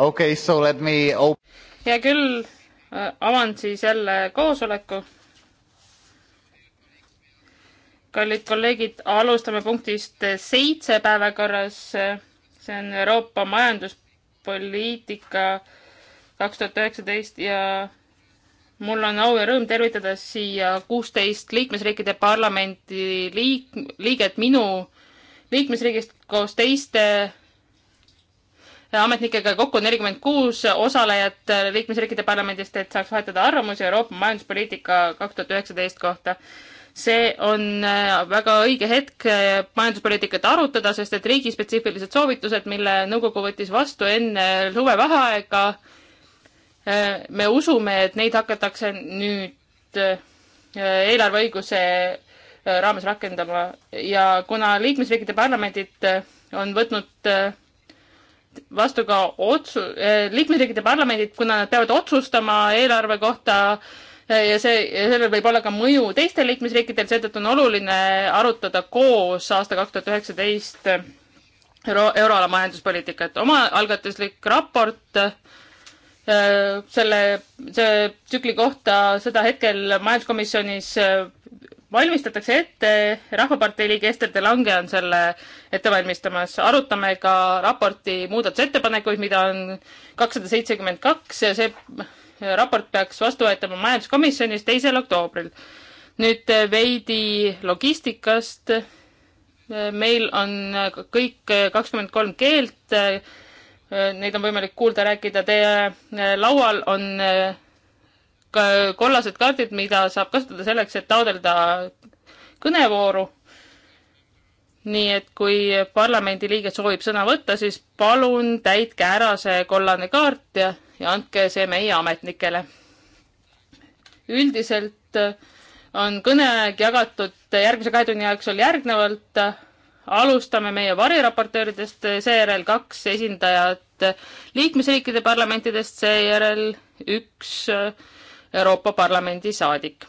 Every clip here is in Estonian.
okay,. So let me open. hea küll, äh, avan siis jälle koosoleku. kallid kolleegid, alustame punktist seitse päevakorras. see on Euroopa majanduspoliitika kaks tuhat üheksateist ja mul on au ja rõõm tervitada siia kuusteist liikmesriikide parlamendi liik-, liiget minu liikmesriigist koos teiste ametnikega kokku nelikümmend kuus osalejat liikmesriikide parlamendist, et saaks vahetada arvamusi Euroopa majanduspoliitika kaks tuhat üheksateist kohta. see on äh, väga õige hetk äh, majanduspoliitikat arutada, sest et riigispetsiifilised soovitused, mille nõukogu võttis vastu enne suvevaheaega, äh, me usume, et neid hakatakse nüüd eelarveõiguse raames rakendama ja kuna liikmesriikide parlamendid on võtnud vastu ka otsu-, eh, liikmesriikide parlamendid, kuna nad peavad otsustama eelarve kohta eh, ja see, sellel võib olla ka mõju teistel liikmesriikidel, seetõttu on oluline arutada koos aasta kaks tuhat üheksateist euro, euroala majanduspoliitikat. omaalgatuslik raport eh, selle, see tsükli kohta, seda hetkel majanduskomisjonis valmistatakse ette, Rahvapartei liige Ester De Lange on selle ette valmistamas, arutame ka raporti muudatusettepanekuid, mida on kakssada seitsekümmend kaks ja see raport peaks vastu võetama majanduskomisjonis teisel oktoobril. nüüd eh, veidi logistikast. Eh, meil on kõik eh, kakskümmend kolm keelt. Neid on võimalik kuulda, rääkida. Teie laual on kollased kaardid, mida saab kasutada selleks, et taodelda kõnevooru. nii et kui parlamendiliige soovib sõna võtta, siis palun täitke ära see kollane kaart ja, ja andke see meie ametnikele. üldiselt on kõneaeg jagatud järgmise kahe tunni jooksul järgnevalt. alustame meie variraportööridest, seejärel kaks esindajat liikmesriikide parlamentidest, seejärel üks äh, Euroopa Parlamendi saadik.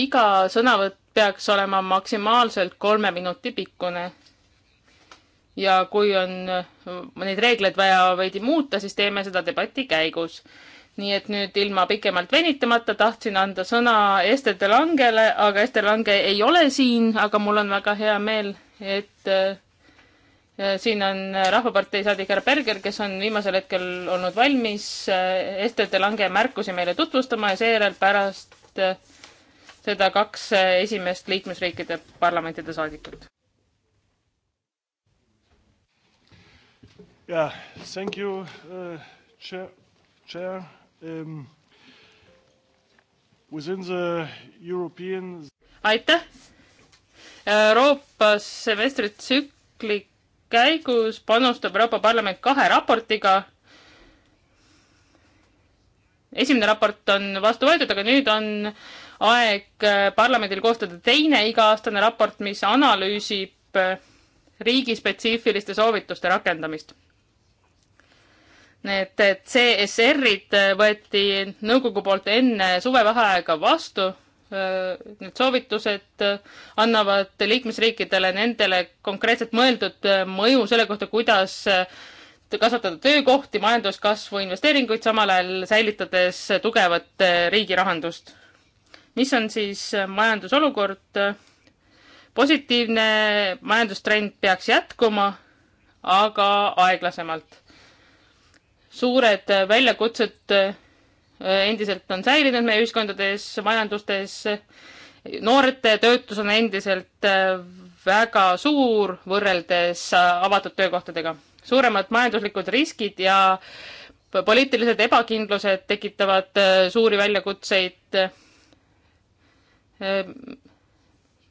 iga sõnavõtt peaks olema maksimaalselt kolme minuti pikkune. ja kui on äh, neid reegleid vaja veidi muuta, siis teeme seda debati käigus. nii et nüüd ilma pikemalt venitamata tahtsin anda sõna Ester Delangele, aga Ester Lange ei ole siin, aga mul on väga hea meel, et äh, Äh, siin on äh, Rahvapartei saadik härra Berger, kes on viimasel hetkel olnud valmis äh, Ester de Lange märkusi meile tutvustama ja seejärel pärast seda kaks esimest liikmesriikide parlamentide saadikut. jah, thank you uh,, chair, chair um,. Within the European aitäh! Euroopas semestritsükli käigus panustab Euroopa Parlament kahe raportiga. esimene raport on vastu võetud, aga nüüd on aeg äh, parlamendil koostada teine iga-aastane raport, mis analüüsib äh, riigispetsiifiliste soovituste rakendamist. Need äh, CSR-id võeti nõukogu poolt enne suvevaheaega vastu Äh, need soovitused äh, annavad liikmesriikidele nendele konkreetselt mõeldud äh, mõju selle kohta, kuidas kasvatada töökohti, majanduskasvu, investeeringuid, samal ajal säilitades tugevat riigi rahandust. mis on siis majandusolukord? positiivne majandustrend peaks jätkuma, aga aeglasemalt. suured väljakutsed Äh, endiselt on säilinud meie ühiskondades, majandustes. noorte töötus on endiselt äh, väga suur võrreldes äh, avatud töökohtadega. suuremad majanduslikud riskid ja poliitilised ebakindlused tekitavad suuri väljakutseid.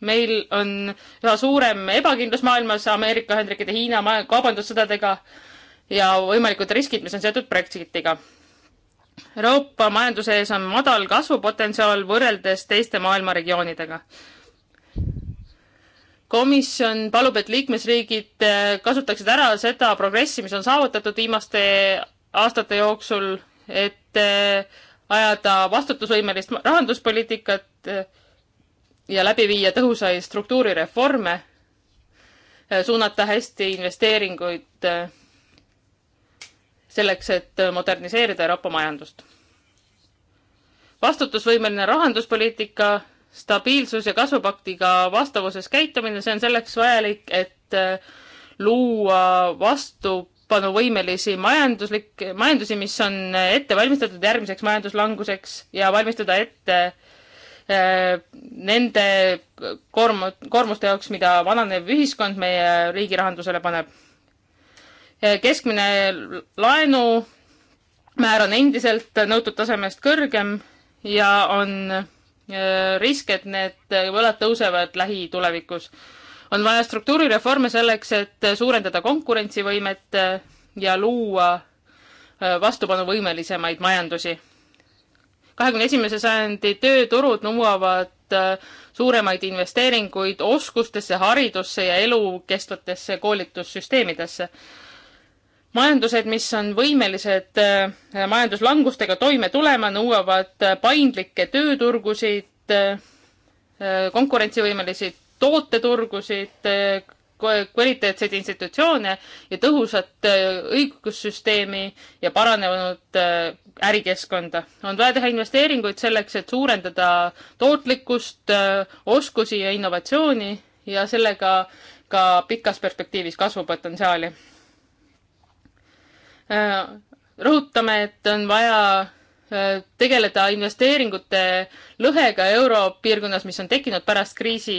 meil on üha suurem ebakindlus maailmas Ameerika Ühendriikide, Hiina kaubandussõdadega ja võimalikud riskid, mis on seotud Brexitiga Euroopa majanduse ees on madal kasvupotentsiaal võrreldes teiste maailma regioonidega. komisjon palub, et liikmesriigid äh, kasutaksid ära seda progressi, mis on saavutatud viimaste aastate jooksul, et äh, ajada vastutusvõimelist rahanduspoliitikat äh, ja läbi viia tõhusaid struktuurireforme, suunata hästi investeeringuid selleks, et moderniseerida Euroopa majandust. vastutusvõimeline rahanduspoliitika, stabiilsus ja kasvupaktiga vastavuses käitumine, see on selleks vajalik, et äh, luua vastupanuvõimelisi majanduslik, majandusi, mis on ette valmistatud järgmiseks majanduslanguseks ja valmistuda ette äh, nende koorm-, koormuste jaoks, mida vananev ühiskond meie riigi rahandusele paneb Eh, keskmine laenumäär on endiselt nõutud tasemest kõrgem ja on eh, risk, et need võlad tõusevad lähitulevikus. on vaja struktuurireforme selleks, et suurendada konkurentsivõimet eh, ja luua vastupanuvõimelisemaid majandusi. kahekümne esimese sajandi tööturud nõuavad suuremaid investeeringuid oskustesse, haridusse ja elukestvatesse koolitussüsteemidesse majandused, mis on võimelised äh, majanduslangustega toime tulema, nõuavad äh, paindlikke tööturgusid, äh, konkurentsivõimelisi tooteturgusid, kvaliteetseid institutsioone ja tõhusat õigussüsteemi ja paranenud ärikeskkonda. on vaja teha investeeringuid selleks, et suurendada tootlikkust, oskusi ja innovatsiooni ja sellega ka pikas perspektiivis kasvupotentsiaali Äh, rõhutame, et on vaja äh, tegeleda investeeringute lõhega europiirkonnas, mis on tekkinud pärast kriisi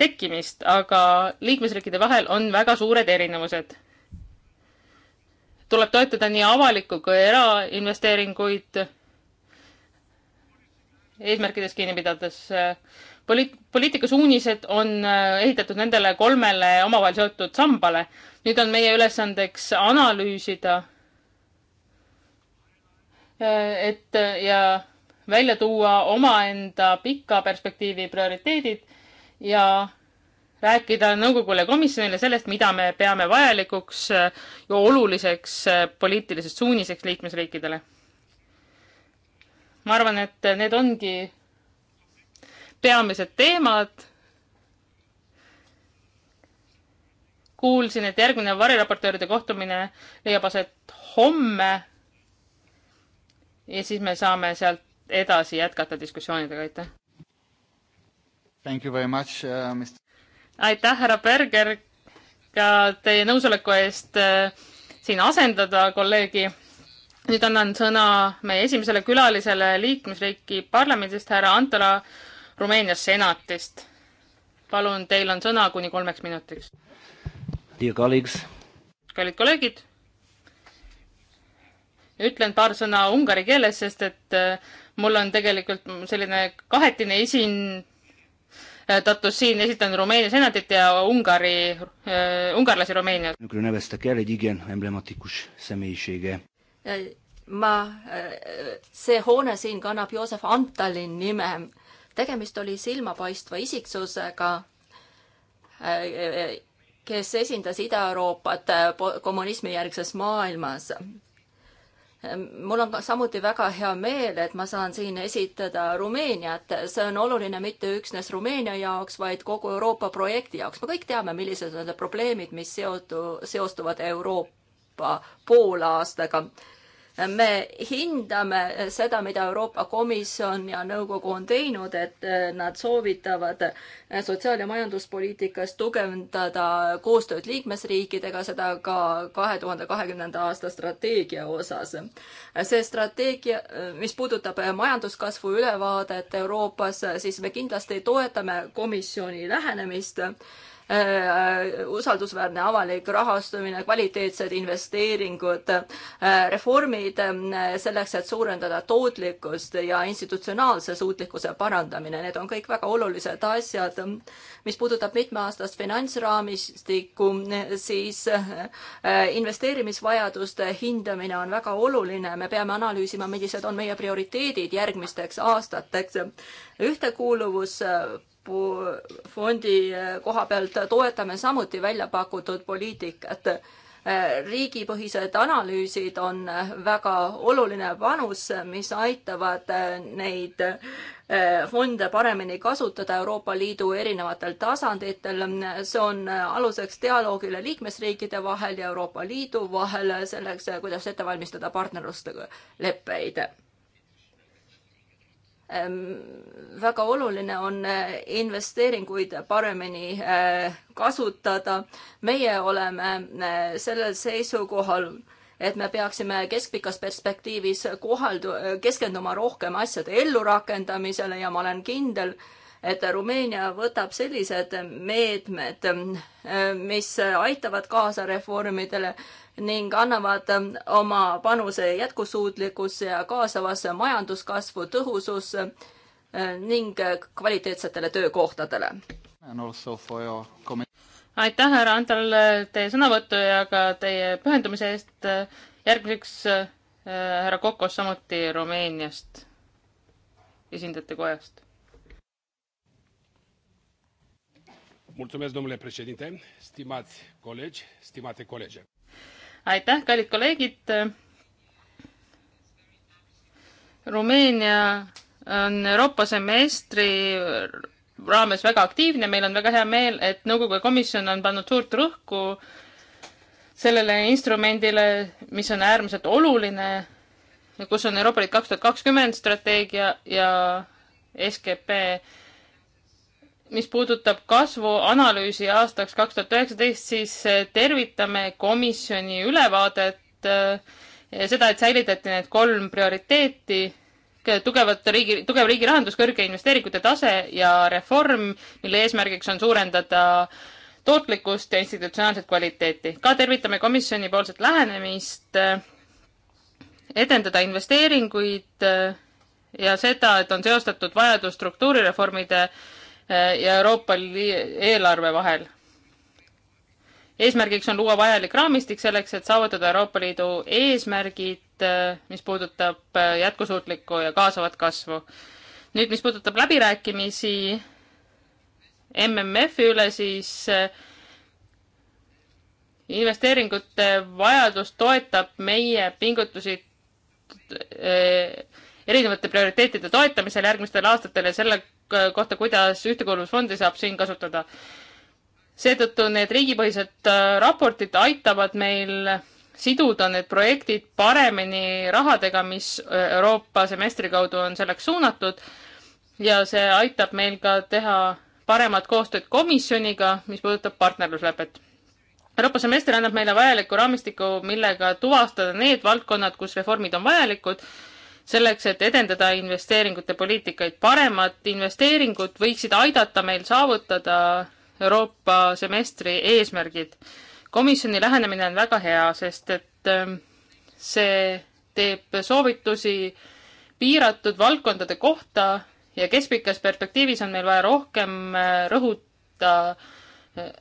tekkimist, aga liikmesriikide vahel on väga suured erinevused. tuleb toetada nii avalikku kui erainvesteeringuid, eesmärkidest kinni pidades äh, poliit-, poliitikasuunised on äh, ehitatud nendele kolmele omavahel seotud sambale. nüüd on meie ülesandeks analüüsida, äh, et äh, ja välja tuua omaenda pika perspektiivi prioriteedid ja rääkida nõukogule ja komisjonile sellest, mida me peame vajalikuks ja oluliseks poliitiliseks suuniseks liikmesriikidele. ma arvan, et need ongi peamised teemad. kuulsin, et järgmine variraportööride kohtumine leiab aset homme. ja siis me saame sealt edasi jätkata diskussioonidega, aitäh. Thank you very much uh,, Mr. aitäh, härra Berger, ka teie nõusoleku eest uh, siin asendada kolleegi nüüd annan sõna meie esimesele külalisele liikmesriiki parlamendist, härra Antola Rumeenia senatist. palun, teil on sõna kuni kolmeks minutiks. kallid kolleegid, ütlen paar sõna ungari keeles, sest et äh, mul on tegelikult selline kahetine esin-, äh, tattus siin, esitan Rumeenia senatit ja Ungari äh,, ungarlasi Rumeeniat. Äh, ma, see hoone siin kannab Joosef Antalin nime tegemist oli silmapaistva isiksusega, kes esindas Ida-Euroopat kommunismijärgses maailmas. mul on ka samuti väga hea meel, et ma saan siin esitada Rumeeniat. see on oluline mitte üksnes Rumeenia jaoks, vaid kogu Euroopa projekti jaoks. me kõik teame, millised on need probleemid, mis seotu, seostuvad Euroopa poolaastaga me hindame seda, mida Euroopa Komisjon ja nõukogu on teinud, et nad soovitavad sotsiaal- ja majanduspoliitikas tugevdada koostööd liikmesriikidega, seda ka kahe tuhande kahekümnenda aasta strateegia osas. see strateegia, mis puudutab majanduskasvu ülevaadet Euroopas, siis me kindlasti toetame komisjoni lähenemist Äh, äh, usaldusväärne avalik rahastamine, kvaliteetsed investeeringud, äh, reformid selleks, et suurendada tootlikkust ja institutsionaalse suutlikkuse parandamine, need on kõik väga olulised asjad. mis puudutab mitmeaastast finantsraamistikku, siis investeerimisvajaduste hindamine on väga oluline, me peame analüüsima, millised on meie prioriteedid järgmisteks aastateks. ühtekuuluvus fondi eh, koha pealt toetame samuti välja pakutud poliitikat. Eh, riigipõhised analüüsid on eh, väga oluline panus, mis aitavad neid fonde paremini kasutada Euroopa Liidu erinevatel tasanditel. see on aluseks dialoogile liikmesriikide vahel ja Euroopa Liidu vahel selleks, kuidas ette valmistada partnerlusleppeid Ehm, väga oluline on eh, investeeringuid paremini eh, kasutada. meie oleme eh, sellel seisukohal, et me peaksime keskpikas perspektiivis kohaldu-, keskenduma rohkem asjade ellurakendamisele ja ma olen kindel, et Rumeenia võtab sellised meetmed, mis aitavad kaasa reformidele ning annavad ähm, oma panuse jätkusuutlikkusse ja kaasavasse majanduskasvu, tõhususse äh, ning äh, kvaliteetsetele töökohtadele. aitäh, härra Antal, teie sõnavõtu ja ka teie pühendumise eest. järgmiseks äh, härra Kokos samuti Rumeeniast, esindajate kojast. Mulțumesc, domnule președinte, stimați colegi, stimate colege aitäh, kallid kolleegid. Rumeenia on Euroopa semestri raames väga aktiivne, meil on väga hea meel, et nõukogu ja komisjon on pannud suurt rõhku sellele instrumendile, mis on äärmiselt oluline, kus on Euroopa Liit kaks tuhat kakskümmend strateegia ja SKP mis puudutab kasvuanalüüsi aastaks kaks tuhat üheksateist, siis eh, tervitame komisjoni ülevaadet eh, ja seda, et säilitati need kolm prioriteeti, tugevat riigi, tugev riigi rahandus, kõrge investeeringute tase ja reform, mille eesmärgiks on suurendada tootlikkust ja institutsionaalset kvaliteeti. ka tervitame komisjoni poolset lähenemist, eh, edendada investeeringuid ja seda, et on seostatud vajadus struktuurireformide äh, Äh, ja Euroopa eelarve vahel. eesmärgiks on luua vajalik raamistik selleks, et saavutada Euroopa Liidu eesmärgid, äh, mis puudutab äh, jätkusuutlikku ja kaasavat kasvu. nüüd, mis puudutab läbirääkimisi MMF-i üle, siis investeeringute vajadus toetab meie pingutusi erinevate prioriteetide toetamisel järgmistel aastatel ja selle kohta, kuidas ühtekuuluvusfondi saab siin kasutada. seetõttu need riigipõhised äh, raportid aitavad meil siduda need projektid paremini rahadega, mis äh, Euroopa semestri kaudu on selleks suunatud ja see aitab meil ka teha paremat koostööd komisjoniga, mis puudutab partnerluslepet. Euroopa semester annab meile vajaliku raamistiku, millega tuvastada need valdkonnad, kus reformid on vajalikud selleks, et edendada investeeringute poliitikaid. paremad investeeringud võiksid aidata meil saavutada Euroopa semestri eesmärgid. komisjoni lähenemine on väga hea, sest et ähm, see teeb soovitusi piiratud valdkondade kohta ja keskpikas perspektiivis on meil vaja rohkem äh, rõhuta äh,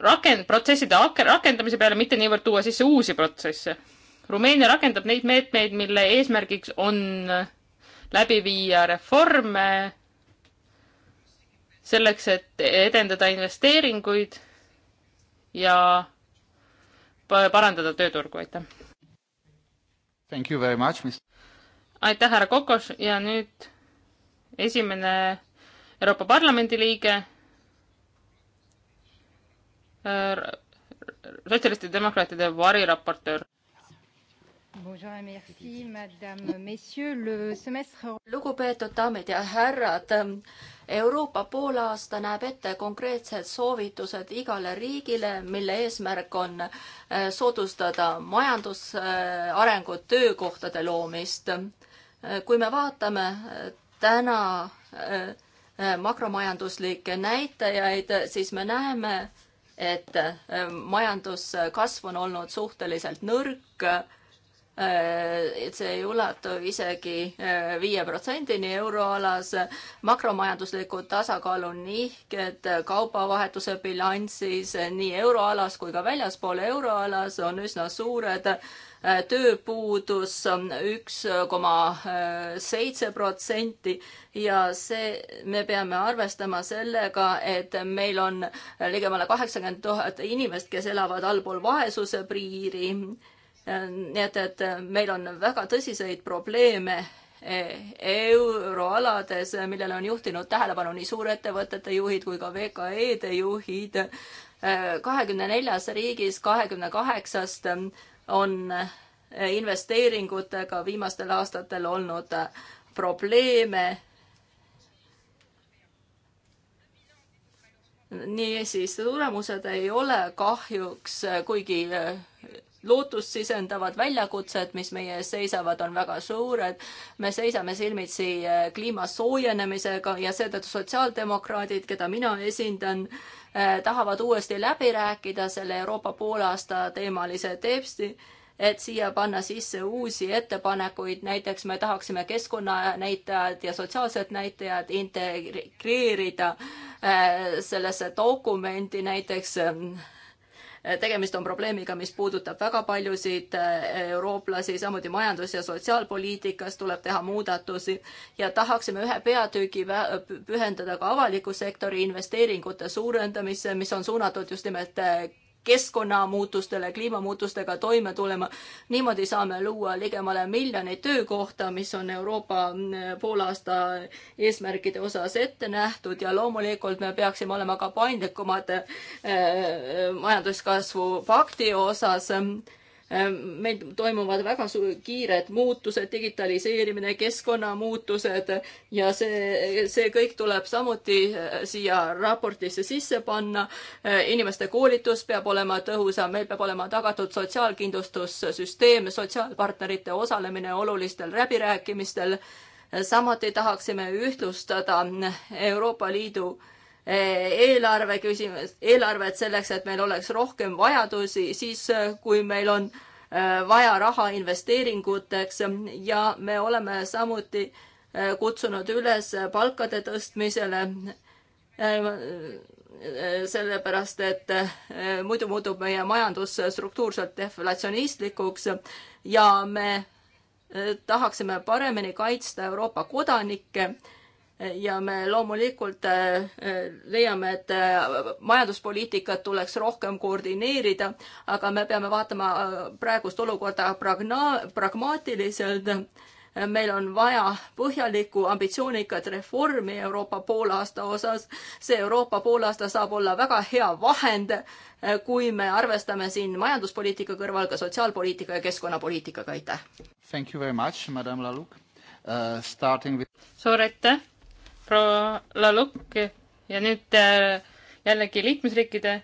rakend-, protsesside rakendamise peale, mitte niivõrd tuua sisse uusi protsesse Rumeenia rakendab neid meetmeid, mille eesmärgiks on läbi viia reforme selleks, et edendada investeeringuid ja parandada tööturgu, aitäh. aitäh, härra Kokos ja nüüd esimene Euroopa Parlamendi liige äh, sotsialistide ja demokraatide variraportöör lugupeetud daamid ja härrad, Euroopa poolaasta näeb ette konkreetsed soovitused igale riigile, mille eesmärk on eh, soodustada majandusarengut, töökohtade loomist. Eh, kui me vaatame eh, täna makromajanduslikke näitajaid, siis me näeme, et majanduskasv on olnud suhteliselt nõrk Äh, et see ei ulatu isegi äh, viie protsendini euroalas, makromajanduslikud tasakaalunihked kaubavahetuse bilansis nii euroalas kui ka väljaspool euroalas on üsna suured. Äh, tööpuudus üks koma seitse protsenti ja see, me peame arvestama sellega, et meil on ligemale kaheksakümmend tuhat inimest, kes elavad allpool vaesuse piiri nii et, et meil on väga tõsiseid probleeme e, euroalades, millele on juhtinud tähelepanu nii suurettevõtete juhid kui ka VKE-de juhid. E, kahekümne neljas riigis kahekümne kaheksast on investeeringutega viimastel aastatel olnud probleeme niisiis, tulemused ei ole kahjuks kuigi lootust sisendavad väljakutsed, mis meie ees seisavad, on väga suured. me seisame silmitsi eh, kliima soojenemisega ja seetõttu sotsiaaldemokraadid, keda mina esindan, eh, tahavad uuesti läbi rääkida selle Euroopa poolaasta teemalise teksti et siia panna sisse uusi ettepanekuid, näiteks me tahaksime keskkonnanäitajad ja sotsiaalsed näitajad integreerida eh, sellesse dokumenti näiteks äh, Äh, tegemist on probleemiga, mis puudutab väga paljusid äh, eurooplasi, samuti majandus- ja sotsiaalpoliitikas tuleb teha muudatusi ja tahaksime ühe peatüki pühendada ka avaliku sektori investeeringute suurendamisse, mis on suunatud just nimelt äh, keskkonnamuutustele, kliimamuutustega toime tulema. niimoodi saame luua ligemale miljoni töökohta, mis on Euroopa mm, poolaasta eesmärkide osas ette nähtud ja loomulikult me peaksime olema ka paindlikumad äh, majanduskasvu pakti osas Ehm, meil toimuvad väga kiired muutused, digitaliseerimine, keskkonnamuutused ja see, see kõik tuleb samuti eh, siia raportisse sisse panna. Eh, inimeste koolitus peab olema tõhusam, meil peab olema tagatud sotsiaalkindlustussüsteem, sotsiaalpartnerite osalemine olulistel läbirääkimistel. Eh, samuti tahaksime ühtlustada Euroopa Liidu eelarve küsimus, eelarvet selleks, et meil oleks rohkem vajadusi, siis äh, kui meil on äh, vaja raha investeeringuteks ja me oleme samuti äh, kutsunud üles palkade tõstmisele sellepärast, et muidu muutub meie majandus struktuurselt deflatsionistlikuks ja me tahaksime paremini kaitsta Euroopa kodanikke ja me loomulikult eh, eh, leiame, et eh, majanduspoliitikat tuleks rohkem koordineerida, aga me peame vaatama praegust olukorda pragna-, pragmaatiliselt. meil on vaja põhjalikku ambitsioonikat reformi Euroopa poolaasta osas. see Euroopa poolaasta saab olla väga hea vahend, kui me arvestame siin majanduspoliitika kõrval ka sotsiaalpoliitika ja keskkonnapoliitikaga, aitäh! Thank you very much, madam Laluk uh,, starting with suur aitäh! proua Laluk ja nüüd äh, jällegi liikmesriikide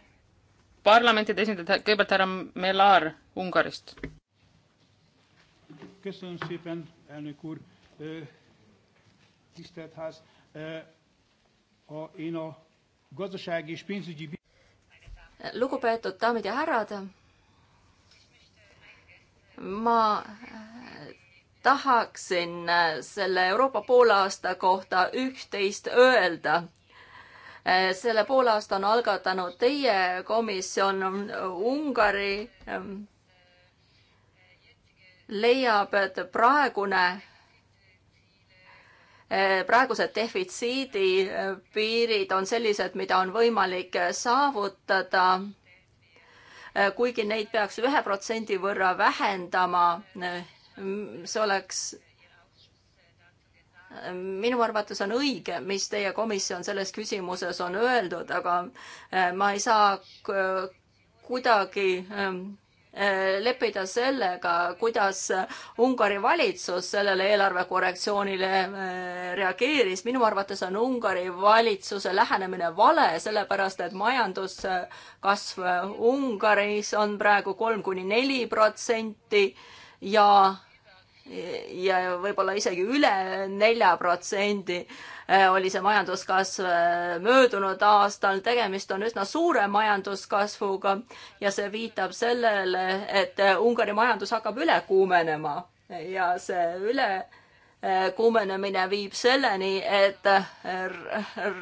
parlamentide esindajad, kõigepealt härra Melar Ungarist. köszönöm szépen, elnök úr, tisztelt ház, a, én a gazdasági és pénzügyi lugupeetud daamid ja härrad, ma tahaksin äh, selle Euroopa poolaasta kohta üht-teist öelda. Äh, selle poolaasta on algatanud teie komisjon Ungari ähm, leiab, et praegune, äh, praegused defitsiidi piirid on sellised, mida on võimalik saavutada, kuigi neid peaks ühe protsendi võrra vähendama see oleks minu arvates on õige, mis teie komisjon selles küsimuses on öeldud, aga äh, ma ei saa äh, kuidagi äh, leppida sellega, kuidas Ungari valitsus sellele eelarvekorrektsioonile reageeris. minu arvates on Ungari valitsuse lähenemine vale, sellepärast et majanduskasv Ungaris on praegu kolm kuni neli protsenti ja ja võib-olla isegi üle nelja protsendi äh, oli see majanduskasv äh, möödunud aastal. tegemist on üsna suure majanduskasvuga ja see viitab sellele, et äh, Ungari majandus hakkab üle kuumenema ja see üle kuumenemine viib selleni, et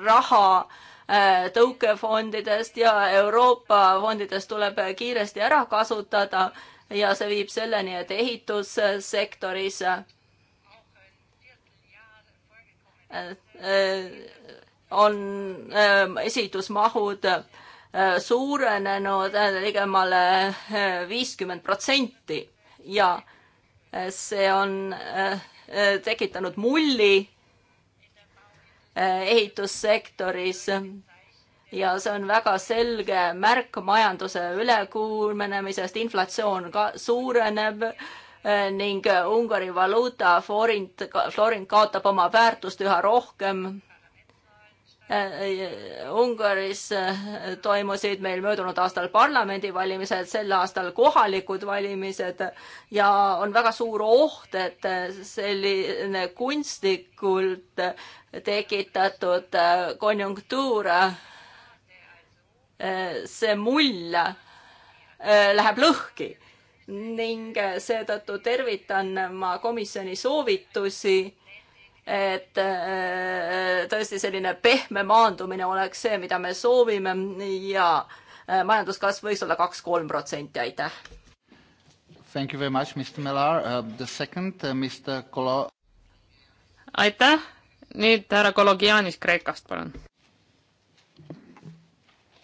raha tõukefondidest ja Euroopa fondidest tuleb kiiresti ära kasutada ja see viib selleni, et ehitussektoris äh, on äh, esitusmahud äh, suurenenud ligemale viiskümmend protsenti ja see on tekitanud mulli ehitussektoris ja see on väga selge märk majanduse ülekuumenemisest, inflatsioon ka suureneb eh, ning Ungari valuuta forint, florint kaotab oma väärtust üha rohkem. Eh, Ungaris eh, toimusid meil möödunud aastal parlamendivalimised, sel aastal kohalikud valimised ja on väga suur oht, et selline kunstlikult tekitatud konjunktuur Eh, see mull eh, läheb lõhki ning eh, seetõttu tervitan ma komisjoni soovitusi, et tõesti selline pehme maandumine oleks see, mida me soovime ja majanduskasv võiks olla kaks-kolm protsenti, aitäh. Thank you very much, Mr Millar uh,. The second uh,, Mr Kolo. aitäh, nüüd härra Kologianis Kreekast, palun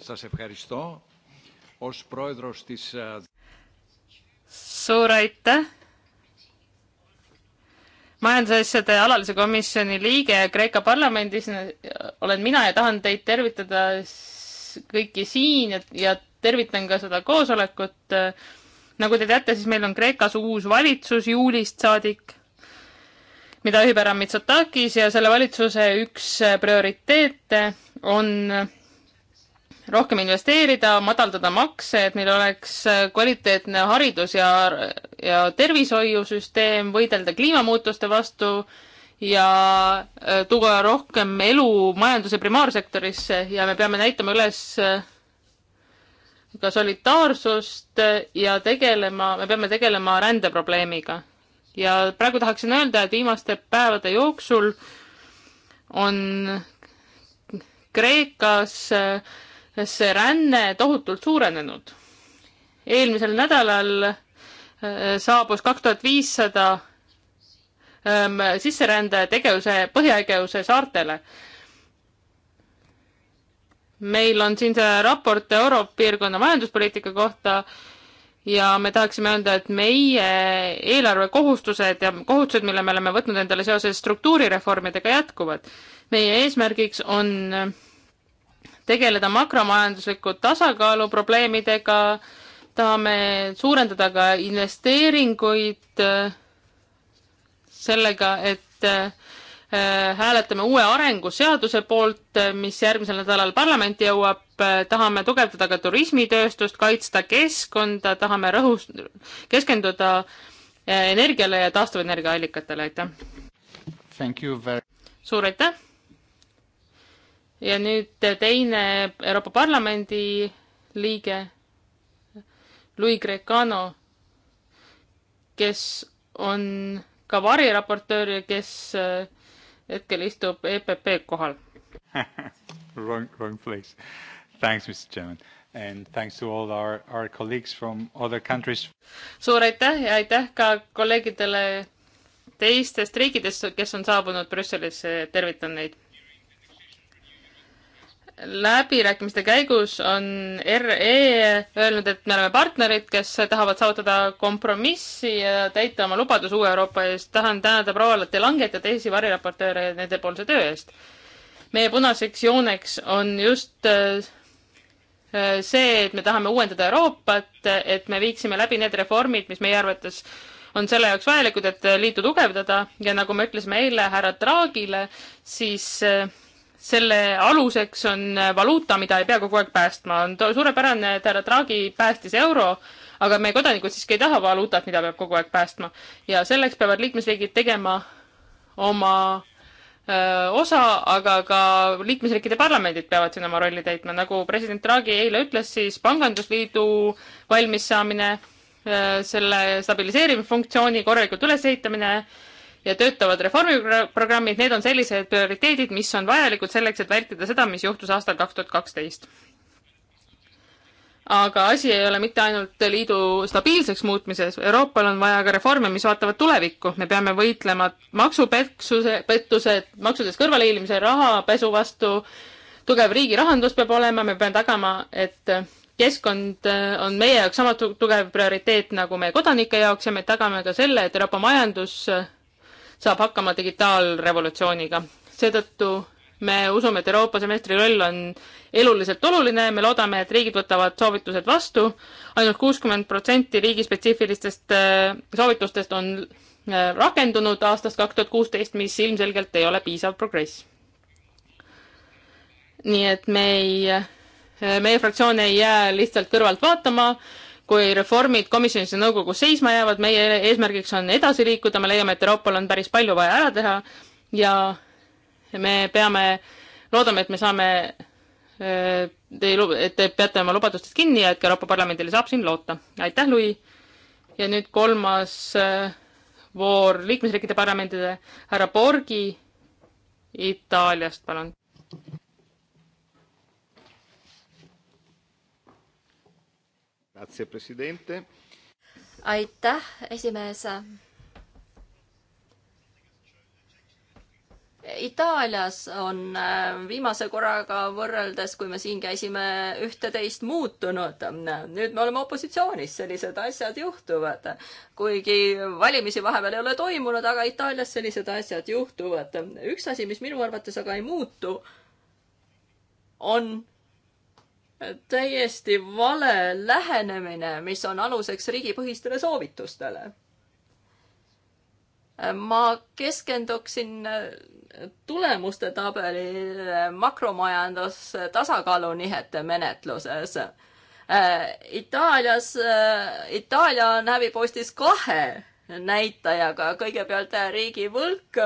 Σας ευχαριστώ. Ως πρόεδρος της... Suur aitäh! majandusasjade alalise komisjoni liige Kreeka parlamendis olen mina ja tahan teid tervitada kõiki siin ja, ja tervitan ka seda koosolekut. nagu te teate, siis meil on Kreekas uus valitsus juulist saadik, mida juhib ära Mitsotakis ja selle valitsuse üks äh, prioriteete on rohkem investeerida, madaldada makse, et meil oleks äh, kvaliteetne haridus ja, ja tervishoiusüsteem, võidelda kliimamuutuste vastu ja äh, tuua rohkem elu majanduse primaarsektorisse ja me peame näitama üles äh, ka solidaarsust ja tegelema, me peame tegelema rändeprobleemiga. ja praegu tahaksin öelda, et viimaste päevade jooksul on Kreekas äh, see ränne tohutult suurenenud. eelmisel nädalal äh, saabus kaks tuhat viissada ähm, sisserändaja tegevuse Põhja-Egeuse saartele. meil on siin see raport Europiirkonna majanduspoliitika kohta ja me tahaksime öelda, et meie eelarvekohustused ja kohustused, mille me oleme võtnud endale seoses struktuurireformidega, jätkuvad. meie eesmärgiks on tegeleda makromajandusliku tasakaalu probleemidega, tahame suurendada ka investeeringuid äh, sellega, et äh, äh, hääletame uue arenguseaduse poolt, mis järgmisel nädalal parlamenti jõuab, tahame tugevdada ka turismitööstust, kaitsta keskkonda, tahame rõhus, keskenduda energiale ja taastuvenergiaallikatele, aitäh! suur aitäh! ja nüüd teine Euroopa Parlamendi liige, Louis Grecano, kes on ka variraportöör ja kes eh, hetkel istub EPP kohal Wrong, wrong place. Thanks, Mr Chairman and thanks to all our, our colleagues from other countries. suur aitäh ja aitäh ka kolleegidele teistest riikidest, kes on saabunud Brüsselisse, tervitan neid läbirääkimiste käigus on RE öelnud, et me oleme partnerid, kes tahavad saavutada kompromissi ja täita oma lubadus uue Euroopa eest. tahan tänada proua Lotte Langet ja teisi variraportööre nendepoolse töö eest. meie punaseks jooneks on just äh, see, et me tahame uuendada Euroopat, et me viiksime läbi need reformid, mis meie arvates on selle jaoks vajalikud, et liitu tugevdada ja nagu me ütlesime eile härra Draagile, siis äh, selle aluseks on valuuta, mida ei pea kogu aeg päästma. on suurepärane, et härra Draghi päästis euro, aga meie kodanikud siiski ei taha valuutat, mida peab kogu aeg päästma. ja selleks peavad liikmesriigid tegema oma öö, osa, aga ka liikmesriikide parlamendid peavad siin oma rolli täitma. nagu president Draghi eile ütles, siis pangandusliidu valmissaamine, selle stabiliseerimisfunktsiooni korralikult ülesehitamine, ja töötavad reformiprogrammid, need on sellised prioriteedid, mis on vajalikud selleks, et vältida seda, mis juhtus aastal kaks tuhat kaksteist aga asi ei ole mitte ainult liidu stabiilseks muutmises, Euroopal on vaja ka reforme, mis vaatavad tulevikku, me peame võitlema maksupeksuse, pettused, maksudest kõrvalehiilimise, rahapesu vastu, tugev riigi rahandus peab olema, me peame tagama, et keskkond äh, on meie jaoks sama tugev prioriteet nagu meie kodanike jaoks ja me tagame ka selle, et Euroopa majandus saab hakkama digitaalrevolutsiooniga. seetõttu me usume, et Euroopa semestri roll on eluliselt oluline, me loodame, et riigid võtavad soovitused vastu ainult. ainult kuuskümmend protsenti riigispetsiifilistest äh, soovitustest on äh, rakendunud aastast kaks tuhat kuusteist, mis ilmselgelt ei ole piisav progress. nii et me ei, äh, meie fraktsioon ei jää lihtsalt kõrvalt vaatama, kui reformid komisjonis ja nõukogus seisma jäävad, meie eesmärgiks on edasi liikuda, me leiame, et Euroopal on päris palju vaja ära teha ja me peame, loodame, et me saame, äh, te, et te peate oma lubadustest kinni ja et ka Euroopa Parlamendile saab siin loota. aitäh, Louis! ja nüüd kolmas äh, voor liikmesriikide parlamentide, härra Borgi Itaaliast, palun aitäh, esimees. Itaalias on äh, viimase korraga võrreldes, kui me siin käisime, üht-teist muutunud. nüüd me oleme opositsioonis, sellised asjad juhtuvad. kuigi valimisi vahepeal ei ole toimunud, aga Itaalias sellised asjad juhtuvad. üks asi, mis minu arvates aga ei muutu, on täiesti vale lähenemine, mis on aluseks riigipõhistele soovitustele. ma keskenduksin tulemuste tabelile makromajandus tasakaalu nihete menetluses. Itaalias, Itaalia on häbipostis kahe näitajaga, kõigepealt riigivõlk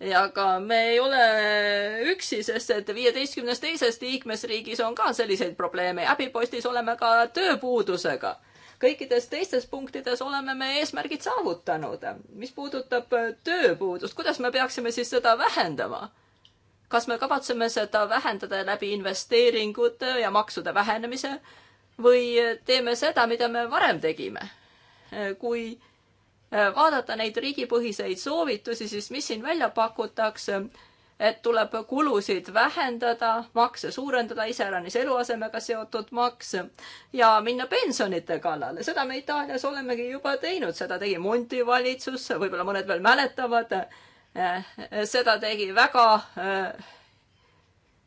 aga me ei ole üksi, sest et viieteistkümnes teises liikmesriigis on ka selliseid probleeme. häbipostis oleme ka tööpuudusega. kõikides teistes punktides oleme me eesmärgid saavutanud. mis puudutab tööpuudust, kuidas me peaksime siis seda vähendama? kas me kavatseme seda vähendada läbi investeeringute ja maksude vähenemise või teeme seda, mida me varem tegime? kui äh, Äh, vaadata neid riigipõhiseid soovitusi, siis mis siin välja pakutakse, et tuleb kulusid vähendada, makse suurendada, iseäranis eluasemega seotud makse ja minna pensionite kallale. seda me Itaalias olemegi juba teinud, seda tegi Monti valitsus, võib-olla mõned veel mäletavad. Äh, seda tegi väga äh,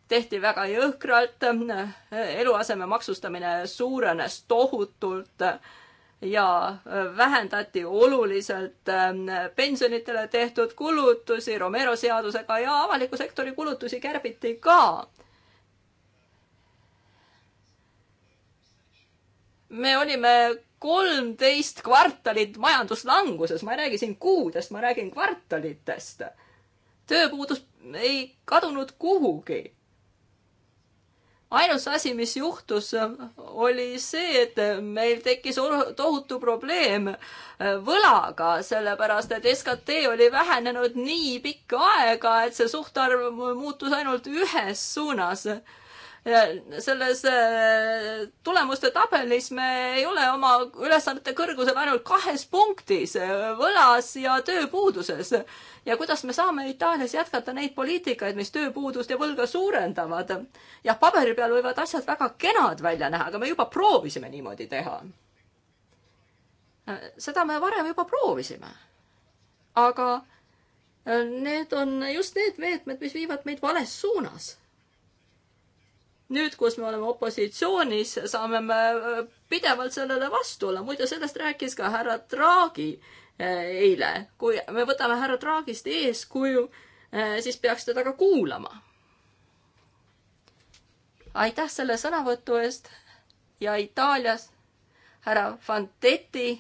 tehti väga jõhkralt, eluaseme maksustamine suurenes tohutult ja äh, vähendati oluliselt ähm, pensionitele tehtud kulutusi Romero seadusega ja avaliku sektori kulutusi kärbiti ka. me olime kolmteist kvartalit majanduslanguses, ma ei räägi siin kuudest, ma räägin kvartalitest. tööpuudus ei kadunud kuhugi ainus asi, mis juhtus, oli see, et meil tekkis tohutu probleem äh, võlaga, sellepärast et SKT oli vähenenud nii pikka aega, et see suhtarv muutus ainult ühes suunas selles äh, tulemuste tabelis me ei ole oma ülesannete kõrgusel ainult kahes punktis, äh, võlas ja tööpuuduses. ja kuidas me saame Itaalias jätkata neid poliitikaid, mis tööpuudust ja võlga suurendavad? jah, paberi peal võivad asjad väga kenad välja näha, aga me juba proovisime niimoodi teha. Äh, seda me varem juba proovisime. aga need on just need meetmed, mis viivad meid vales suunas nüüd, kus me oleme opositsioonis, saame me äh, pidevalt sellele vastu olla, muide sellest rääkis ka härra Draghi äh, eile. kui me võtame härra Draghist eeskuju, äh, siis peaks teda ka kuulama. aitäh selle sõnavõtu eest ja Itaalias härra Fantetti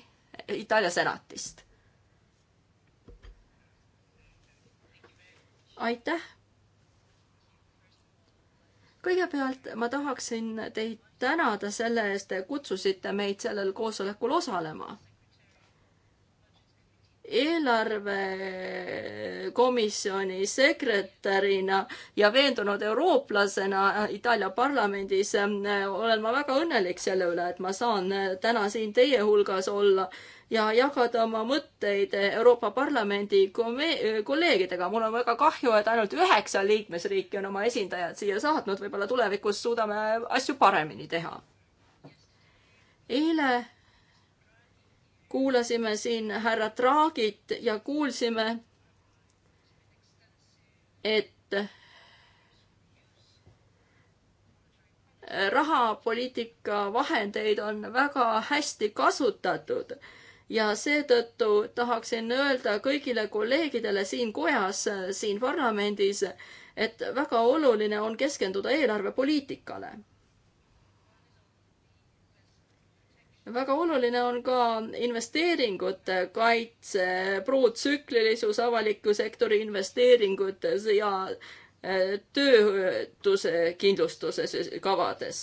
Itaalia senatist. aitäh kõigepealt ma tahaksin teid tänada selle eest, te kutsusite meid sellel koosolekul osalema. eelarvekomisjoni sekretärina ja veendunud eurooplasena Itaalia parlamendis eh, olen ma väga õnnelik selle üle, et ma saan eh, täna siin teie hulgas olla ja jagada oma mõtteid Euroopa Parlamendi kolleegidega. mul on väga kahju, et ainult üheksa liikmesriiki on oma esindajad siia saatnud, võib-olla tulevikus suudame asju paremini teha. eile kuulasime siin härra Draagit ja kuulsime, et rahapoliitika vahendeid on väga hästi kasutatud ja seetõttu tahaksin öelda kõigile kolleegidele siin kojas, siin parlamendis, et väga oluline on keskenduda eelarvepoliitikale väga oluline on ka investeeringute kaitse, protsüklilisus, avaliku sektori investeeringutes ja äh, töötuse kindlustuse kavades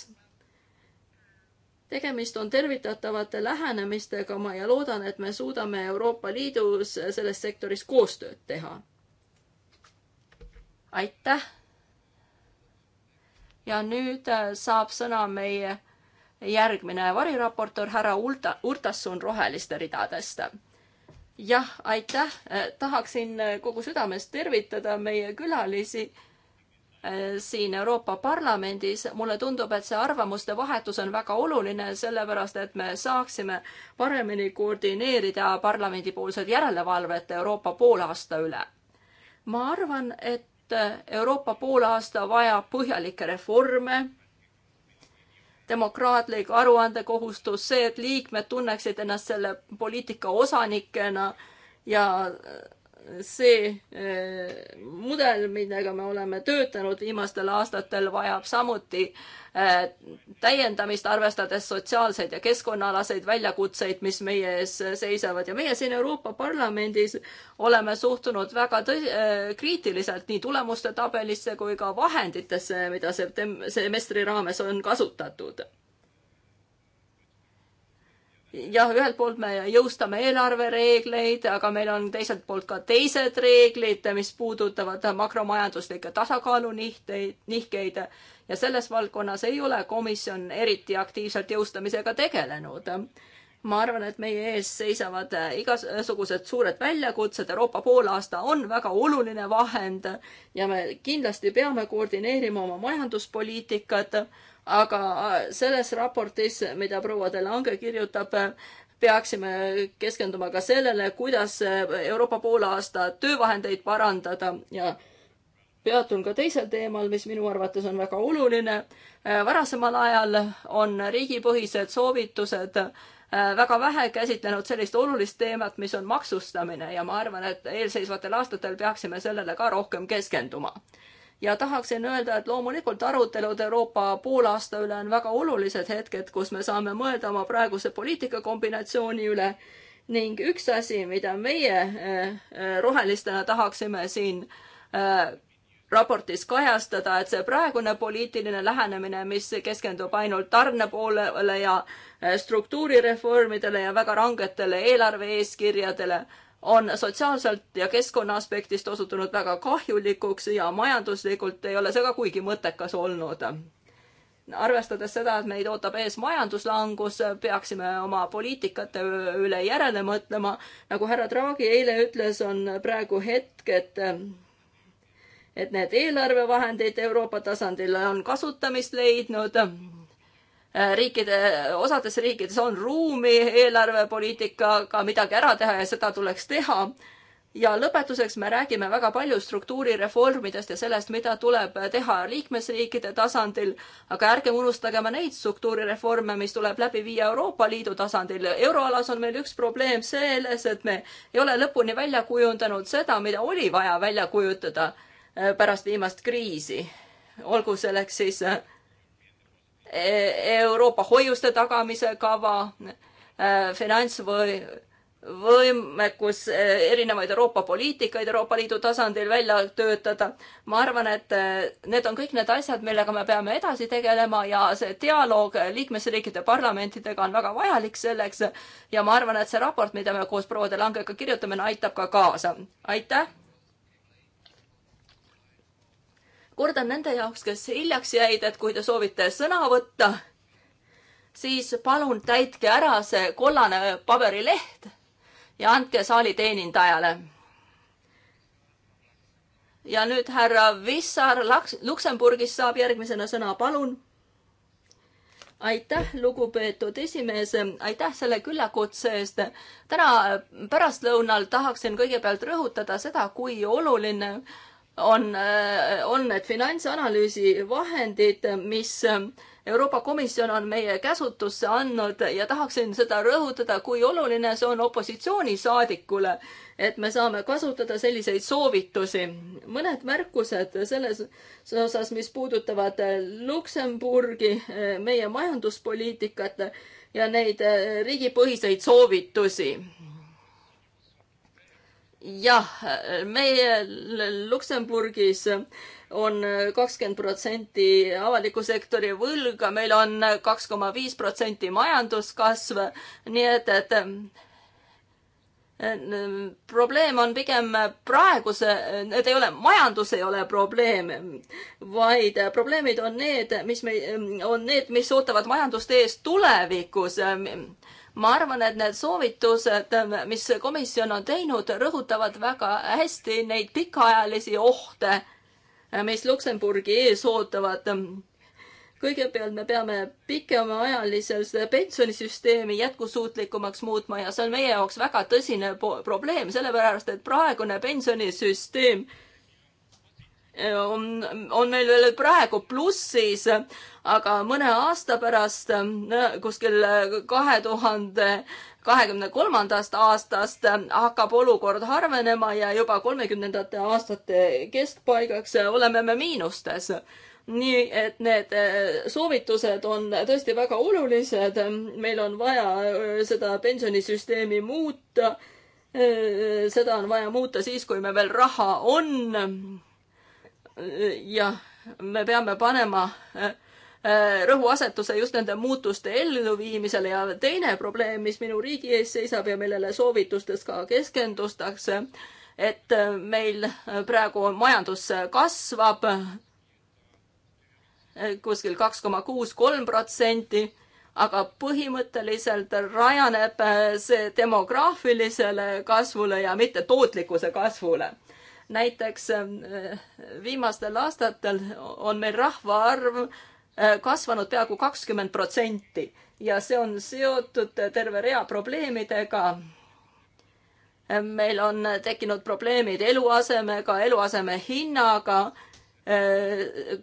tegemist on tervitatavate lähenemistega ja loodan, et me suudame Euroopa Liidus selles sektoris koostööd teha. aitäh! ja nüüd äh, saab sõna meie järgmine variraportöör härra Ulta, Urtasson Roheliste ridadest. jah, aitäh, äh, tahaksin äh, kogu südamest tervitada meie külalisi siin Euroopa Parlamendis. mulle tundub, et see arvamuste vahetus on väga oluline, sellepärast et me saaksime paremini koordineerida parlamendipoolset järelevalvet Euroopa poolaasta üle. ma arvan, et Euroopa poolaasta vajab põhjalikke reforme demokraatlik aruandekohustus, see, et liikmed tunneksid ennast selle poliitika osanikena ja see eh, mudel, millega me oleme töötanud viimastel aastatel, vajab samuti eh, täiendamist, arvestades sotsiaalseid ja keskkonnaalaseid väljakutseid, mis meie ees seisavad ja meie siin Euroopa Parlamendis oleme suhtunud väga tõs-, eh, kriitiliselt nii tulemuste tabelisse kui ka vahenditesse, mida septem-, semestri raames on kasutatud jah, ühelt poolt me jõustame eelarvereegleid, aga meil on teiselt poolt ka teised reeglid, mis puudutavad makromajanduslikke tasakaalunihteid, nihkeid ja selles valdkonnas ei ole komisjon eriti aktiivselt jõustamisega tegelenud. ma arvan, et meie ees seisavad igasugused suured väljakutsed, Euroopa poolaasta on väga oluline vahend ja me kindlasti peame koordineerima oma majanduspoliitikat aga äh, selles raportis, mida proua De Lange kirjutab, äh, peaksime keskenduma ka sellele, kuidas äh, Euroopa poolaasta töövahendeid parandada ja peatun ka teisel teemal, mis minu arvates on väga oluline. varasemal ajal on riigipõhised soovitused väga vähe käsitlenud sellist olulist teemat, mis on maksustamine ja ma arvan, et eelseisvatel aastatel peaksime sellele ka rohkem keskenduma ja tahaksin öelda, et loomulikult arutelud Euroopa poolaasta üle on väga olulised hetked, kus me saame mõelda oma praeguse poliitikakombinatsiooni üle ning üks asi, mida meie eh, eh, rohelistena tahaksime siin eh, raportis kajastada, et see praegune poliitiline lähenemine, mis keskendub ainult tarne poolele ja struktuurireformidele ja väga rangetele eelarve eeskirjadele, on sotsiaalselt ja keskkonna aspektist osutunud väga kahjulikuks ja majanduslikult ei ole see ka kuigi mõttekas olnud. arvestades seda, et meid ootab ees majanduslangus, peaksime oma poliitikate üle järele mõtlema. nagu härra Draghi eile ütles, on praegu hetk, et et need eelarvevahendid Euroopa tasandil on kasutamist leidnud Äh, riikide, osades riikides on ruumi eelarvepoliitikaga midagi ära teha ja seda tuleks teha ja lõpetuseks me räägime väga palju struktuurireformidest ja sellest, mida tuleb teha liikmesriikide tasandil, aga ärgem unustagem neid struktuurireforme, mis tuleb läbi viia Euroopa Liidu tasandil. euroalas on meil üks probleem selles, et me ei ole lõpuni välja kujundanud seda, mida oli vaja välja kujutada äh, pärast viimast kriisi. olgu selleks siis äh, Euroopa hoiuste tagamise kava, äh, finantsvõi-, võimekus äh, erinevaid Euroopa poliitikaid Euroopa Liidu tasandil välja töötada. ma arvan, et äh, need on kõik need asjad, millega me peame edasi tegelema ja see dialoog liikmesriikide parlamentidega on väga vajalik selleks. ja ma arvan, et see raport, mida me koos proua De Langega kirjutame, aitab ka kaasa. aitäh! kordan nende jaoks, kes hiljaks jäid, et kui te soovite sõna võtta, siis palun täitke ära see kollane paberileht ja andke saali teenindajale. ja nüüd härra Vissar Laks-, Luksemburgist saab järgmisena sõna, palun. aitäh, lugupeetud esimees, aitäh selle küllakutse eest. täna pärastlõunal tahaksin kõigepealt rõhutada seda, kui oluline on, äh, on need finantsanalüüsi vahendid, mis äh, Euroopa Komisjon on meie käsutusse andnud ja tahaksin seda rõhutada, kui oluline see on opositsioonisaadikule, et me saame kasutada selliseid soovitusi. mõned märkused selles osas, mis puudutavad Luksemburgi, äh, meie majanduspoliitikat ja neid riigipõhiseid soovitusi jah, meie Luksemburgis on kakskümmend protsenti avaliku sektori võlga, meil on kaks koma viis protsenti majanduskasv, nii et, et probleem on pigem praeguse, need ei ole, majandus ei ole probleem, vaid probleemid on need, mis me, on need, mis ootavad majandust ees tulevikus ma arvan, et need soovitused, mis komisjon on teinud, rõhutavad väga hästi neid pikaajalisi ohte, mis Luksemburgi ees ootavad. kõigepealt me peame pikemaajalises pensionisüsteemi jätkusuutlikumaks muutma ja see on meie jaoks väga tõsine probleem, sellepärast et praegune pensionisüsteem eh, on, on meil veel praegu plussis, aga mõne aasta pärast, ähm, kuskil kahe tuhande kahekümne kolmandast aastast ähm, hakkab olukord harvenema ja juba kolmekümnendate aastate keskpaigaks äh, oleme me miinustes. nii et need äh, soovitused on tõesti väga olulised, ähm, meil on vaja äh, seda pensionisüsteemi muuta. seda on vaja muuta siis, kui meil veel raha on. jah, me peame panema Äh, rõhuasetuse just nende muutuste elluviimisele ja teine probleem, mis minu riigi ees seisab ja millele soovitustes ka keskendustakse, et äh, meil äh, praegu majandus kasvab kuskil kaks koma kuus, kolm protsenti, aga põhimõtteliselt rajaneb see demograafilisele kasvule ja mitte tootlikkuse kasvule näiteks viimastel aastatel on meil rahvaarv Äh, kasvanud peaaegu kakskümmend protsenti ja see on seotud terve rea probleemidega. Äh, meil on tekkinud probleemid eluasemega, eluaseme hinnaga äh,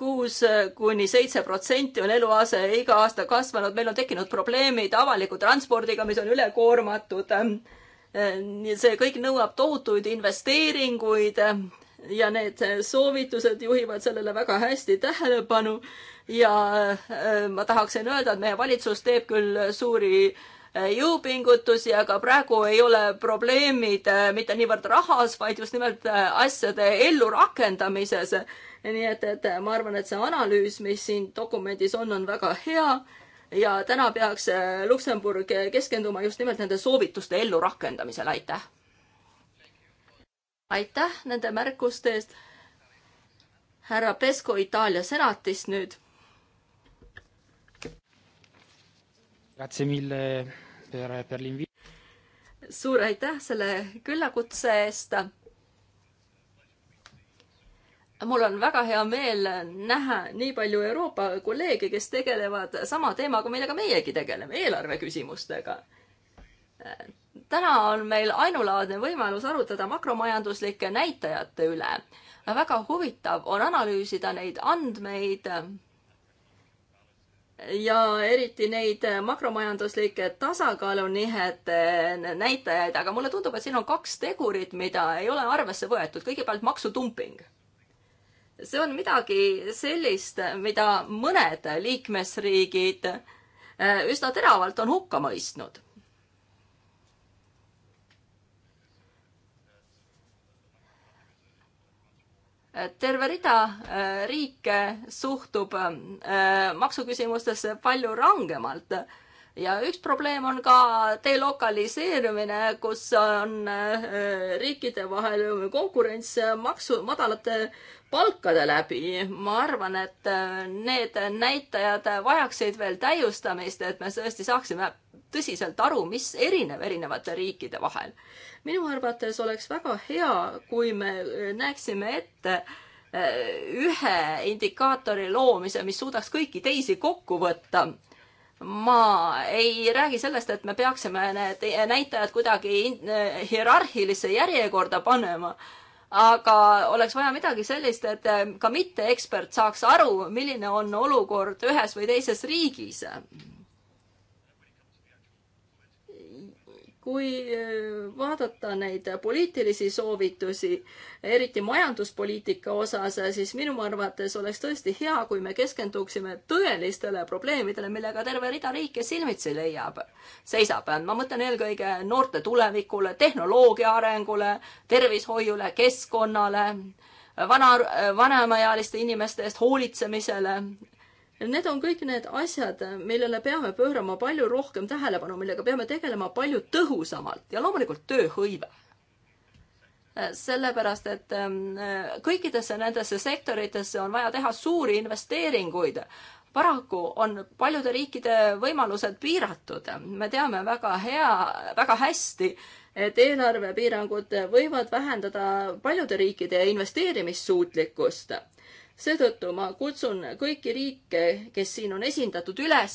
kuus kuni seitse protsenti on eluase iga aasta kasvanud, meil on tekkinud probleemid avaliku transpordiga, mis on ülekoormatud. see kõik nõuab tohutuid investeeringuid ja need soovitused juhivad sellele väga hästi tähelepanu ja äh, ma tahaksin öelda, et meie valitsus teeb küll suuri äh, jõupingutusi, aga praegu ei ole probleemid äh, mitte niivõrd rahas, vaid just nimelt asjade ellurakendamises. nii et, et ma arvan, et see analüüs, mis siin dokumendis on, on väga hea ja täna peaks Luksemburg keskenduma just nimelt nende soovituste ellurakendamisele, aitäh aitäh nende märkuste eest. härra Pesco Itaalia senatist nüüd. suur aitäh selle küllakutse eest. mul on väga hea meel näha nii palju Euroopa kolleege, kes tegelevad sama teemaga, millega meiegi tegeleme, eelarve küsimustega täna on meil ainulaadne võimalus arutada makromajanduslike näitajate üle. väga huvitav on analüüsida neid andmeid ja eriti neid makromajanduslike tasakaalunihete näitajaid, aga mulle tundub, et siin on kaks tegurit, mida ei ole arvesse võetud. kõigepealt maksutumping. see on midagi sellist, mida mõned liikmesriigid äh, üsna teravalt on hukka mõistnud terve rida äh, riike suhtub äh, maksuküsimustesse palju rangemalt ja üks probleem on ka delokaliseerimine, kus on äh, riikide vahel konkurents maksu, madalate palkade läbi. ma arvan, et need näitajad vajaksid veel täiustamist, et me tõesti saaksime tõsiselt aru, mis erineb erinevate riikide vahel. minu arvates oleks väga hea, kui me äh, näeksime ette äh, ühe indikaatori loomise, mis suudaks kõiki teisi kokku võtta ma ei räägi sellest, et me peaksime need näitajad kuidagi äh, hierarhilisse järjekorda panema, aga oleks vaja midagi sellist, et ka mitteekspert saaks aru, milline on olukord ühes või teises riigis. kui eh, vaadata neid poliitilisi soovitusi, eriti majanduspoliitika osas, siis minu arvates oleks tõesti hea, kui me keskenduksime tõelistele probleemidele, millega terve rida riike silmitsi leiab, seisab. ma mõtlen eelkõige noorte tulevikule, tehnoloogia arengule, tervishoiule, keskkonnale, vana, vanemaealiste inimeste eest hoolitsemisele Need on kõik need asjad, millele peame pöörama palju rohkem tähelepanu, millega peame tegelema palju tõhusamalt ja loomulikult tööhõive. sellepärast, et ähm, kõikidesse nendesse sektoritesse on vaja teha suuri investeeringuid. paraku on paljude riikide võimalused piiratud. me teame väga hea, väga hästi, et eelarvepiirangud võivad vähendada paljude riikide investeerimissuutlikkust seetõttu ma kutsun kõiki riike, kes siin on esindatud, üles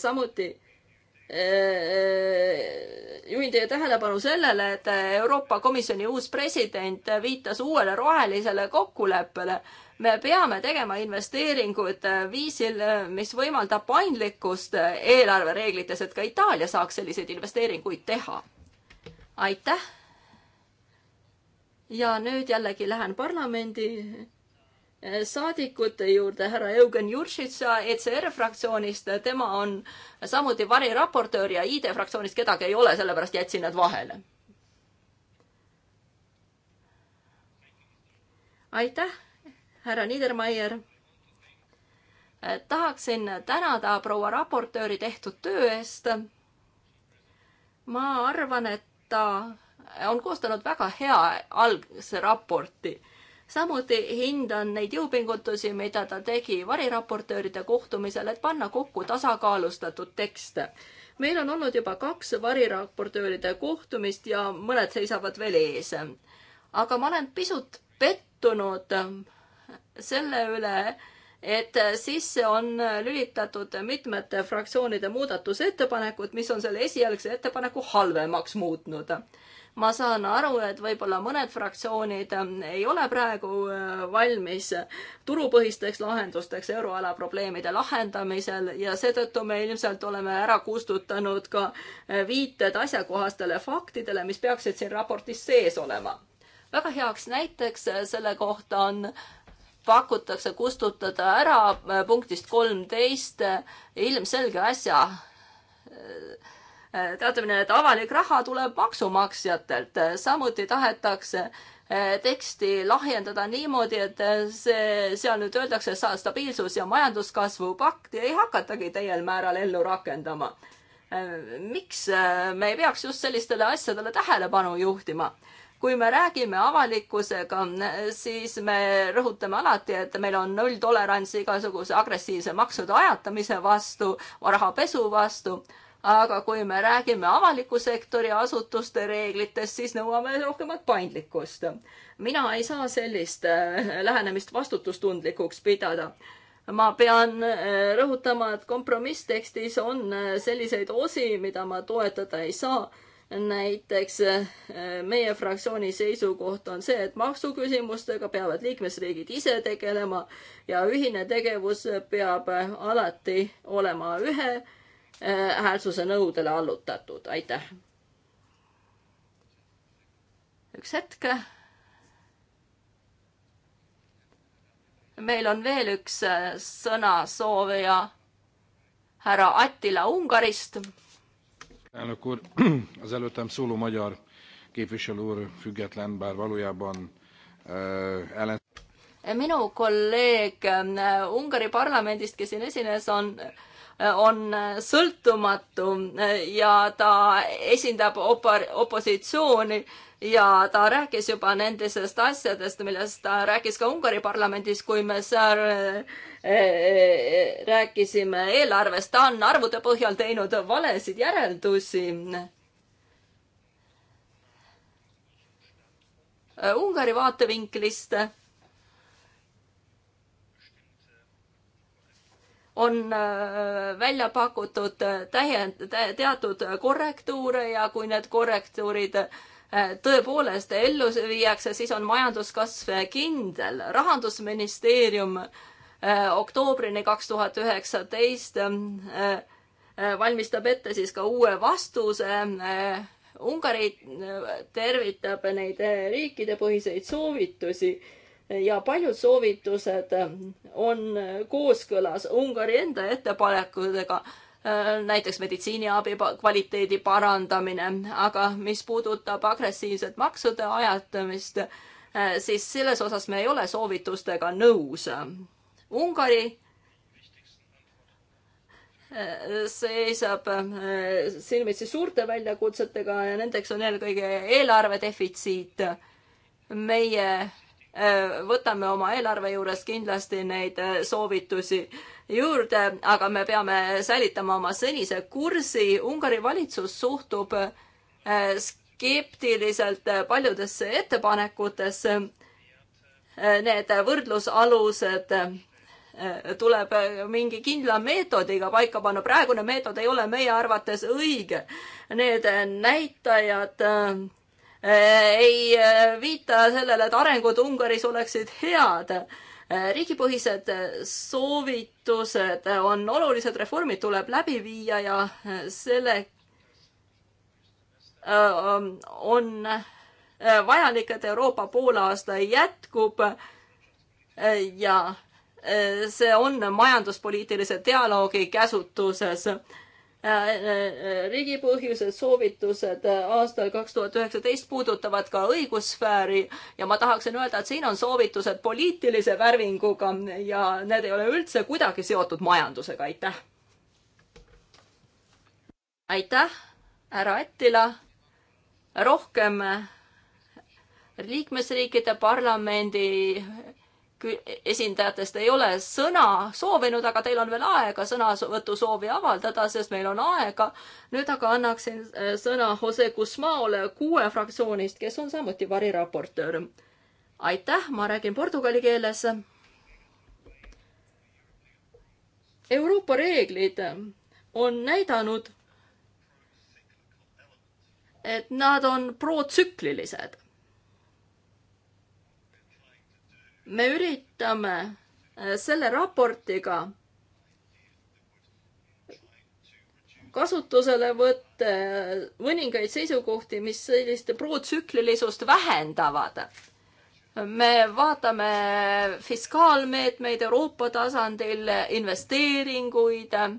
samuti eh, eh, juhin teie tähelepanu sellele, et Euroopa Komisjoni uus president viitas uuele rohelisele kokkuleppele. me peame tegema investeeringuid viisil, mis võimaldab paindlikkust eelarvereeglites, et ka Itaalia saaks selliseid investeeringuid teha. aitäh ja nüüd jällegi lähen parlamendi eh, saadikute juurde, härra Eugen Juršitsa ECR fraktsioonist, tema on samuti variraportöör ja ID fraktsioonist kedagi ei ole, sellepärast jätsin nad vahele. aitäh, härra Niedermeier. Eh, tahaksin tänada proua raportööri tehtud töö eest. ma arvan, et ta on koostanud väga hea algse raporti. samuti hindan neid jõupingutusi, mida ta tegi variraportööride kohtumisel, et panna kokku tasakaalustatud tekste. meil on olnud juba kaks variraportööride kohtumist ja mõned seisavad veel ees. aga ma olen pisut pettunud selle üle, et sisse on lülitatud mitmete fraktsioonide muudatusettepanekud, mis on selle esialgse ettepaneku halvemaks muutnud ma saan aru, et võib-olla mõned fraktsioonid ähm, ei ole praegu äh, valmis äh, turupõhisteks lahendusteks euroala probleemide lahendamisel ja seetõttu me ilmselt oleme ära kustutanud ka äh, viited asjakohastele faktidele, mis peaksid siin raportis sees olema. väga heaks näiteks selle kohta on pakutakse kustutada ära punktist kolmteist ilmselge asja Äh, teatamine, et avalik raha tuleb maksumaksjatelt, äh, samuti tahetakse äh, teksti lahjendada niimoodi, et see, seal nüüd öeldakse, stabiilsus ja majanduskasvu pakti ei hakatagi täiel määral ellu rakendama. miks me ei peaks just sellistele asjadele tähelepanu juhtima? kui me räägime avalikkusega, siis me rõhutame alati, et meil on nulltolerants igasuguse agressiivse maksude ajatamise vastu, rahapesu vastu aga kui me räägime avaliku sektori asutuste reeglitest, siis nõuame rohkemat paindlikkust. mina ei saa sellist äh, lähenemist vastutustundlikuks pidada ma pean äh, rõhutama, et kompromisstekstis on äh, selliseid osi, mida ma toetada ei saa. näiteks meie fraktsiooni seisukoht on see, et maksuküsimustega peavad liikmesriigid ise tegelema ja ühine tegevus peab alati olema ühe Äh, häälsuse nõudele allutatud, aitäh. üks hetk. meil on veel üks äh, sõnasoovija, härra Attila Ungarist. elnök úr, az előttem szóló magyar képviselő úr független, bár valójában äh, ellen minu kolleeg Ungari parlamendist, kes siin esines, on äh, on sõltumatu ja ta esindab opa-, opositsiooni ja ta rääkis juba nendest asjadest, millest ta rääkis ka Ungari parlamendis, kui me seal eh, eh, rääkisime eelarvest, ta on arvude põhjal teinud valesid järeldusi. Ungari vaatevinklist on äh, välja pakutud äh, täiend-, teatud korrektuure ja kui need korrektuurid äh, tõepoolest ellu viiakse, siis on majanduskasv kindel. rahandusministeerium oktoobrini kaks tuhat üheksateist valmistab ette siis ka uue vastuse. Ungari tervitab neid riikidepõhiseid soovitusi ja paljud soovitused ähm, on kooskõlas Ungari enda ettepanekutega, äh, näiteks meditsiiniabi kvaliteedi parandamine, aga mis puudutab agressiivset maksude ajatamist, äh, siis selles osas me ei ole soovitustega nõus. Ungari äh, seisab silmitsi suurte väljakutsetega ja nendeks on eelkõige eelarve defitsiit meie Äh, võtame oma eelarve juures kindlasti neid äh, soovitusi juurde, aga me peame säilitama oma senise kursi. Ungari valitsus suhtub äh, skeptiliselt paljudesse ettepanekutesse. Need võrdlusalused tuleb mingi kindla meetodiga paika panna. praegune meetod ei ole meie arvates õige. Need näitajad Äh, ei äh, viita sellele, et arengud Ungaris oleksid head. Äh, riigipõhised soovitused on olulised, reformid tuleb läbi viia ja selle um, on vajalik, et Euroopa poolaasta jätkub ja see on majanduspoliitilise dialoogi käsutuses Äh, äh, äh, riigi põhjused, soovitused aastal kaks tuhat üheksateist puudutavad ka õigussfääri ja ma tahaksin öelda, et siin on soovitused poliitilise värvinguga ja need ei ole üldse kuidagi seotud majandusega, aitäh. aitäh, härra Attila. rohkem liikmesriikide parlamendi esindajatest ei ole sõna soovinud, aga teil on veel aega sõnavõtusoovi avaldada, sest meil on aega. nüüd aga annaksin äh, sõna Jose Guzmaole kuue fraktsioonist, kes on samuti variraportöör. aitäh, ma räägin portugali keeles. Euroopa reeglid on näidanud, et nad on protsüklilised me üritame äh, selle raportiga kasutusele võtta äh, mõningaid seisukohti, mis sellist protsüklilisust vähendavad. me vaatame fiskaalmeetmeid Euroopa tasandil, investeeringuid, äh,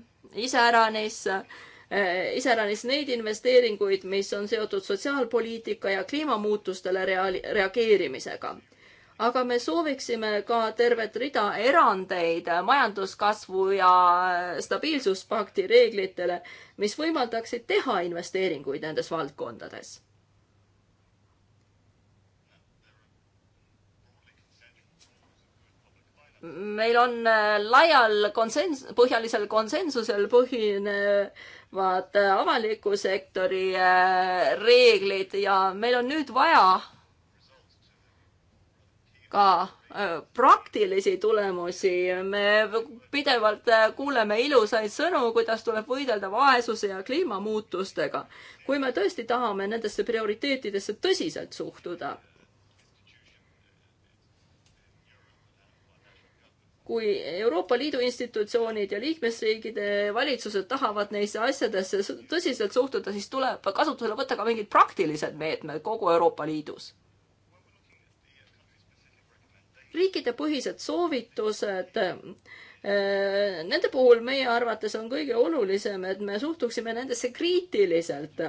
iseäranis, iseäranis neid investeeringuid, mis on seotud sotsiaalpoliitika ja kliimamuutustele reaali-, reageerimisega aga me sooviksime ka tervet rida erandeid majanduskasvu ja stabiilsuspakti reeglitele, mis võimaldaksid teha investeeringuid nendes valdkondades. meil on äh, laial konsens-, põhjalisel konsensusel põhinevad avaliku sektori äh, reeglid ja meil on nüüd vaja ka äh, praktilisi tulemusi. me pidevalt äh, kuuleme ilusaid sõnu, kuidas tuleb võidelda vaesuse ja kliimamuutustega. kui me tõesti tahame nendesse prioriteetidesse tõsiselt suhtuda, kui Euroopa Liidu institutsioonid ja liikmesriigide valitsused tahavad neisse asjadesse tõsiselt suhtuda, siis tuleb kasutusele võtta ka mingid praktilised meetmed kogu Euroopa Liidus riikidepõhised soovitused, äh, nende puhul meie arvates on kõige olulisem, et me suhtuksime nendesse kriitiliselt.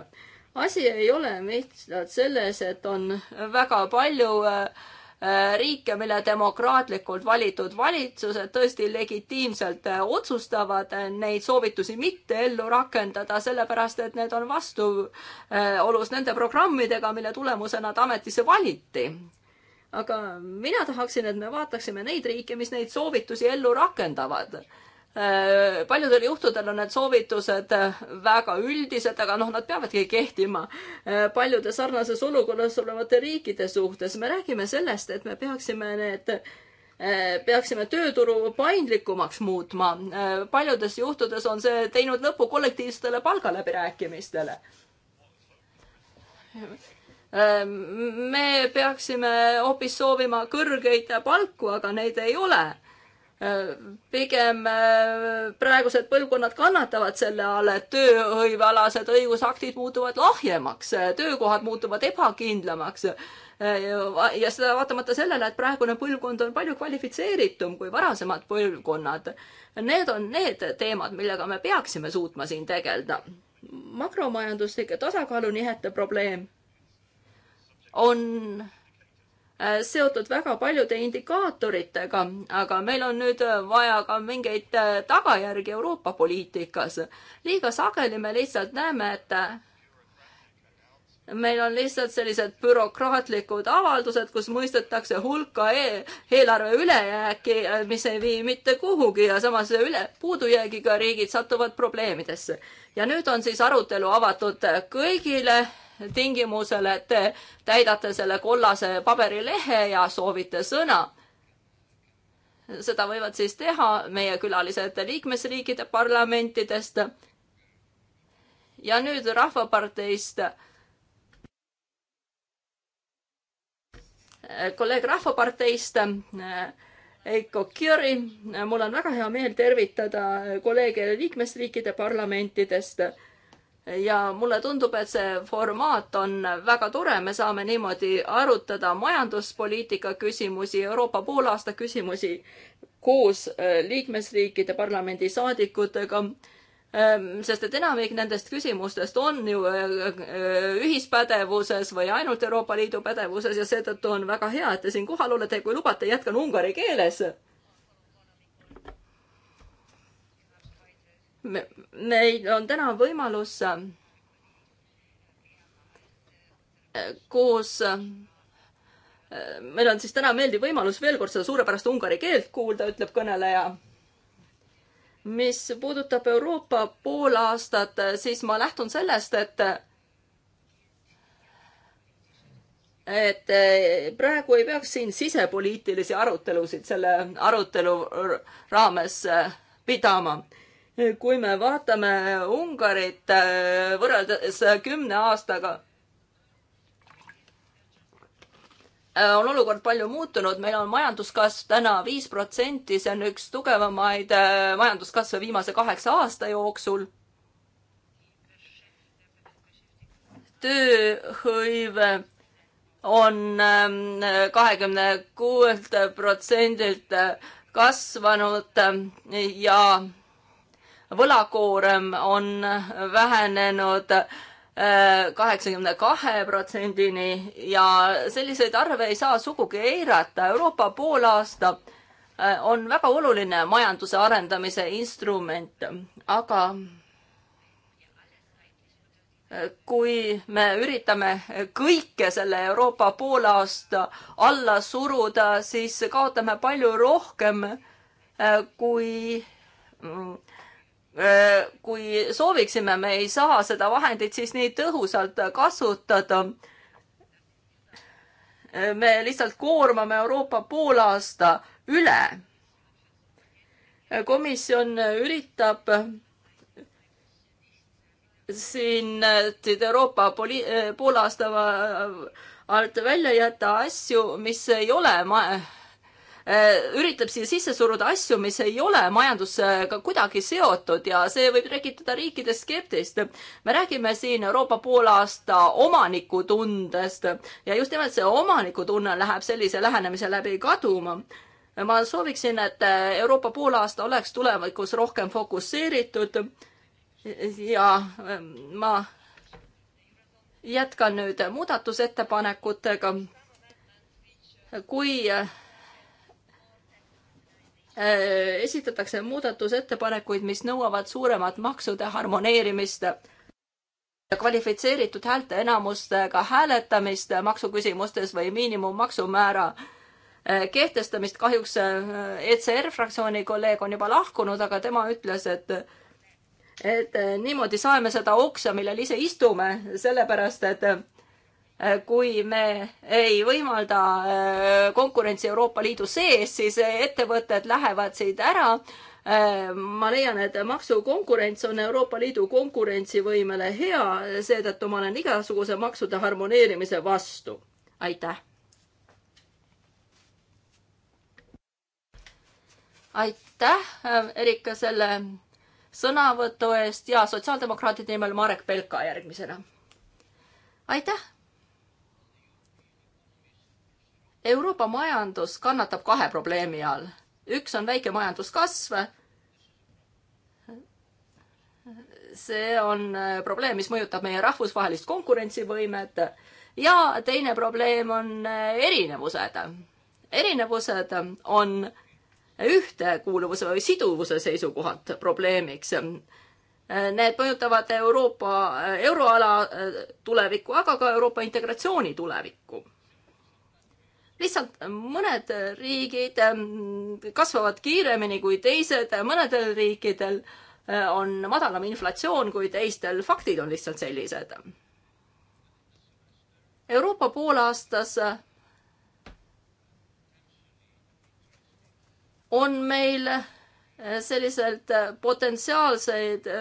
asi ei ole lihtsalt selles, et on väga palju äh, äh, riike, mille demokraatlikult valitud valitsused tõesti legitiimselt otsustavad neid soovitusi mitte ellu rakendada, sellepärast et need on vastuolus nende programmidega, mille tulemusena ta ametisse valiti aga mina tahaksin, et me vaataksime neid riike, mis neid soovitusi ellu rakendavad äh, paljudel juhtudel on need soovitused äh, väga üldised, aga noh, nad peavadki kehtima äh, paljude sarnases olukorras olevate riikide suhtes. me räägime sellest, et me peaksime need, peaksime tööturu paindlikumaks muutma. paljudes juhtudes on see teinud lõpu kollektiivsetele palgaläbirääkimistele Ehm, me peaksime hoopis soovima kõrgeid palku, aga neid ei ole. Ehm, pigem ehm, praegused põlvkonnad kannatavad selle all, et tööhõivealased õigusaktid muutuvad lahjemaks, töökohad muutuvad ebakindlamaks. ja seda vaatamata sellele, et praegune põlvkond on palju kvalifitseeritum kui varasemad põlvkonnad. Need on need teemad, millega me peaksime suutma siin tegeleda. makromajanduslik tasakaalunihete probleem on äh, seotud väga paljude indikaatoritega, aga meil on nüüd äh, vaja ka mingeid äh, tagajärgi Euroopa poliitikas. liiga sageli me lihtsalt näeme, et meil on lihtsalt sellised bürokraatlikud avaldused, kus mõistetakse hulka e eelarve ülejääki, mis ei vii mitte kuhugi ja samas üle, puudujäägiga riigid satuvad probleemidesse. ja nüüd on siis arutelu avatud kõigile tingimusel, et te täidate selle kollase paberilehe ja soovite sõna. seda võivad siis teha meie külalised liikmesriikide parlamentidest. ja nüüd Rahvaparteist. kolleeg Rahvaparteist Eiko Kjõri, mul on väga hea meel tervitada kolleege liikmesriikide parlamentidest ja mulle tundub, et see formaat on väga tore, me saame niimoodi arutada majanduspoliitika küsimusi, Euroopa poolaasta küsimusi koos äh, liikmesriikide parlamendisaadikutega. Ähm, sest et enamik nendest küsimustest on ju äh, äh, ühispädevuses või ainult Euroopa Liidu pädevuses ja seetõttu on väga hea, et te siin kohal olete ja kui lubate, jätkan ungari keeles meil on täna võimalus äh, koos äh, meil on siis täna meeldiv võimalus veel kord seda suurepärast ungari keelt kuulda, ütleb kõneleja. mis puudutab Euroopa poolaastat, siis ma lähtun sellest, et et äh, praegu ei peaks siin sisepoliitilisi arutelusid selle arutelu raames pidama kui me vaatame Ungarit äh, võrreldes kümne aastaga, äh, on olukord palju muutunud, meil on majanduskasv täna viis protsenti, see on üks tugevamaid äh, majanduskasve viimase kaheksa aasta jooksul. tööhõive on ähm, kahekümne kuuelt protsendilt kasvanud ja võlakoorem on vähenenud äh, kaheksakümne kahe protsendini ja selliseid arve ei saa sugugi eirata. Euroopa poolaasta äh, on väga oluline majanduse arendamise instrument, aga äh, kui me üritame kõike selle Euroopa poolaasta alla suruda, siis kaotame palju rohkem kui mm, kui sooviksime, me ei saa seda vahendit siis nii tõhusalt kasutada. me lihtsalt koormame Euroopa poolaasta üle. komisjon üritab siin Euroopa poli-, poolaasta alt välja jätta asju, mis ei ole ma-, Äh, üritab siia sisse suruda asju, mis ei ole majandusega kuidagi seotud ja see võib tekitada riikides skeptist. me räägime siin Euroopa poolaasta omanikutundest ja just nimelt see omanikutunne läheb sellise lähenemise läbi kaduma ma sooviksin, et Euroopa poolaasta oleks tulevikus rohkem fokusseeritud ja ähm, ma jätkan nüüd muudatusettepanekutega. kui äh, Äh, esitatakse muudatusettepanekuid, mis nõuavad suuremat maksude harmoneerimist kvalifitseeritud häälteenamustega hääletamist maksuküsimustes või miinimummaksumäära äh, kehtestamist. kahjuks äh, ECR fraktsiooni kolleeg on juba lahkunud, aga tema ütles, et et niimoodi saeme seda oksa, millel ise istume, sellepärast et Äh, kui me ei võimalda äh, konkurentsi Euroopa Liidu sees, siis äh, ettevõtted lähevad siit ära. ma leian, et maksukonkurents on Euroopa Liidu konkurentsivõimele hea, seetõttu ma olen igasuguse maksude harmoneerimise vastu. aitäh. aitäh, Erika, selle sõnavõtu eest ja sotsiaaldemokraatide nimel Marek Belka järgmisena. aitäh Euroopa majandus kannatab kahe probleemi all. üks on väike majanduskasv. see on äh, probleem, mis mõjutab meie rahvusvahelist konkurentsivõimet ja teine probleem on äh, erinevused. erinevused on ühtekuuluvuse või siduvuse seisukohalt probleemiks. Äh, need mõjutavad Euroopa, euroala tulevikku, aga ka Euroopa integratsiooni tulevikku lihtsalt äh, mõned äh, riigid ähm, kasvavad kiiremini kui teised, äh, mõnedel riikidel on madalam inflatsioon kui teistel, faktid on lihtsalt sellised. Euroopa poolaastas on meil selliselt potentsiaalseid,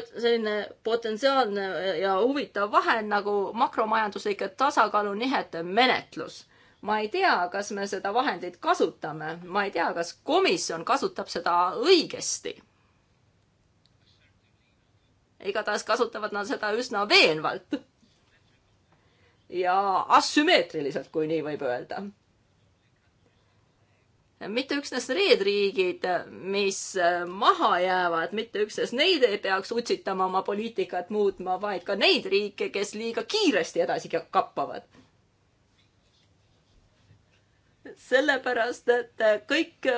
selline potentsiaalne ja huvitav vahend nagu makromajanduslike tasakaalunihete menetlus ma ei tea, kas me seda vahendit kasutame, ma ei tea, kas komisjon kasutab seda õigesti. igatahes kasutavad nad seda üsna veenvalt. ja asümmeetriliselt, kui nii võib öelda mitte üksnes need riigid, mis maha jäävad, mitte üksnes neid ei peaks utsitama oma poliitikat muutma, vaid ka neid riike, kes liiga kiiresti edasi kappavad sellepärast et kõik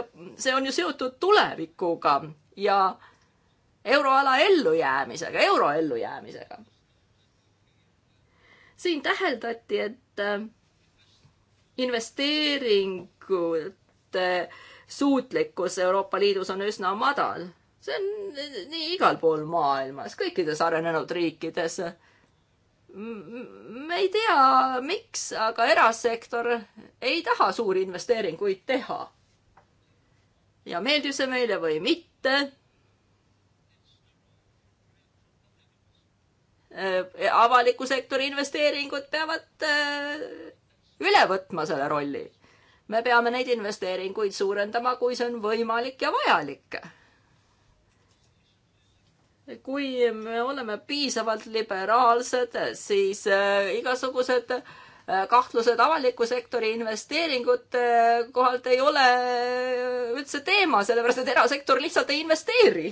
see on ju seotud tulevikuga ja euroala ellujäämisega, euro ellujäämisega. siin täheldati, et investeeringute suutlikkus Euroopa Liidus on üsna madal. see on nii igal pool maailmas, kõikides arenenud riikides me ei tea, miks, aga erasektor ei taha suuri investeeringuid teha. ja meeldib see meile või mitte. Äh, avaliku sektori investeeringud peavad äh, üle võtma selle rolli. me peame neid investeeringuid suurendama, kui see on võimalik ja vajalik kui me oleme piisavalt liberaalsed, siis äh, igasugused äh, kahtlused avaliku sektori investeeringute kohalt ei ole äh, üldse teema, sellepärast et erasektor lihtsalt ei investeeri.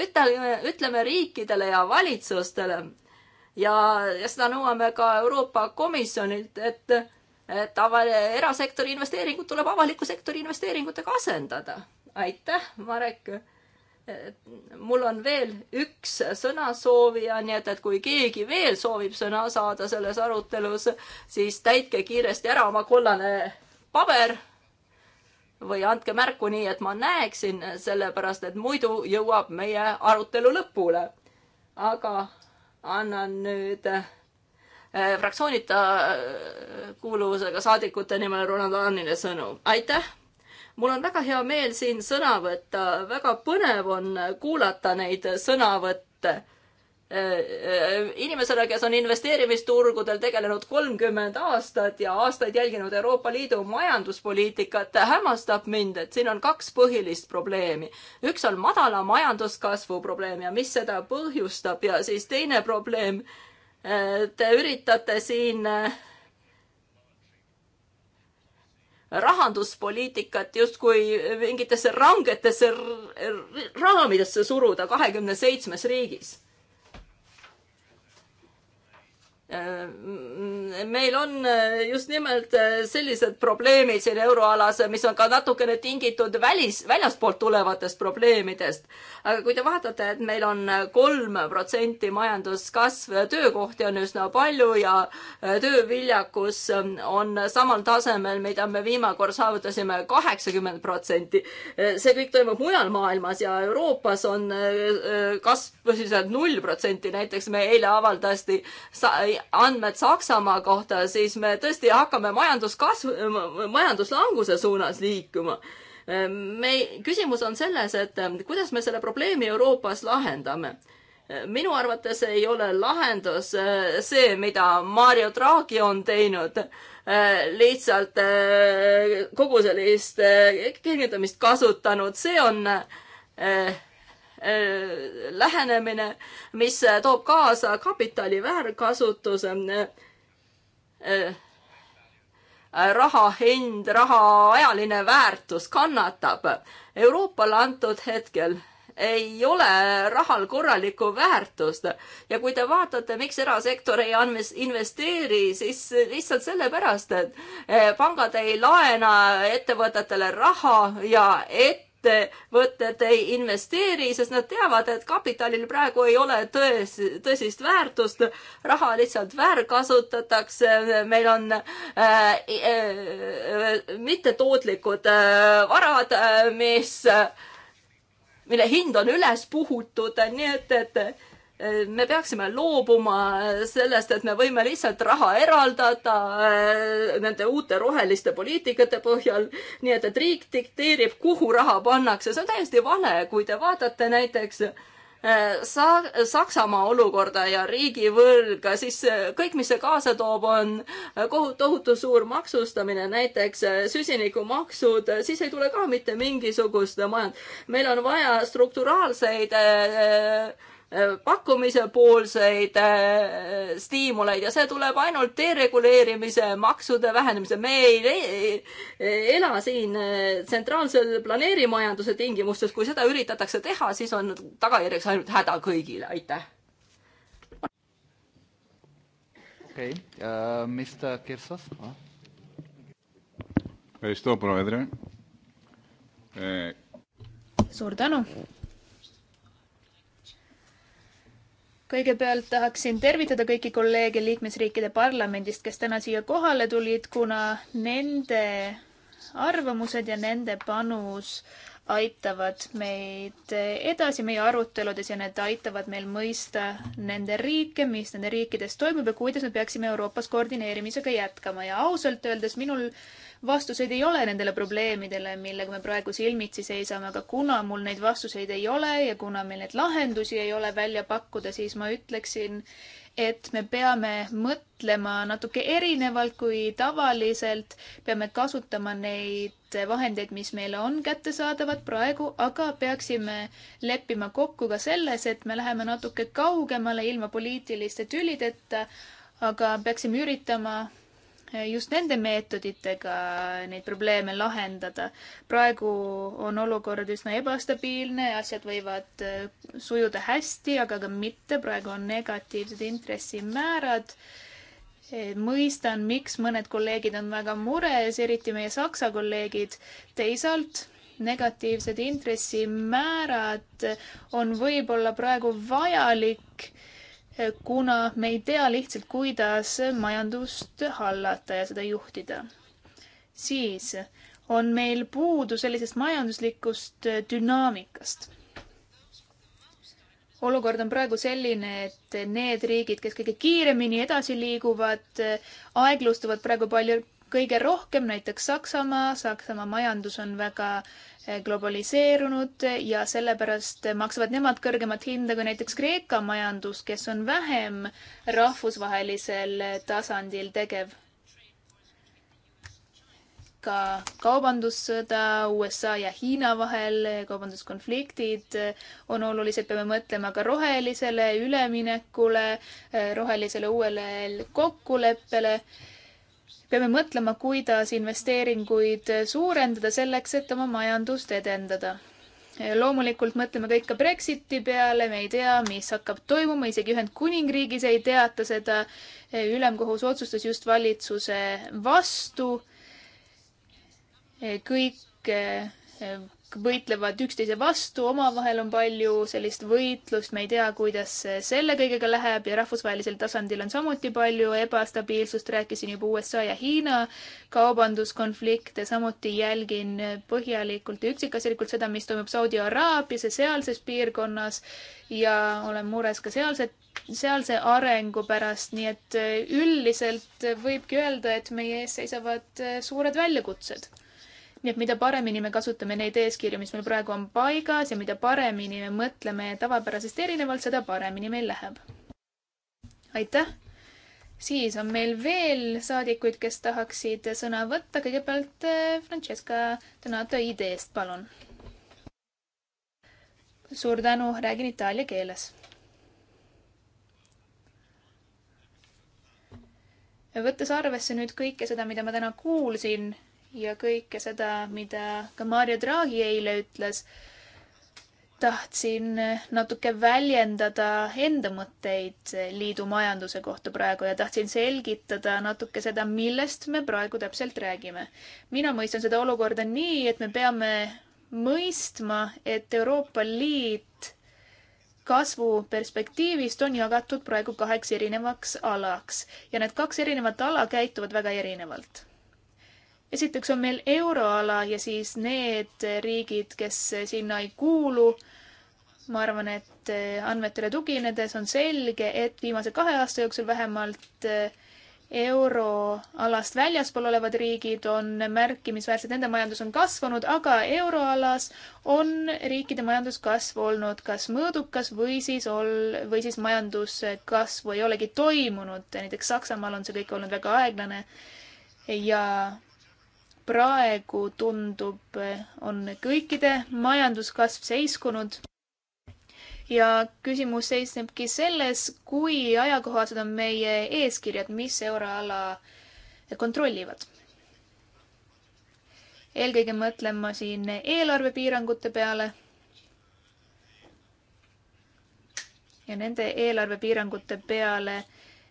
ütleme, ütleme riikidele ja valitsustele ja, ja seda nõuame ka Euroopa Komisjonilt, et, et ava-, erasektori investeeringud tuleb avaliku sektori investeeringutega asendada. aitäh, Marek mul on veel üks sõnasoovija, nii et, et kui keegi veel soovib sõna saada selles arutelus, siis täitke kiiresti ära oma kollane paber või andke märku nii, et ma näeksin, sellepärast et muidu jõuab meie arutelu lõpule. aga annan nüüd äh, fraktsioonita äh, kuuluvusega saadikute nimel Ronald Annile sõnu. aitäh mul on väga hea meel siin sõna võtta, väga põnev on kuulata neid sõnavõtte äh, äh, inimesele, kes on investeerimisturgudel tegelenud kolmkümmend aastat ja aastaid jälginud Euroopa Liidu majanduspoliitikat, hämmastab mind, et siin on kaks põhilist probleemi. üks on madala majanduskasvu probleem ja mis seda põhjustab ja siis teine probleem, äh, te üritate siin äh, rahanduspoliitikat justkui mingitesse rangetesse raamidesse suruda kahekümne seitsmes riigis. Äh, meil on äh, just nimelt äh, sellised probleemid siin euroalas, mis on ka natukene tingitud välis, väljastpoolt tulevatest probleemidest. aga kui te vaatate, et meil on kolm protsenti majanduskasv, töökohti on üsna palju ja tööviljakus ähm, on samal tasemel, mida me viimane kord saavutasime kaheksakümmend protsenti. see kõik toimub mujal maailmas ja Euroopas on kasv põhiliselt null protsenti, näiteks me eile avaldasti andmed Saksamaa kohta, siis me tõesti hakkame majanduskasv, majanduslanguse suunas liikuma. me, küsimus on selles, et kuidas me selle probleemi Euroopas lahendame minu arvates ei ole lahendus äh, see, mida Mario Draghi on teinud, äh, lihtsalt äh, kogu sellist kirjeldamist kasutanud, see on Äh, lähenemine, mis toob kaasa kapitali väärkasutuse äh, raha hind, raha ajaline väärtus kannatab. Euroopale antud hetkel ei ole rahal korralikku väärtust ja kui te vaatate, miks erasektor ei investeeri, siis lihtsalt sellepärast, et äh, pangad ei laena ettevõtetele raha ja et ettevõtted ei investeeri, sest nad teavad, et kapitalil praegu ei ole tões, tõsist väärtust. raha lihtsalt väärkasutatakse, meil on äh, äh, mittetootlikud äh, varad, äh, mis, äh, mille hind on üles puhutud, nii et, et Äh, me peaksime loobuma äh, sellest, et me võime lihtsalt raha eraldada äh, nende uute roheliste poliitikate põhjal. nii et, et riik dikteerib, kuhu raha pannakse, see on täiesti vale, kui te vaatate näiteks Sa-, Saksamaa olukorda ja riigivõlga, siis kõik, mis see kaasa toob, on kohut-, tohutu suur maksustamine, näiteks süsinikumaksud, siis ei tule ka mitte mingisugust majand-. meil on vaja strukturaalseid äh, Äh, pakkumise poolseid äh, stiimuleid ja see tuleb ainult dereguleerimise, maksude vähenemise. me ei ela siin äh, tsentraalsel planeerimajanduse tingimustes, kui seda üritatakse teha, siis on tagajärjeks ainult häda kõigile, aitäh. okei okay. uh,, Mr Kirsos uh.. suur tänu kõigepealt tahaksin tervitada kõiki kolleege liikmesriikide parlamendist, kes täna siia kohale tulid, kuna nende arvamused ja nende panus aitavad meid edasi meie aruteludes ja need aitavad meil mõista nende riike, mis nende riikides toimub ja kuidas me peaksime Euroopas koordineerimisega jätkama ja ausalt öeldes minul vastuseid ei ole nendele probleemidele, millega me praegu silmitsi seisame, aga kuna mul neid vastuseid ei ole ja kuna meil neid lahendusi ei ole välja pakkuda, siis ma ütleksin, et me peame mõtlema natuke erinevalt kui tavaliselt, peame kasutama neid vahendeid, mis meile on kättesaadavad praegu, aga peaksime leppima kokku ka selles, et me läheme natuke kaugemale ilma poliitiliste tülideta, aga peaksime üritama just nende meetoditega neid probleeme lahendada. praegu on olukord üsna ebastabiilne, asjad võivad äh, sujuda hästi, aga ka mitte, praegu on negatiivsed intressimäärad. E, mõistan, miks mõned kolleegid on väga mures, eriti meie Saksa kolleegid. teisalt negatiivsed intressimäärad on võib-olla praegu vajalik kuna me ei tea lihtsalt, kuidas majandust hallata ja seda juhtida. siis on meil puudu sellisest majanduslikust dünaamikast. olukord on praegu selline, et need riigid, kes kõige kiiremini edasi liiguvad, aeglustuvad praegu palju, kõige rohkem, näiteks Saksamaa. Saksamaa majandus on väga globaliseerunud ja sellepärast maksavad nemad kõrgemat hinda kui näiteks Kreeka majandus, kes on vähem rahvusvahelisel tasandil tegev. ka kaubandussõda USA ja Hiina vahel, kaubanduskonfliktid on olulised, peame mõtlema ka rohelisele üleminekule, rohelisele uuele kokkuleppele peame mõtlema, kuidas investeeringuid suurendada selleks, et oma majandust edendada. loomulikult mõtleme kõik ka Brexiti peale, me ei tea, mis hakkab toimuma, isegi Ühendkuningriigis ei teata seda. ülemkohus otsustas just valitsuse vastu. kõik võitlevad üksteise vastu, omavahel on palju sellist võitlust, me ei tea, kuidas selle kõigega läheb ja rahvusvahelisel tasandil on samuti palju ebastabiilsust, rääkisin juba USA ja Hiina kaubanduskonflikte, samuti jälgin põhjalikult ja üksikasjalikult seda, mis toimub Saudi Araabias ja sealses piirkonnas ja olen mures ka sealset, sealse arengu pärast, nii et üldiselt võibki öelda, et meie ees seisavad suured väljakutsed nii et mida paremini me kasutame neid eeskirju, mis meil praegu on paigas ja mida paremini me mõtleme tavapärasest erinevalt, seda paremini meil läheb. aitäh! siis on meil veel saadikuid, kes tahaksid sõna võtta. kõigepealt eh, Francesca Donato ideest, palun. suur tänu, räägin itaalia keeles. võttes arvesse nüüd kõike seda, mida ma täna kuulsin ja kõike seda, mida ka Mario Draghi eile ütles, tahtsin natuke väljendada enda mõtteid liidu majanduse kohta praegu ja tahtsin selgitada natuke seda, millest me praegu täpselt räägime. mina mõistan seda olukorda nii, et me peame mõistma, et Euroopa Liit kasvuperspektiivist on jagatud praegu kaheks erinevaks alaks ja need kaks erinevat ala käituvad väga erinevalt esiteks on meil euroala ja siis need riigid, kes sinna ei kuulu. ma arvan, et andmetele tuginedes on selge, et viimase kahe aasta jooksul vähemalt euroalast väljaspool olevad riigid on märkimisväärsed, nende majandus on kasvanud, aga euroalas on riikide majanduskasv olnud kas mõõdukas või siis ol-, või siis majanduskasvu ei olegi toimunud. näiteks Saksamaal on see kõik olnud väga aeglane ja praegu tundub, on kõikide majanduskasv seiskunud. ja küsimus seisnebki selles, kui ajakohased on meie eeskirjad, mis euroala kontrollivad. eelkõige mõtlen ma siin eelarvepiirangute peale. ja nende eelarvepiirangute peale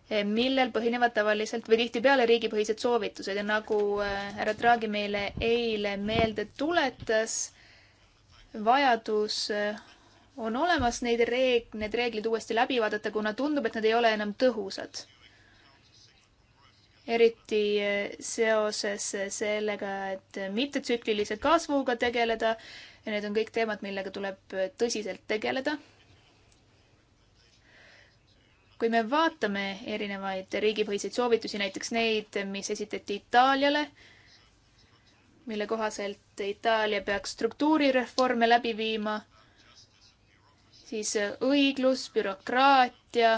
Eh, millel põhinevad tavaliselt või tihtipeale riigipõhised soovitused ja nagu eh, härra Draghi meile eile meelde tuletas, vajadus eh, on olemas neid reeg-, need reeglid uuesti läbi vaadata, kuna tundub, et nad ei ole enam tõhusad. eriti seoses sellega, et mittetsüklilise kasvuga tegeleda ja need on kõik teemad, millega tuleb tõsiselt tegeleda kui me vaatame erinevaid riigipõhiseid soovitusi, näiteks neid, mis esitati Itaaliale, mille kohaselt Itaalia peaks struktuurireforme läbi viima, siis õiglus, bürokraatia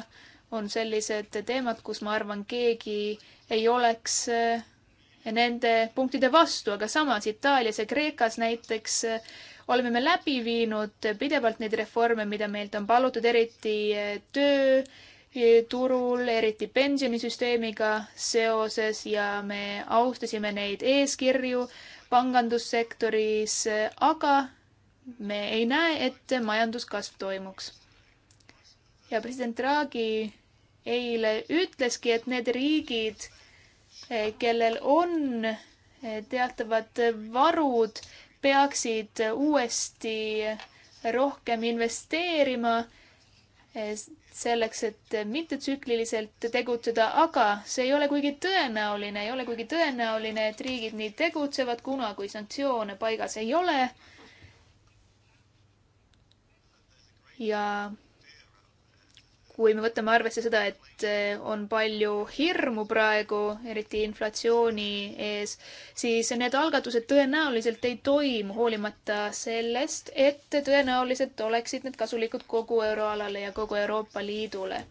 on sellised teemad, kus ma arvan, keegi ei oleks eh, nende punktide vastu, aga samas Itaalias ja Kreekas näiteks eh, oleme me läbi viinud pidevalt neid reforme, mida meilt on palutud, eriti eh, töö turul, eriti pensionisüsteemiga seoses ja me austasime neid eeskirju pangandussektoris, aga me ei näe, et majanduskasv toimuks. ja president Draghi eile ütleski, et need riigid, kellel on teatavad varud, peaksid uuesti rohkem investeerima selleks, et mittetsükliliselt tegutseda, aga see ei ole kuigi tõenäoline, ei ole kuigi tõenäoline, et riigid nii tegutsevad, kuna kui sanktsioone paigas ei ole. ja kui me võtame arvesse seda, et eh, on palju hirmu praegu, eriti inflatsiooni ees, siis need algatused tõenäoliselt ei toimu, hoolimata sellest, et tõenäoliselt oleksid need kasulikud kogu euroalale ja kogu Euroopa Liidule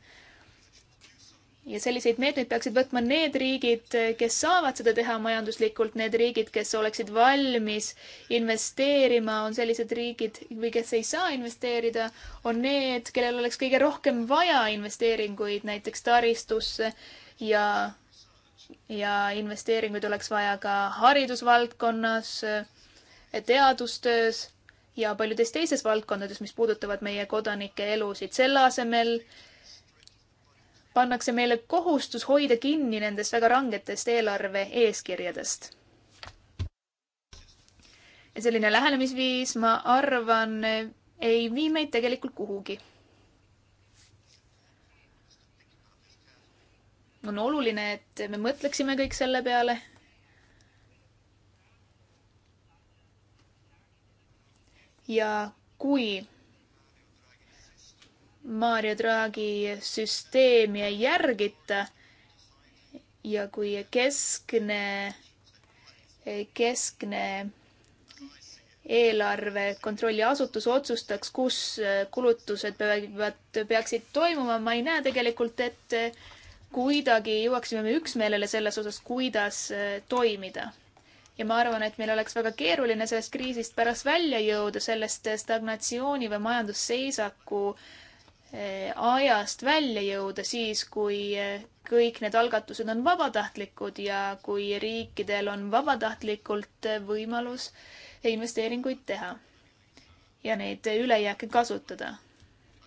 ja selliseid meetmeid peaksid võtma need riigid, kes saavad seda teha majanduslikult, need riigid, kes oleksid valmis investeerima, on sellised riigid või kes ei saa investeerida, on need, kellel oleks kõige rohkem vaja investeeringuid näiteks taristusse ja, ja investeeringuid oleks vaja ka haridusvaldkonnas, teadustöös ja paljudes teises valdkondades, mis puudutavad meie kodanike elusid. selle asemel pannakse meile kohustus hoida kinni nendest väga rangetest eelarve eeskirjadest. ja selline lähenemisviis, ma arvan, ei vii meid tegelikult kuhugi. on oluline, et me mõtleksime kõik selle peale, ja kui Mario Draghi süsteemi ei järgita ja kui keskne, keskne eelarve kontrolliasutus otsustaks, kus kulutused peavad, peaksid toimuma, ma ei näe tegelikult, et kuidagi jõuaksime me üksmeelele selles osas, kuidas toimida. ja ma arvan, et meil oleks väga keeruline sellest kriisist pärast välja jõuda, sellest stagnatsiooni või majandusseisaku äh, Eh, ajast välja jõuda siis, kui eh, kõik need algatused on vabatahtlikud ja kui riikidel on vabatahtlikult eh, võimalus investeeringuid teha ja neid ülejääke kasutada.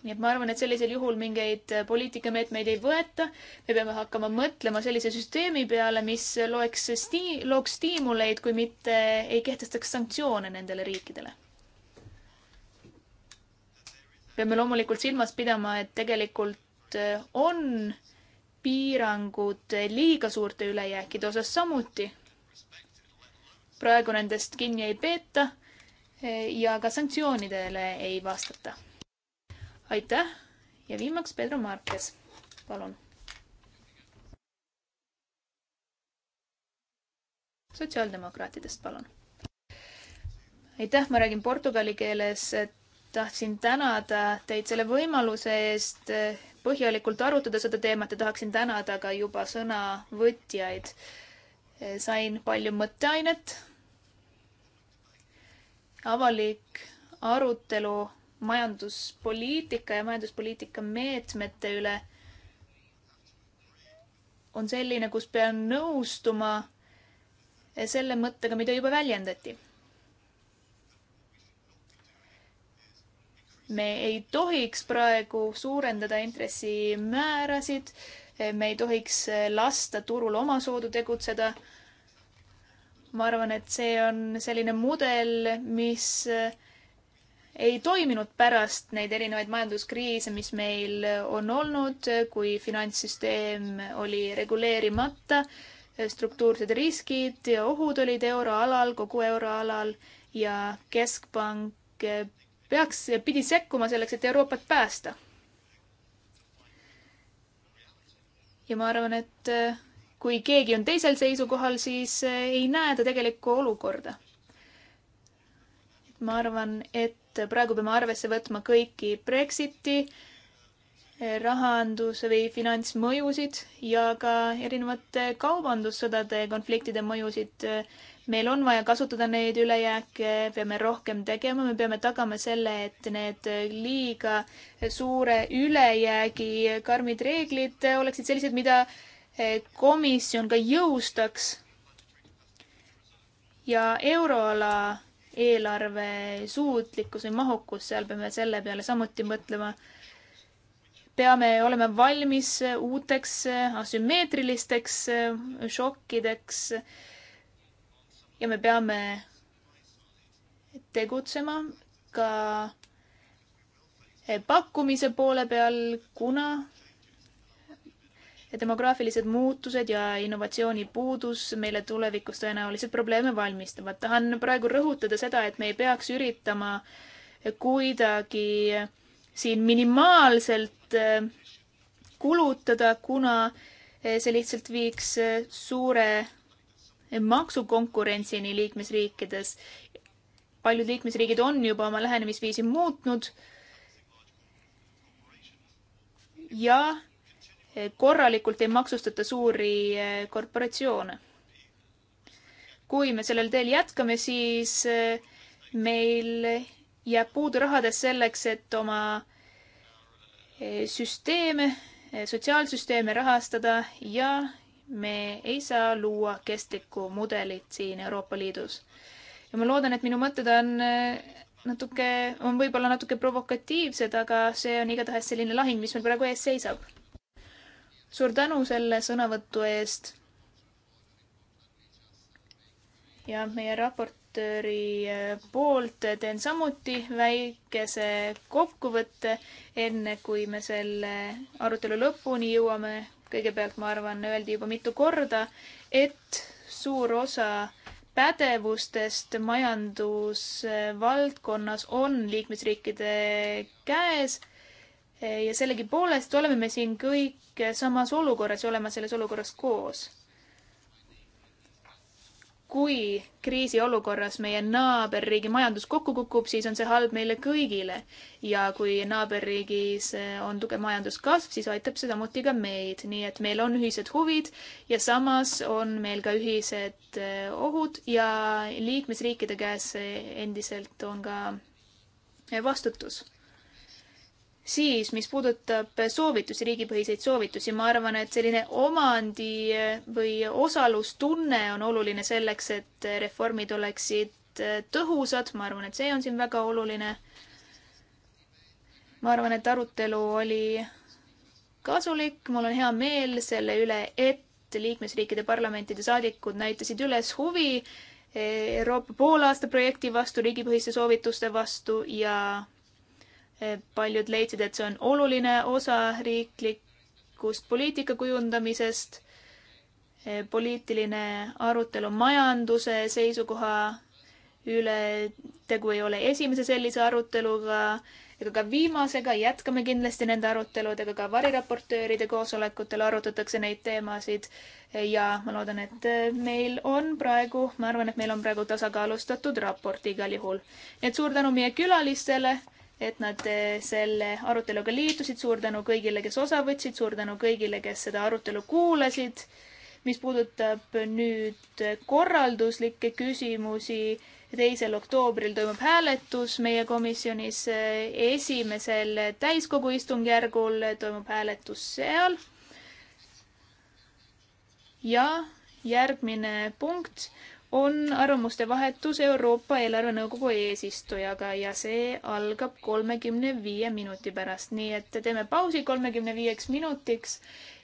nii et ma arvan, et sellisel juhul mingeid poliitikameetmeid ei võeta. me peame hakkama mõtlema sellise süsteemi peale, mis loeks sti-, looks stiimuleid, kui mitte ei kehtestaks sanktsioone nendele riikidele peame loomulikult silmas pidama, et tegelikult eh, on piirangud liiga suurte ülejääkide osas samuti. praegu nendest kinni ei peeta eh, ja ka sanktsioonidele ei vastata. aitäh ja viimaks Pedro Marques, palun. sotsiaaldemokraatidest, palun. aitäh, ma räägin portugali keeles, et tahtsin tänada teid selle võimaluse eest eh, põhjalikult arutada seda teemat ja tahaksin tänada ka juba sõnavõtjaid. Eh, sain palju mõtteainet. avalik arutelu majanduspoliitika ja majanduspoliitika meetmete üle on selline, kus pean nõustuma eh, selle mõttega, mida juba väljendati me ei tohiks praegu suurendada intressimäärasid, me ei tohiks lasta turul omasoodu tegutseda. ma arvan, et see on selline mudel, mis ei toiminud pärast neid erinevaid majanduskriise, mis meil on olnud, kui finantssüsteem oli reguleerimata, struktuursed riskid ja ohud olid euroalal, kogu euroalal ja keskpank peaks, pidi sekkuma selleks, et Euroopat päästa. ja ma arvan, et äh, kui keegi on teisel seisukohal, siis äh, ei näe ta tegelikku olukorda. ma arvan, et praegu peame arvesse võtma kõiki Brexiti äh, rahandus- või finantsmõjusid ja ka erinevate kaubandussõdade konfliktide mõjusid. meil on vaja kasutada neid ülejääke, peame rohkem tegema, me peame tagama selle, et need liiga suure ülejäägi karmid reeglid oleksid sellised, mida komisjon ka jõustaks. ja euroala eelarve suutlikkus või mahukus, seal peame selle peale samuti mõtlema peame olema valmis uuteks asümmeetrilisteks šokkideks. ja me peame tegutsema ka pakkumise poole peal, kuna demograafilised muutused ja innovatsiooni puudus meile tulevikus tõenäoliselt probleeme valmistavad. tahan praegu rõhutada seda, et me ei peaks üritama kuidagi äh, siin minimaalselt äh, kulutada, kuna äh, see lihtsalt viiks äh, suure maksukonkurentsini liikmesriikides. paljud liikmesriigid on juba oma lähenemisviisi muutnud. ja korralikult ei maksustata suuri korporatsioone. kui me sellel teel jätkame, siis meil jääb puudu rahadest selleks, et oma eh, süsteeme, eh, sotsiaalsüsteeme rahastada ja me ei saa luua kestlikku mudelit siin Euroopa Liidus. ja ma loodan, et minu mõtted on eh, natuke, on võib-olla natuke provokatiivsed, aga see on igatahes selline lahing, mis meil praegu ees seisab. suur tänu selle sõnavõtu eest. ja meie raport raportööri äh, poolt teen samuti väikese kokkuvõtte, enne kui me selle arutelu lõpuni jõuame. kõigepealt, ma arvan, öeldi juba mitu korda, et suur osa pädevustest majandusvaldkonnas äh, on liikmesriikide käes ja sellegipoolest oleme me siin kõik samas olukorras ja oleme selles olukorras koos kui kriisiolukorras meie naaberriigi majandus kokku kukub, siis on see halb meile kõigile. ja kui naaberriigis eh, on tugev majanduskasv, siis aitab see samuti ka meid, nii et meil on ühised huvid ja samas on meil ka ühised eh, ohud ja liikmesriikide käes eh, endiselt on ka vastutus siis, mis puudutab soovitusi, riigipõhiseid soovitusi, ma arvan, et selline omandi eh, või osalustunne on oluline selleks, et reformid oleksid eh, tõhusad, ma arvan, et see on siin väga oluline. ma arvan, et arutelu oli kasulik, mul on hea meel selle üle, et liikmesriikide parlamentide saadikud näitasid üles huvi eh, Euroopa poolaasta projekti vastu, riigipõhiste soovituste vastu ja paljud leidsid, et see on oluline osa riiklikust poliitika kujundamisest. E, poliitiline arutelu majanduse seisukoha üle, tegu ei ole esimese sellise aruteluga ega ka viimasega, jätkame kindlasti nende aruteludega, ka variraportööride koosolekutel arutatakse neid teemasid. E, ja ma loodan, et meil on praegu, ma arvan, et meil on praegu tasakaalustatud raport igal juhul. nii et suur tänu meie külalistele et nad eh, selle aruteluga liitusid. suur tänu kõigile, kes osa võtsid, suur tänu kõigile, kes seda arutelu kuulasid. mis puudutab nüüd korralduslikke küsimusi, teisel oktoobril toimub hääletus meie komisjonis, eh, esimesel täiskogu istungjärgul toimub hääletus seal. ja järgmine punkt on arvamuste vahetus Euroopa Eelarvenõukogu eesistujaga ja see algab kolmekümne viie minuti pärast, nii et teeme pausi kolmekümne viieks minutiks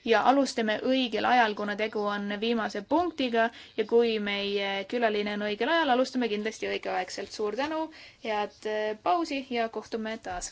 ja alustame õigel ajal, kuna tegu on viimase punktiga ja kui meie külaline on õigel ajal, alustame kindlasti õigeaegselt. suur tänu, head pausi ja kohtume taas.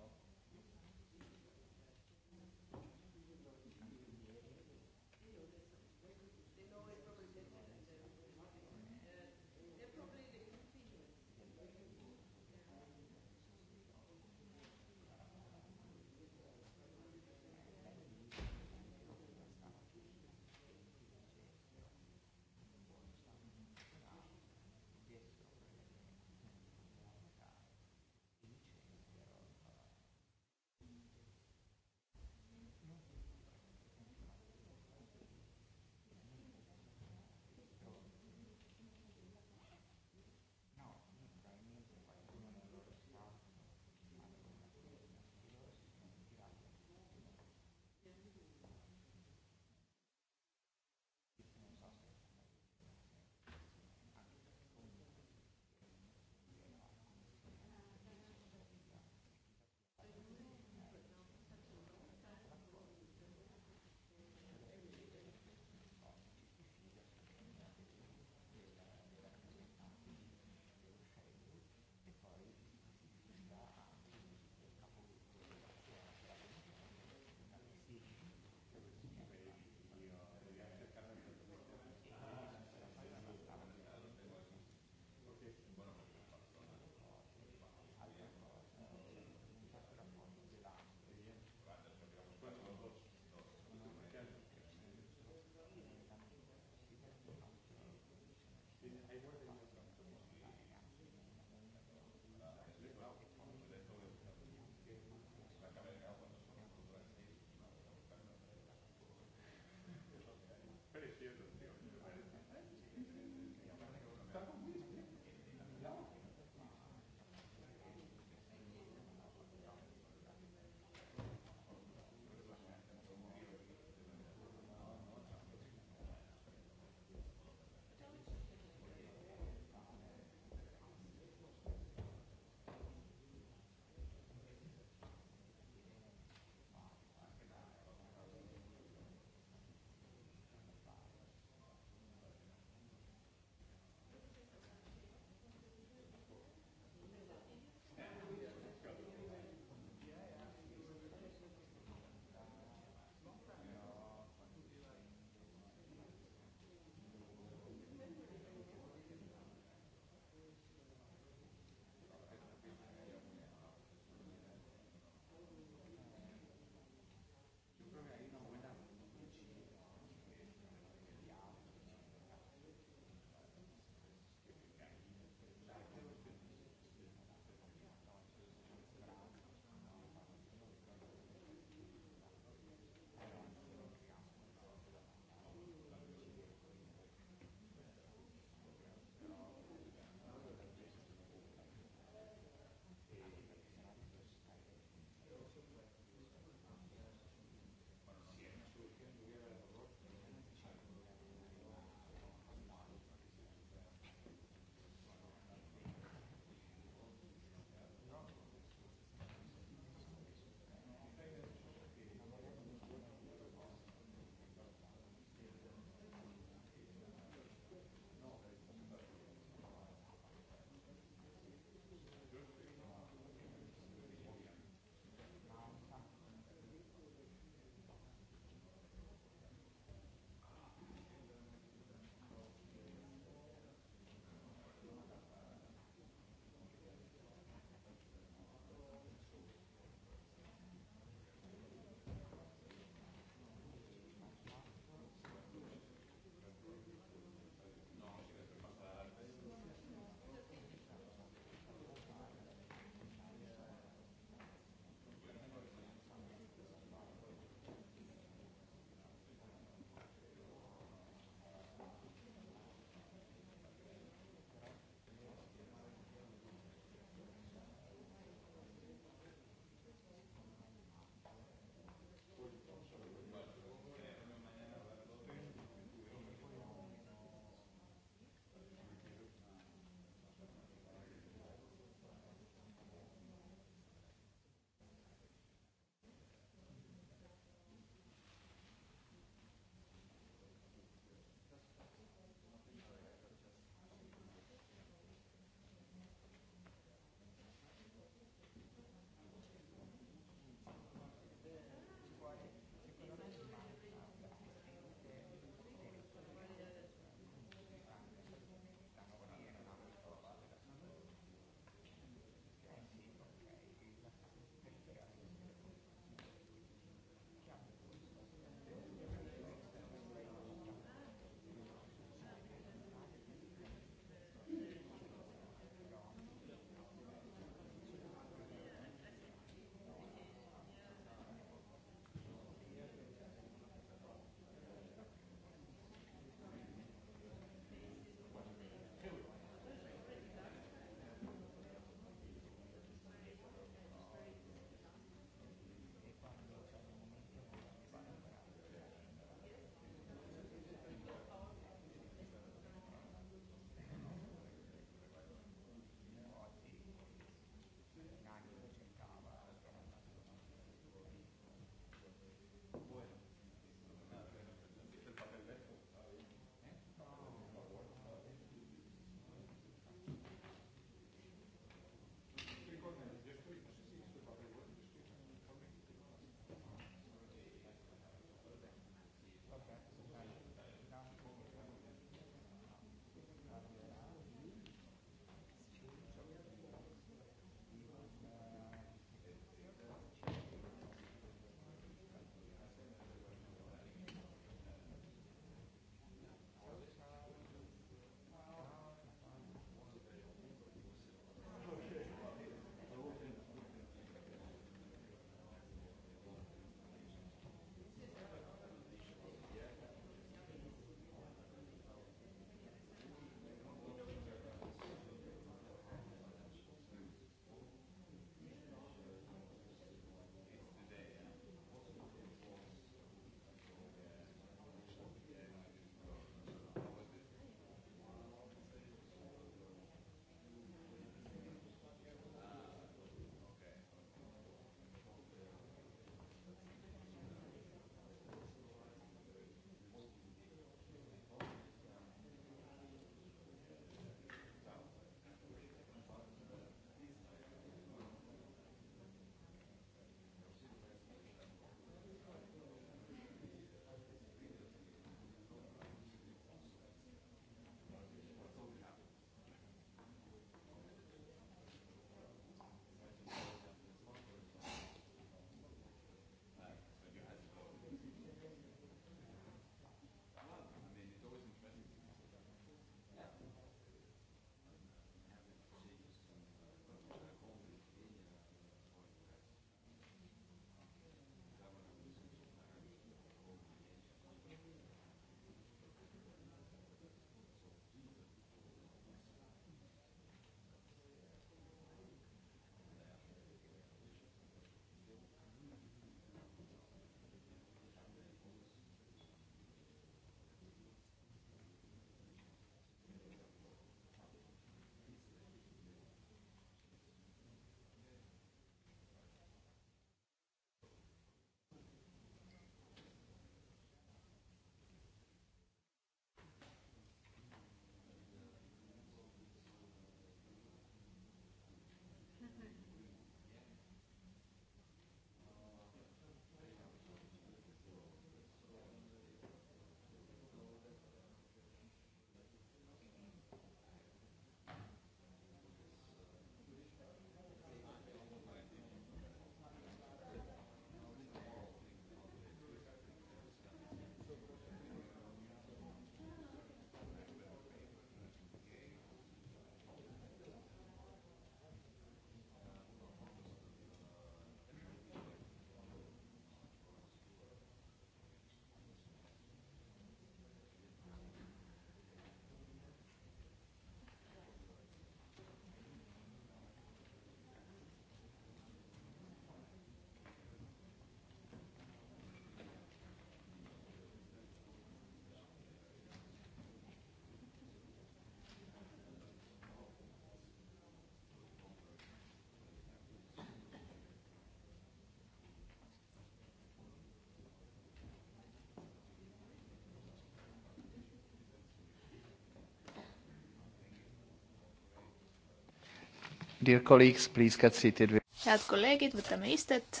Dear colleagues, please get seated. head kolleegid, võtame istet,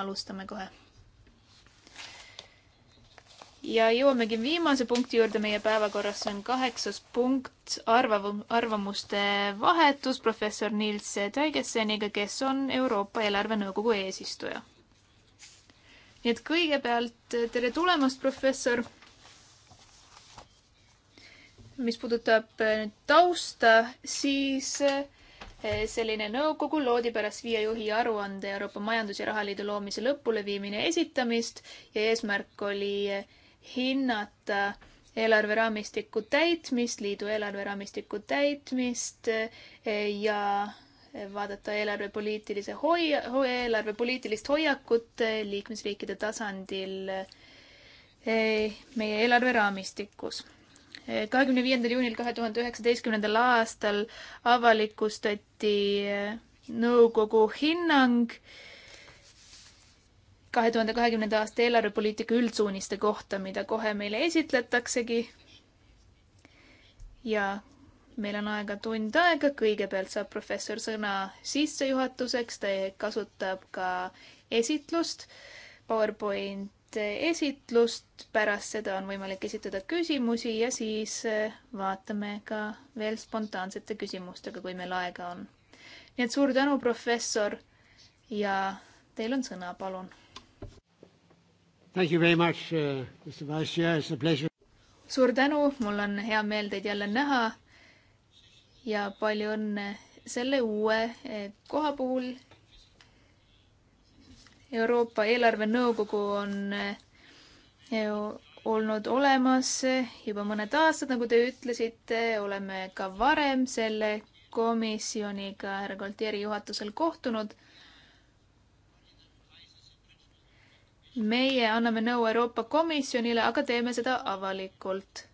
alustame kohe. ja jõuamegi viimase punkti juurde meie päevakorras, see on kaheksas punkt, arvav-, arvamuste vahetus professor Nils Taigeseniga, kes on Euroopa Eelarvenõukogu eesistuja. nii et kõigepealt tere tulemast, professor mis puudutab tausta, siis äh, Eh, selline nõukogu loodi pärast viie juhi aruande Euroopa Majandus- ja Rahaliidu loomise lõpuleviimine esitamist ja eesmärk oli eh, hinnata eelarveraamistiku täitmist, liidu eelarveraamistiku täitmist eh, ja vaadata eelarvepoliitilise hoia-, eelarvepoliitilist hoiakut liikmesriikide tasandil meie eelarveraamistikus kahekümne viiendal juunil kahe tuhande üheksateistkümnendal aastal avalikustati eh, nõukogu hinnang kahe tuhande kahekümnenda aasta eelarvepoliitika üldsuuniste kohta, mida kohe meile esitletaksegi. ja meil on aega tund aega, kõigepealt saab professor sõna sissejuhatuseks, ta kasutab ka esitlust PowerPoint esitlust, pärast seda on võimalik esitada küsimusi ja siis eh, vaatame ka veel spontaansete küsimustega, kui meil aega on. nii et suur tänu, professor ja teil on sõna, palun. Uh, suur tänu, mul on hea meel teid jälle näha ja palju õnne selle uue eh, koha puhul Euroopa Eelarvenõukogu on eh, olnud olemas juba mõned aastad, nagu te ütlesite, oleme ka varem selle komisjoniga härra Galtieri juhatusel kohtunud. meie anname nõu Euroopa Komisjonile, aga teeme seda avalikult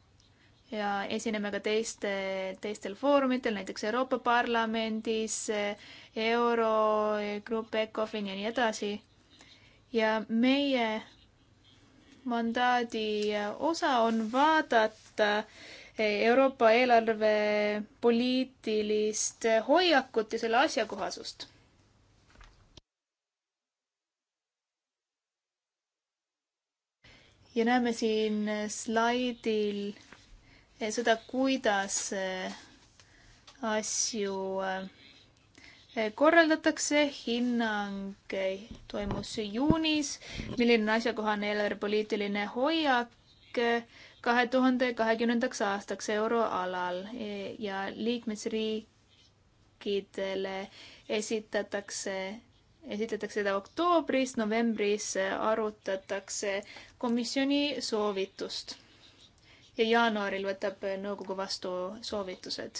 ja esineme ka teiste, teistel foorumitel, näiteks Euroopa Parlamendis, Eurogrupp ECOFIN ja nii edasi ja meie mandaadi osa on vaadata Euroopa eelarve poliitilist hoiakut ja selle asjakohasust ja näeme siin slaidil seda, kuidas asju äh, korraldatakse, hinnang toimus juunis, milline on asjakohane eelarvepoliitiline hoiak kahe tuhande kahekümnendaks aastaks euroalal ja liikmesriikidele esitatakse, esitatakse seda oktoobris, novembris arutatakse komisjoni soovitust ja jaanuaril võtab nõukogu vastu soovitused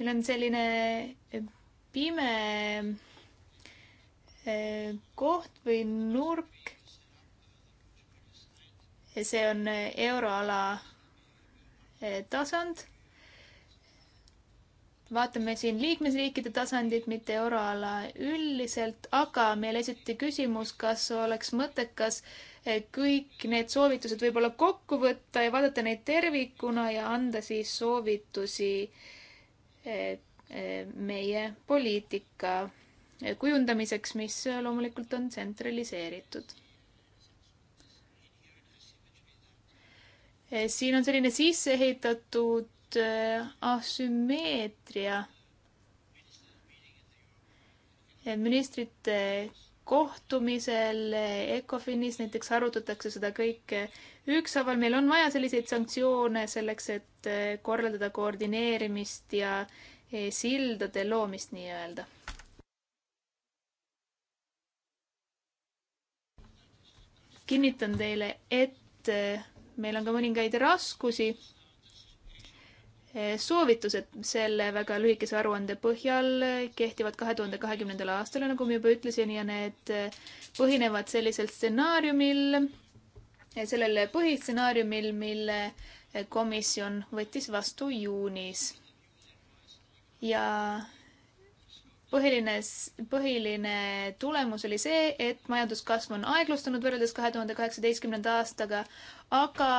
meil on selline eh, pime eh, koht või nurk. see on eh, euroala tasand. vaatame siin liikmesriikide tasandit, mitte euroala üldiselt, aga meile esitati küsimus, kas oleks mõttekas kõik need soovitused võib-olla kokku võtta ja vaadata neid tervikuna ja anda siis soovitusi äh, Eh, meie poliitika kujundamiseks, mis loomulikult on tsentraliseeritud. Eh, siin on selline sisse ehitatud eh, asümmeetria ministrite kohtumisel ECOFINis näiteks arutatakse seda kõike ükshaaval. meil on vaja selliseid sanktsioone selleks, et eh, korraldada koordineerimist ja eh, sildade loomist nii-öelda. kinnitan teile, et eh, meil on ka mõningaid raskusi Eh, soovitused selle väga lühikese aruande põhjal eh, kehtivad kahe tuhande kahekümnendal aastal, nagu ma juba ütlesin, ja need eh, põhinevad sellisel stsenaariumil, sellel põhistsenaariumil, mille komisjon võttis vastu juunis. ja põhiline, põhiline tulemus oli see, et majanduskasv on aeglustunud võrreldes kahe tuhande kaheksateistkümnenda aastaga, aga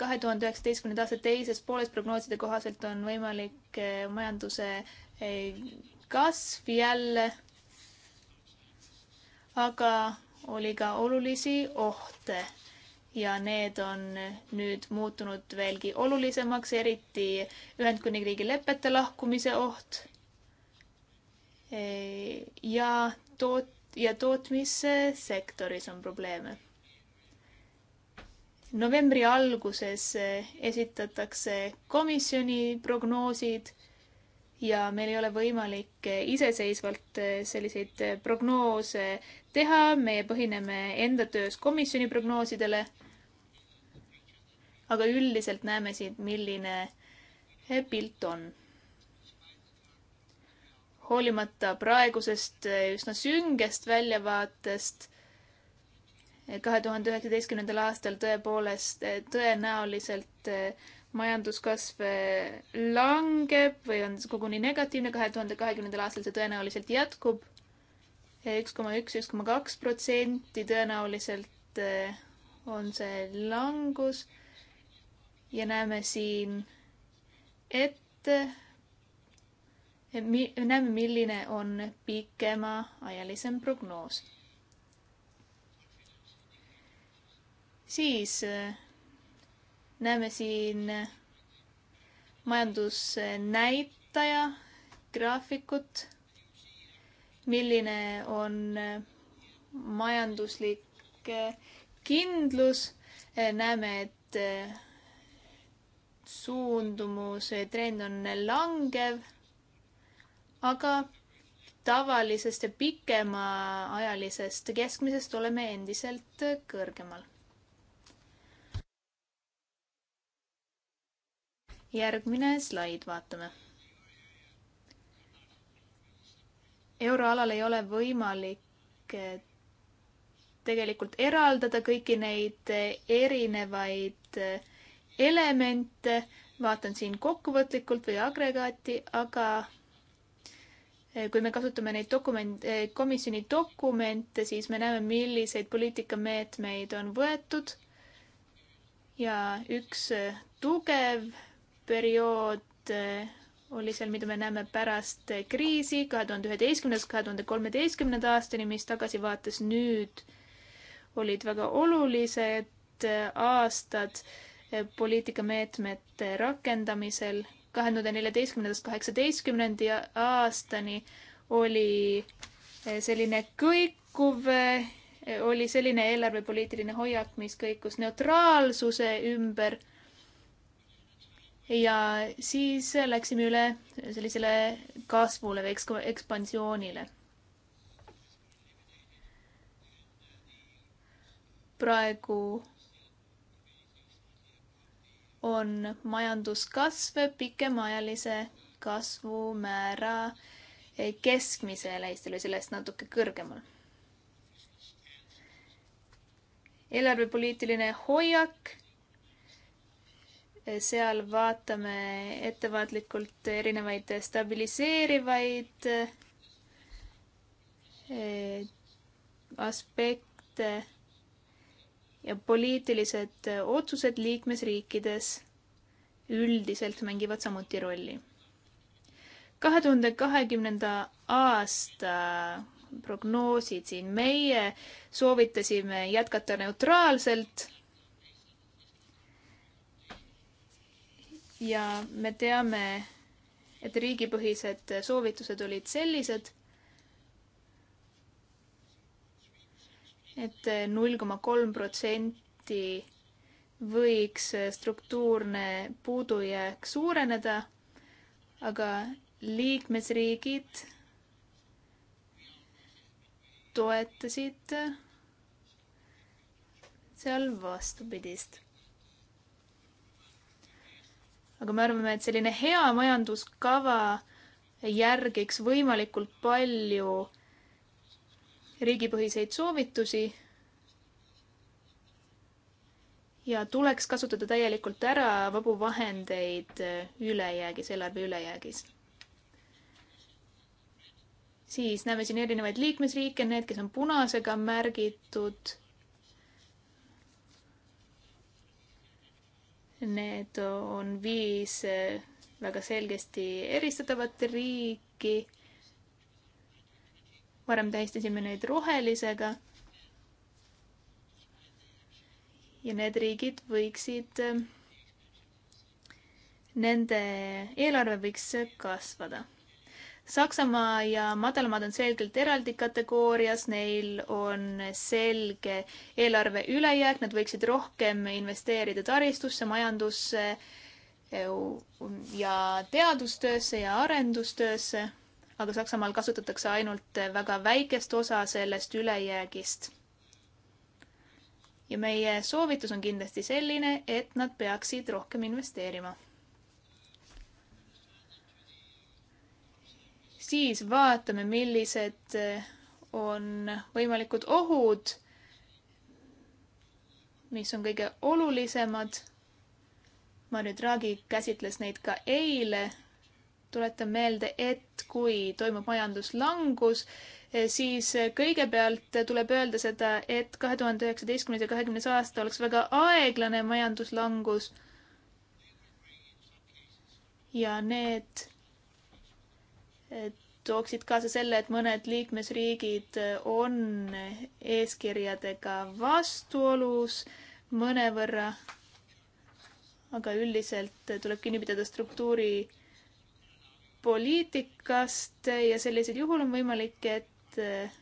kahe tuhande üheksateistkümnenda aasta teises pooles prognooside kohaselt on võimalik eh, majanduse eh, kasv jälle. aga oli ka olulisi ohte ja need on nüüd muutunud veelgi olulisemaks, eriti Ühendkuningriigi lepete lahkumise oht. Eh, ja toot- ja tootmissektoris on probleeme novembri alguses eh, esitatakse komisjoni prognoosid ja meil ei ole võimalik eh, iseseisvalt eh, selliseid prognoose teha, meie põhineme enda töös komisjoni prognoosidele. aga üldiselt näeme siin, milline pilt on. hoolimata praegusest üsna süngest väljavaatest kahe tuhande üheksateistkümnendal aastal tõepoolest eh, tõenäoliselt eh, majanduskasv eh, langeb või on koguni negatiivne, kahe tuhande kahekümnendal aastal see tõenäoliselt jätkub. üks koma üks, üks koma kaks protsenti tõenäoliselt on see langus. ja näeme siin ette, näeme, milline on pikemaajalisem prognoos siis äh, näeme siin äh, majandusnäitaja graafikut, milline on äh, majanduslik kindlus. näeme, et suundumuse trend on langev, aga tavalisest ja pikemaajalisest keskmisest oleme endiselt kõrgemal. järgmine slaid, vaatame. euroalal ei ole võimalik eh, tegelikult eraldada kõiki neid eh, erinevaid eh, elemente, vaatan siin kokkuvõtlikult või agregaati, aga kui me kasutame neid dokument, komisjoni dokumente, siis me näeme, milliseid poliitikameetmeid on võetud. ja üks tugev periood eh, oli seal, mida me näeme pärast kriisi kahe tuhande üheteistkümnendast kahe tuhande kolmeteistkümnenda aastani, mis tagasivaates nüüd olid väga olulised eh, aastad eh, poliitikameetmete rakendamisel. kahe tuhande neljateistkümnendast kaheksateistkümnendi aastani oli selline kõikuv, oli selline eelarvepoliitiline hoiak, mis kõikus neutraalsuse ümber ja siis läksime üle sellisele kasvule või eks-, ekspansioonile. praegu on majanduskasv pikemaajalise kasvumäära keskmisele Eestil või sellest natuke kõrgemal eelarvepoliitiline hoiak seal vaatame ettevaatlikult erinevaid stabiliseerivaid eh, aspekte ja poliitilised otsused liikmesriikides üldiselt mängivad samuti rolli. kahe tuhande kahekümnenda aasta prognoosid siin meie soovitasime jätkata neutraalselt ja me teame, et riigipõhised soovitused olid sellised, et null koma kolm protsenti võiks struktuurne puudujääk suureneda, aga liikmesriigid toetasid seal vastupidist aga me arvame, et selline hea majanduskava järgiks võimalikult palju riigipõhiseid soovitusi ja tuleks kasutada täielikult ära vabu vahendeid ülejäägis, eelarve ülejäägis. siis näeme siin erinevaid liikmesriike, need, kes on punasega märgitud Need on viis eh, väga selgesti eristatavat riiki. varem tähistasime neid rohelisega. ja need riigid võiksid, eh, nende eelarve võiks kasvada Saksamaa ja madalamad on selgelt eraldi kategoorias, neil on selge eelarve ülejääk, nad võiksid rohkem investeerida taristusse, majandusse ja teadustöösse ja arendustöösse, aga Saksamaal kasutatakse ainult väga väikest osa sellest ülejäägist ja meie soovitus on kindlasti selline, et nad peaksid rohkem investeerima siis vaatame, millised eh, on võimalikud ohud, mis on kõige olulisemad. Mario Draghi käsitles neid ka eile. tuletan meelde, et kui toimub majanduslangus, eh, siis eh, kõigepealt tuleb öelda seda, et kahe tuhande üheksateistkümnes ja kahekümnes aasta oleks väga aeglane majanduslangus. ja need tooksid kaasa selle, et mõned liikmesriigid on eeskirjadega vastuolus mõnevõrra, aga üldiselt tuleb kinni pidada struktuuri poliitikast ja sellisel juhul on võimalik, et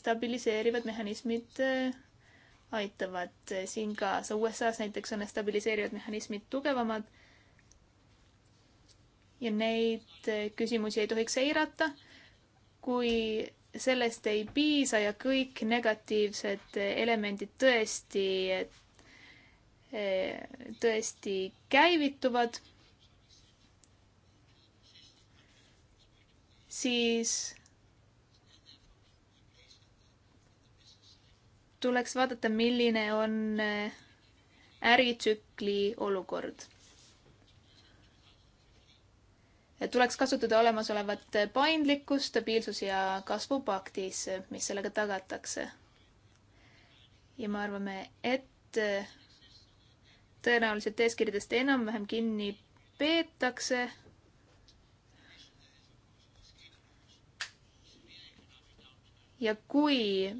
stabiliseerivad mehhanismid aitavad siin kaasa. USA-s näiteks on stabiliseerivad mehhanismid tugevamad ja neid äh, küsimusi ei tohiks eirata. kui sellest ei piisa ja kõik negatiivsed äh, elemendid tõesti, äh, tõesti käivituvad, siis tuleks vaadata, milline on äritsükli olukord tuleks kasutada olemasolevat paindlikkust stabiilsus- ja kasvupaktis, mis sellega tagatakse. ja me arvame, et tõenäoliselt eeskirjadest enam-vähem kinni peetakse. ja kui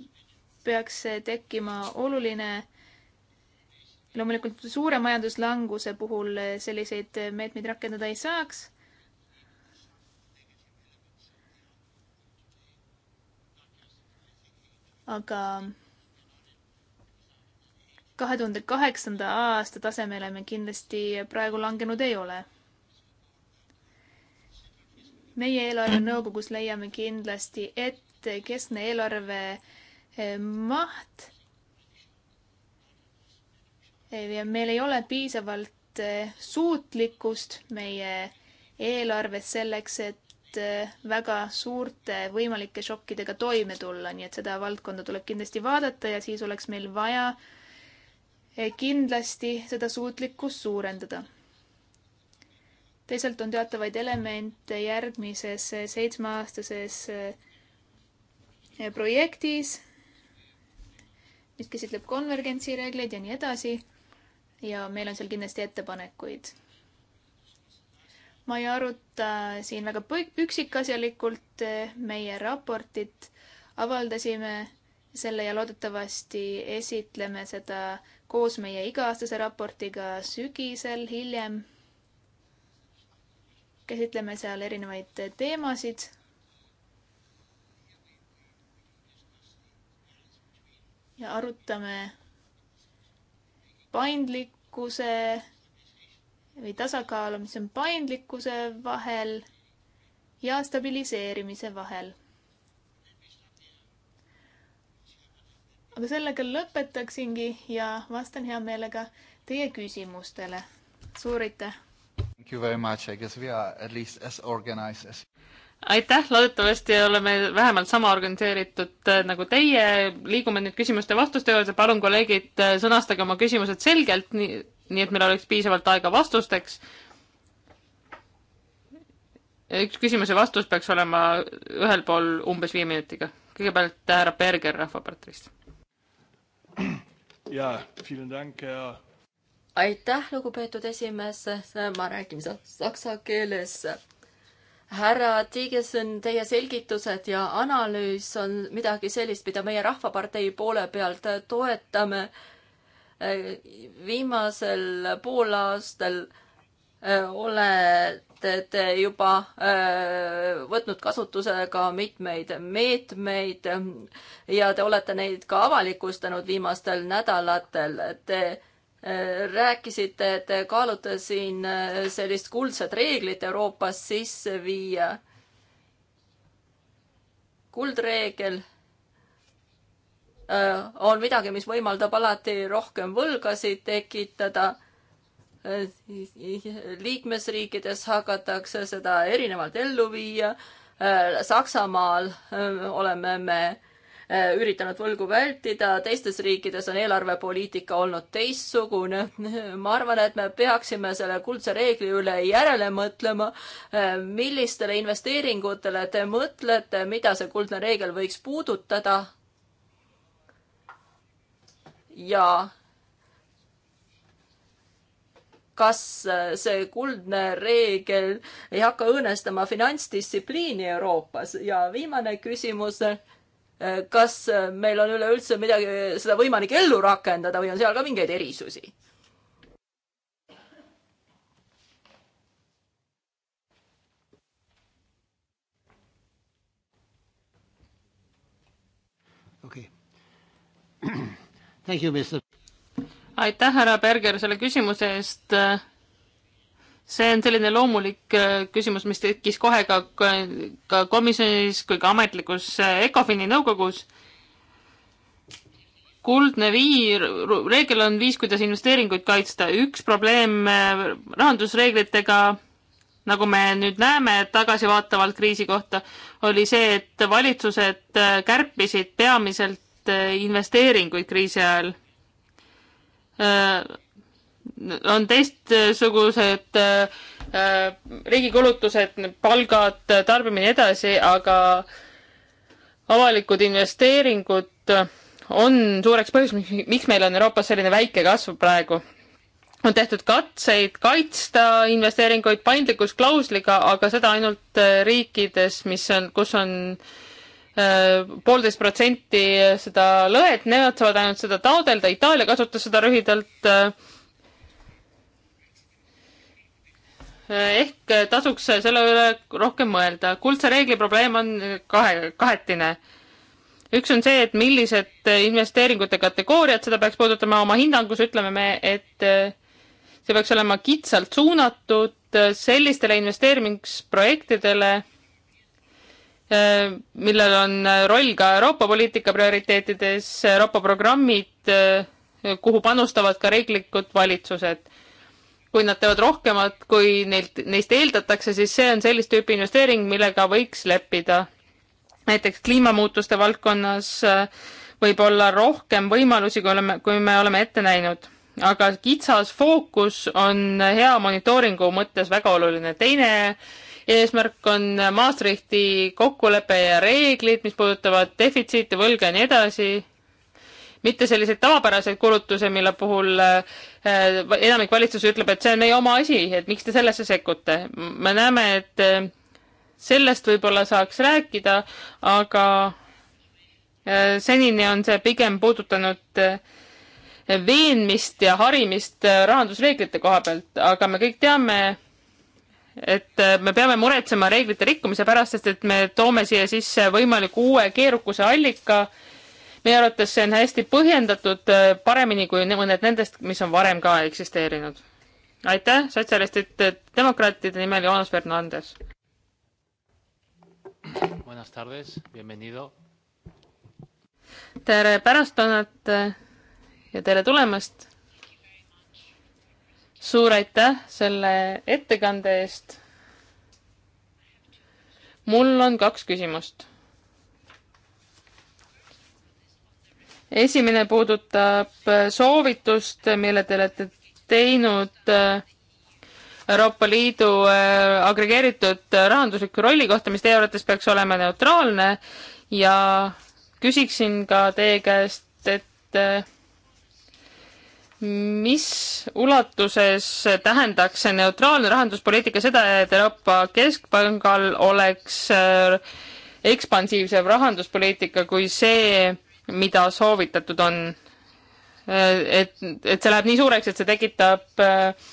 peaks tekkima oluline loomulikult suure majanduslanguse puhul selliseid meetmeid rakendada ei saaks aga kahe tuhande kaheksanda aasta tasemele me kindlasti praegu langenud ei ole. meie eelarvenõukogus leiame kindlasti, et keskne eelarve eh, maht eh, ja meil ei ole piisavalt eh, suutlikkust meie eelarves selleks, et Eh, väga suurte võimalike šokkidega toime tulla, nii et seda valdkonda tuleb kindlasti vaadata ja siis oleks meil vaja eh, kindlasti seda suutlikkust suurendada. teisalt on teatavaid elemente järgmises eh, seitsmeaastases projektis, mis käsitleb konvergentsi reegleid ja nii edasi. ja meil on seal kindlasti ettepanekuid ma ei aruta siin väga üksikasjalikult meie raportit, avaldasime selle ja loodetavasti esitleme seda koos meie iga-aastase raportiga sügisel hiljem. käsitleme seal erinevaid teemasid. ja arutame paindlikkuse või tasakaalu, mis on paindlikkuse vahel ja stabiliseerimise vahel. aga sellega lõpetaksingi ja vastan hea meelega teie küsimustele. suur aitäh! Thank you very much, I guess we are at least as organized as aitäh, loodetavasti oleme vähemalt sama organiseeritud äh, nagu teie. liigume nüüd küsimuste-vastuste juurde. palun, kolleegid, äh, sõnastage oma küsimused selgelt, nii nii et meil oleks piisavalt aega vastusteks. üks küsimuse vastus peaks olema ühel pool umbes viie minutiga. kõigepealt härra Berger Rahvapartist. jaa, aitäh, lugupeetud esimees, ma räägin saksa keeles härra Tiigesen, teie selgitused ja analüüs on midagi sellist, mida meie Rahvapartei poole pealt toetame viimasel poolaastal olete te juba võtnud kasutusele ka mitmeid meetmeid ja te olete neid ka avalikustanud viimastel nädalatel. Te rääkisite, et te kaalute siin sellist kuldset reeglit Euroopas sisse viia. kuldreegel Äh, on midagi, mis võimaldab alati rohkem võlgasid tekitada. Äh, liikmesriikides hakatakse seda erinevalt ellu viia. Äh, Saksamaal oleme me üritanud võlgu vältida, teistes riikides on eelarvepoliitika olnud teistsugune. ma arvan, et me peaksime selle kuldse reegli üle järele mõtlema, millistele investeeringutele te mõtlete, mida see kuldne reegel võiks puudutada ja kas see kuldne reegel ei hakka õõnestama finantsdistsipliini Euroopas ja viimane küsimus, kas meil on üleüldse midagi, seda võimalik ellu rakendada või on seal ka mingeid erisusi? okei okay. aitäh, härra Berger, selle küsimuse eest. see on selline loomulik äh, küsimus, mis tekkis kohe ka, ka komisjonis kui ka ametlikus äh, ECOFIN-i nõukogus. kuldne viir, reegel on viis, kuidas investeeringuid kaitsta. üks probleem äh, rahandusreeglitega nagu me nüüd näeme tagasivaatavalt kriisi kohta, oli see, et valitsused kärpisid peamiselt Eh, investeeringuid kriisi ajal. Äh, on teistsugused äh, äh, riigi kulutused, palgad, tarbimine ja nii edasi, aga avalikud investeeringud on suureks põhjuseks, miks meil on Euroopas selline väike kasv praegu. on tehtud katseid kaitsta investeeringuid paindlikkusklausliga, aga seda ainult riikides, mis on, kus on äh, Äh, poolteist protsenti seda lõhet, nemad saavad ainult seda taodelda, Itaalia kasutas seda lühidalt. Äh, ehk tasuks selle üle rohkem mõelda. kuldse reegli probleem on kahe, kahetine. üks on see, et millised investeeringute kategooriad, seda peaks puudutama oma hinnangus, ütleme me, et äh, see peaks olema kitsalt suunatud sellistele investeerimisprojektidele Äh, millel on äh, roll ka Euroopa poliitika prioriteetides, Euroopa programmid, äh, kuhu panustavad ka riiklikud valitsused. kui nad teevad rohkemat, kui neilt, neist eeldatakse, siis see on sellist tüüpi investeering, millega võiks leppida. näiteks kliimamuutuste valdkonnas võib olla rohkem võimalusi, kui oleme, kui me oleme ette näinud. aga kitsas fookus on hea monitooringu mõttes väga oluline. teine eesmärk on Maastrichti kokkulepe ja reeglid, mis puudutavad defitsiite, võlga ja nii edasi. mitte selliseid tavapäraseid kulutusi, mille puhul äh, enamik valitsusi ütleb, et see on meie oma asi, et miks te sellesse sekkute. me näeme, et äh, sellest võib-olla saaks rääkida, aga äh, senini on see pigem puudutanud veenmist ja harimist rahandusreeglite koha pealt, aga me kõik teame, et äh, me peame muretsema reeglite rikkumise pärast, sest et me toome siia sisse võimaliku uue keerukuse allika. meie arvates see on hästi põhjendatud, äh, paremini kui mõned nendest, mis on varem ka eksisteerinud. aitäh, sotsialistid, demokraatide nimel Joonas Fernandes. tere pärastlõunat ja tere tulemast suur aitäh selle ettekande eest. mul on kaks küsimust. esimene puudutab soovitust, mille te olete teinud äh, Euroopa Liidu äh, agregeeritud rahandusliku rolli kohta, mis teie arvates peaks olema neutraalne ja küsiksin ka teie käest, et äh, mis ulatuses tähendaks see neutraalne rahanduspoliitika seda, et Euroopa Keskpangal oleks äh, ekspansiivsem rahanduspoliitika kui see, mida soovitatud on? Äh, et, et see läheb nii suureks, et see tekitab äh,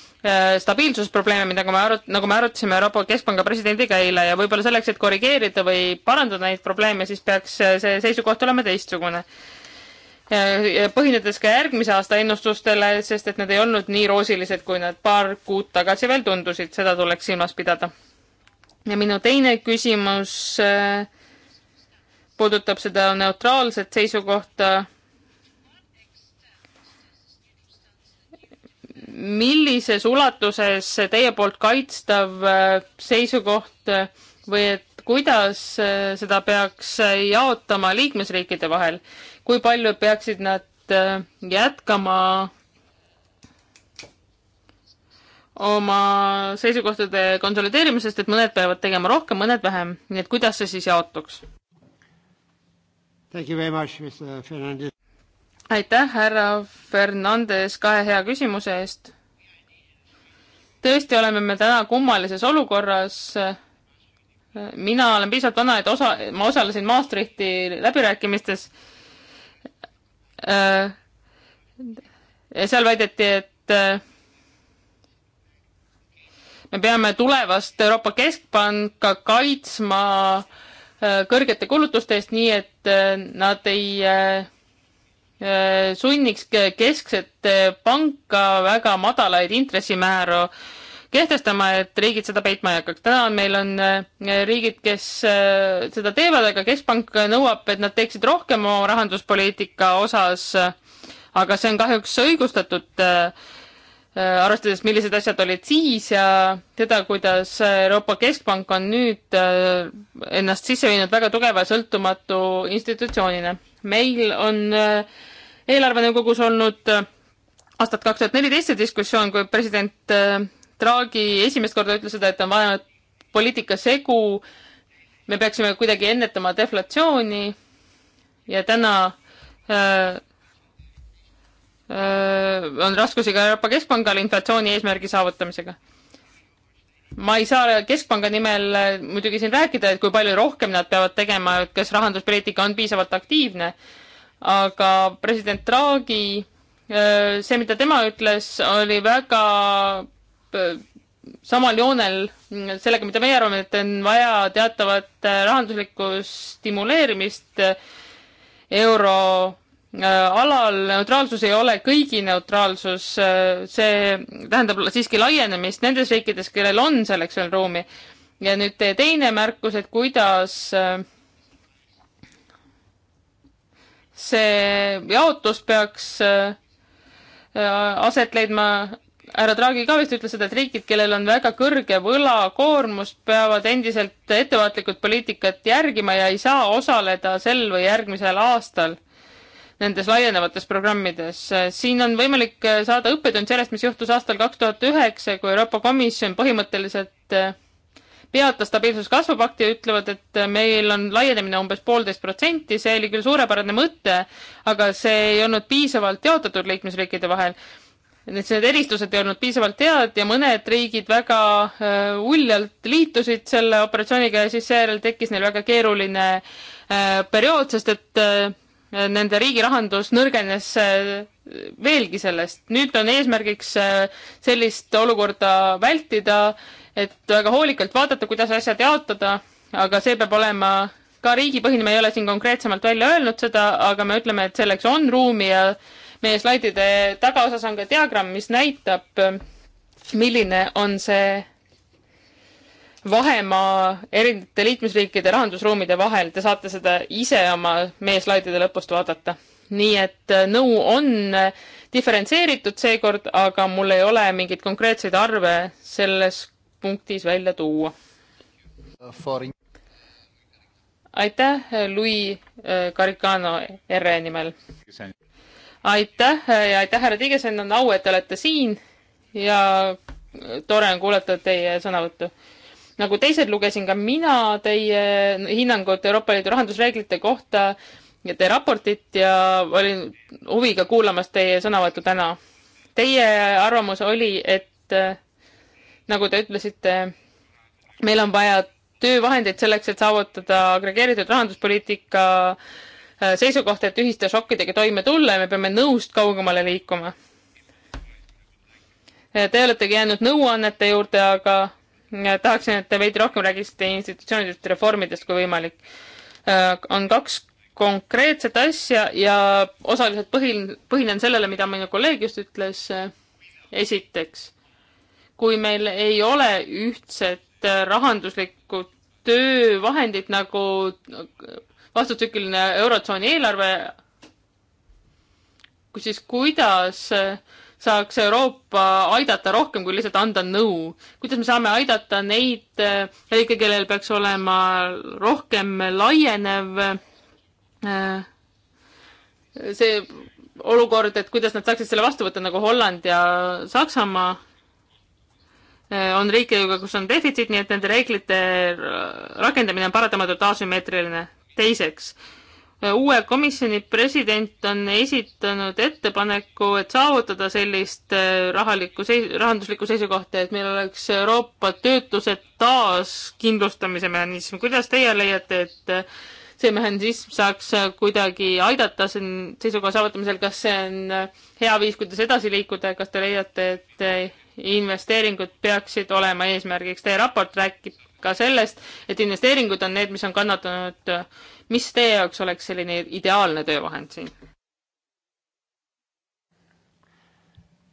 stabiilsusprobleeme, mida nagu me arut-, nagu me arutasime Euroopa Keskpanga presidendiga eile ja võib-olla selleks, et korrigeerida või parandada neid probleeme, siis peaks see seisukoht olema teistsugune Äh, põhinedes ka järgmise aasta ennustustele, sest et need ei olnud nii roosilised, kui nad paar kuud tagasi veel tundusid, seda tuleks silmas pidada. ja minu teine küsimus äh, puudutab seda neutraalset seisukohta. millises ulatuses teie poolt kaitstav äh, seisukoht või et kuidas seda peaks jaotama liikmesriikide vahel? kui palju peaksid nad äh, jätkama oma seisukohtade konsolideerimisest, et mõned peavad tegema rohkem, mõned vähem, nii et kuidas see siis jaotuks? aitäh, härra Fernandes, kahe hea küsimuse eest. tõesti oleme me täna kummalises olukorras. mina olen piisavalt vana, et osa, ma osalesin Maastrichti läbirääkimistes ja äh, seal väideti, et äh, me peame tulevast Euroopa Keskpanka kaitsma äh, kõrgete kulutuste eest, nii et nad ei sunniks keskset panka väga madalaid intressimääru kehtestama, et riigid seda peitma ei hakkaks. täna meil on äh, riigid, kes äh, seda teevad, aga keskpank nõuab, et nad teeksid rohkem oma rahanduspoliitika osas. aga see on kahjuks õigustatud äh, arvestades, millised asjad olid siis ja seda, kuidas Euroopa Keskpank on nüüd ennast sisse viinud väga tugeva sõltumatu institutsioonina. meil on eelarvenõukogus olnud aastat kaks tuhat neliteist see diskussioon, kui president Draghi esimest korda ütles seda, et on vaja poliitika segu, me peaksime kuidagi ennetama deflatsiooni ja täna äh, äh, on raskusi ka Euroopa Keskpangal inflatsiooni eesmärgi saavutamisega. ma ei saa Keskpanga nimel äh, muidugi siin rääkida, et kui palju rohkem nad peavad tegema, et kas rahanduspoliitika on piisavalt aktiivne, aga president Draghi äh, see, mida tema ütles, oli väga Äh, samal joonel sellega, mida meie arvame, et on vaja teatavat äh, rahanduslikku stimuleerimist äh, euro alal. neutraalsus ei ole kõigi neutraalsus, see tähendab siiski laienemist nendes riikides, kellel on selleks veel ruumi. ja nüüd teie teine märkus, et kuidas see jaotus peaks aset leidma härra Draghi ka vist ütles seda, et riigid, kellel on väga kõrge võlakoormus, peavad endiselt ettevaatlikult poliitikat järgima ja ei saa osaleda sel või järgmisel aastal nendes laienevates programmides. siin on võimalik saada õppetund sellest, mis juhtus aastal kaks tuhat üheksa, kui Euroopa Komisjon põhimõtteliselt peatas stabiilsuskasvupakti ja ütlevad, et meil on laienemine umbes poolteist protsenti, see oli küll suurepärane mõte, aga see ei olnud piisavalt jaotatud liikmesriikide vahel need eristused ei olnud piisavalt head ja mõned riigid väga äh, uljalt liitusid selle operatsiooniga ja siis seejärel tekkis neil väga keeruline äh, periood, sest et äh, nende riigi rahandus nõrgenes veelgi sellest. nüüd on eesmärgiks sellist olukorda vältida, et väga hoolikalt vaadata, kuidas asjad jaotada, aga see peab olema ka riigipõhine, me ei ole siin konkreetsemalt välja öelnud seda, aga me ütleme, et selleks on ruumi ja meie slaidide tagaosas on ka diagramm, mis näitab, milline on see vahemaa erinevate liikmesriikide rahandusruumide vahel, te saate seda ise oma meie slaidide lõpust vaadata. nii et äh, nõu on äh, diferentseeritud seekord, aga mul ei ole mingeid konkreetseid arve selles punktis välja tuua. aitäh, Louis Caricano, äh, RE nimel aitäh ja aitäh, härra Tiigesen, on au, et te olete siin ja tore on kuulata teie sõnavõttu. nagu teised, lugesin ka mina teie hinnangut Euroopa Liidu rahandusreeglite kohta ja teie raportit ja olin huviga kuulamas teie sõnavõttu täna. Teie arvamus oli, et nagu te ütlesite, meil on vaja töövahendeid selleks, et saavutada agregeeritud rahanduspoliitika äh, Äh, seisukohta, et ühiste šokkidega toime tulla ja me peame nõust kaugemale liikuma. Äh, te oletegi jäänud nõuannete juurde, aga äh, tahaksin, et te veidi rohkem räägiksite institutsioonidest reformidest, kui võimalik. on kaks konkreetset asja ja osaliselt põhin-, põhinen sellele, mida minu kolleeg just ütles. esiteks, kui meil ei ole ühtset rahanduslikku töövahendit nagu vastutsükliline Eurotsooni eelarve, kus siis kuidas saaks Euroopa aidata rohkem kui lihtsalt anda nõu. kuidas me saame aidata neid riike, äh, kellel peaks olema rohkem laienev äh, see olukord, et kuidas nad saaksid selle vastu võtta, nagu Holland ja Saksamaa äh, on riikidega, kus on defitsiit, nii et nende reeglite rakendamine on paratamatult asümmeetriline teiseks, äh, uue komisjoni president on esitanud ettepaneku, et saavutada sellist äh, rahalikku seis-, rahanduslikku seisukohta, et meil oleks Euroopa töötuse taaskindlustamise mehhanism. kuidas teie leiate, et äh, see mehhanism saaks kuidagi aidata siin seisukoha saavutamisel, kas see on hea viis, kuidas edasi liikuda, kas te leiate, et investeeringud peaksid olema eesmärgiks, teie raport räägib ka sellest, et investeeringud on need, mis on kannatanud. mis teie jaoks oleks selline ideaalne töövahend siin?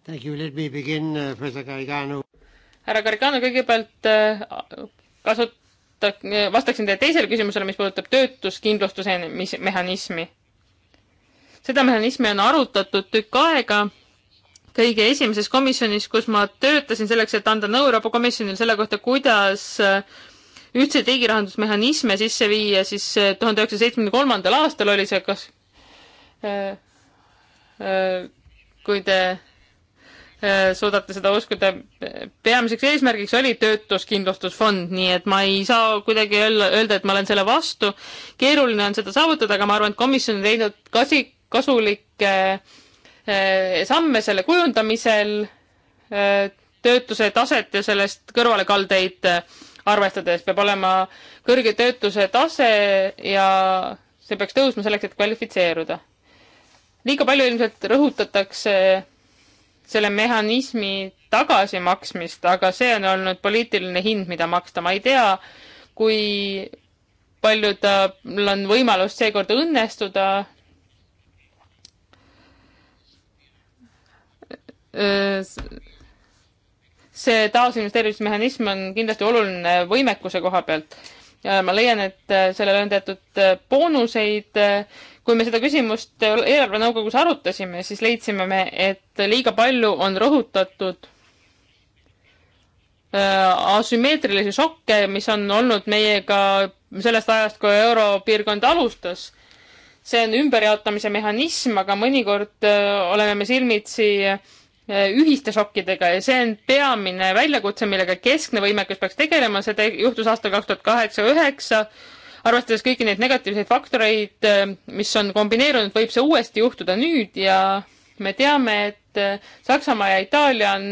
Uh, härra Gargano, kõigepealt äh, kasuta, vastaksin teie teisele küsimusele, mis puudutab töötuskindlustuse mehhanismi. seda mehhanismi on arutatud tükk aega kõige esimeses komisjonis, kus ma töötasin selleks, et anda nõu Euroopa Komisjonile selle kohta, kuidas äh, ühtseid riigirahandusmehhanisme sisse viia, siis äh, tuhande üheksasaja seitsmekümne kolmandal aastal oli see, kas äh, kui te suudate seda uskuda, peamiseks eesmärgiks oli töötuskindlustusfond, nii et ma ei saa kuidagi öelda, öelda, et ma olen selle vastu. keeruline on seda saavutada, aga ma arvan, et komisjon on teinud kasi-, kasulikke äh, Eh, samme selle kujundamisel, eh, töötuse taset ja sellest kõrvalekaldeid eh, arvestades peab olema kõrge töötuse tase ja see peaks tõusma selleks, et kvalifitseeruda. liiga palju ilmselt rõhutatakse selle mehhanismi tagasimaksmist, aga see on olnud poliitiline hind, mida maksta. ma ei tea, kui palju tal on võimalust seekord õnnestuda, see taasinvesteerimismehhanism on kindlasti oluline võimekuse koha pealt. ma leian, et äh, sellel on teatud äh, boonuseid. Äh, kui me seda küsimust eelarvenõukogus arutasime, siis leidsime me, et liiga palju on rõhutatud asümmeetrilisi šokke, mis on olnud meiega sellest ajast, kui europiirkond alustas. see on ümberjaotamise mehhanism, aga mõnikord oleme me silmitsi Äh, ühiste šokkidega ja see on peamine väljakutse, millega keskne võimekus peaks tegelema, see te juhtus aastal kaks tuhat kaheksa, üheksa. arvestades kõiki neid negatiivseid faktoreid, äh, mis on kombineerunud, võib see uuesti juhtuda nüüd ja me teame, et äh, Saksamaa ja Itaalia on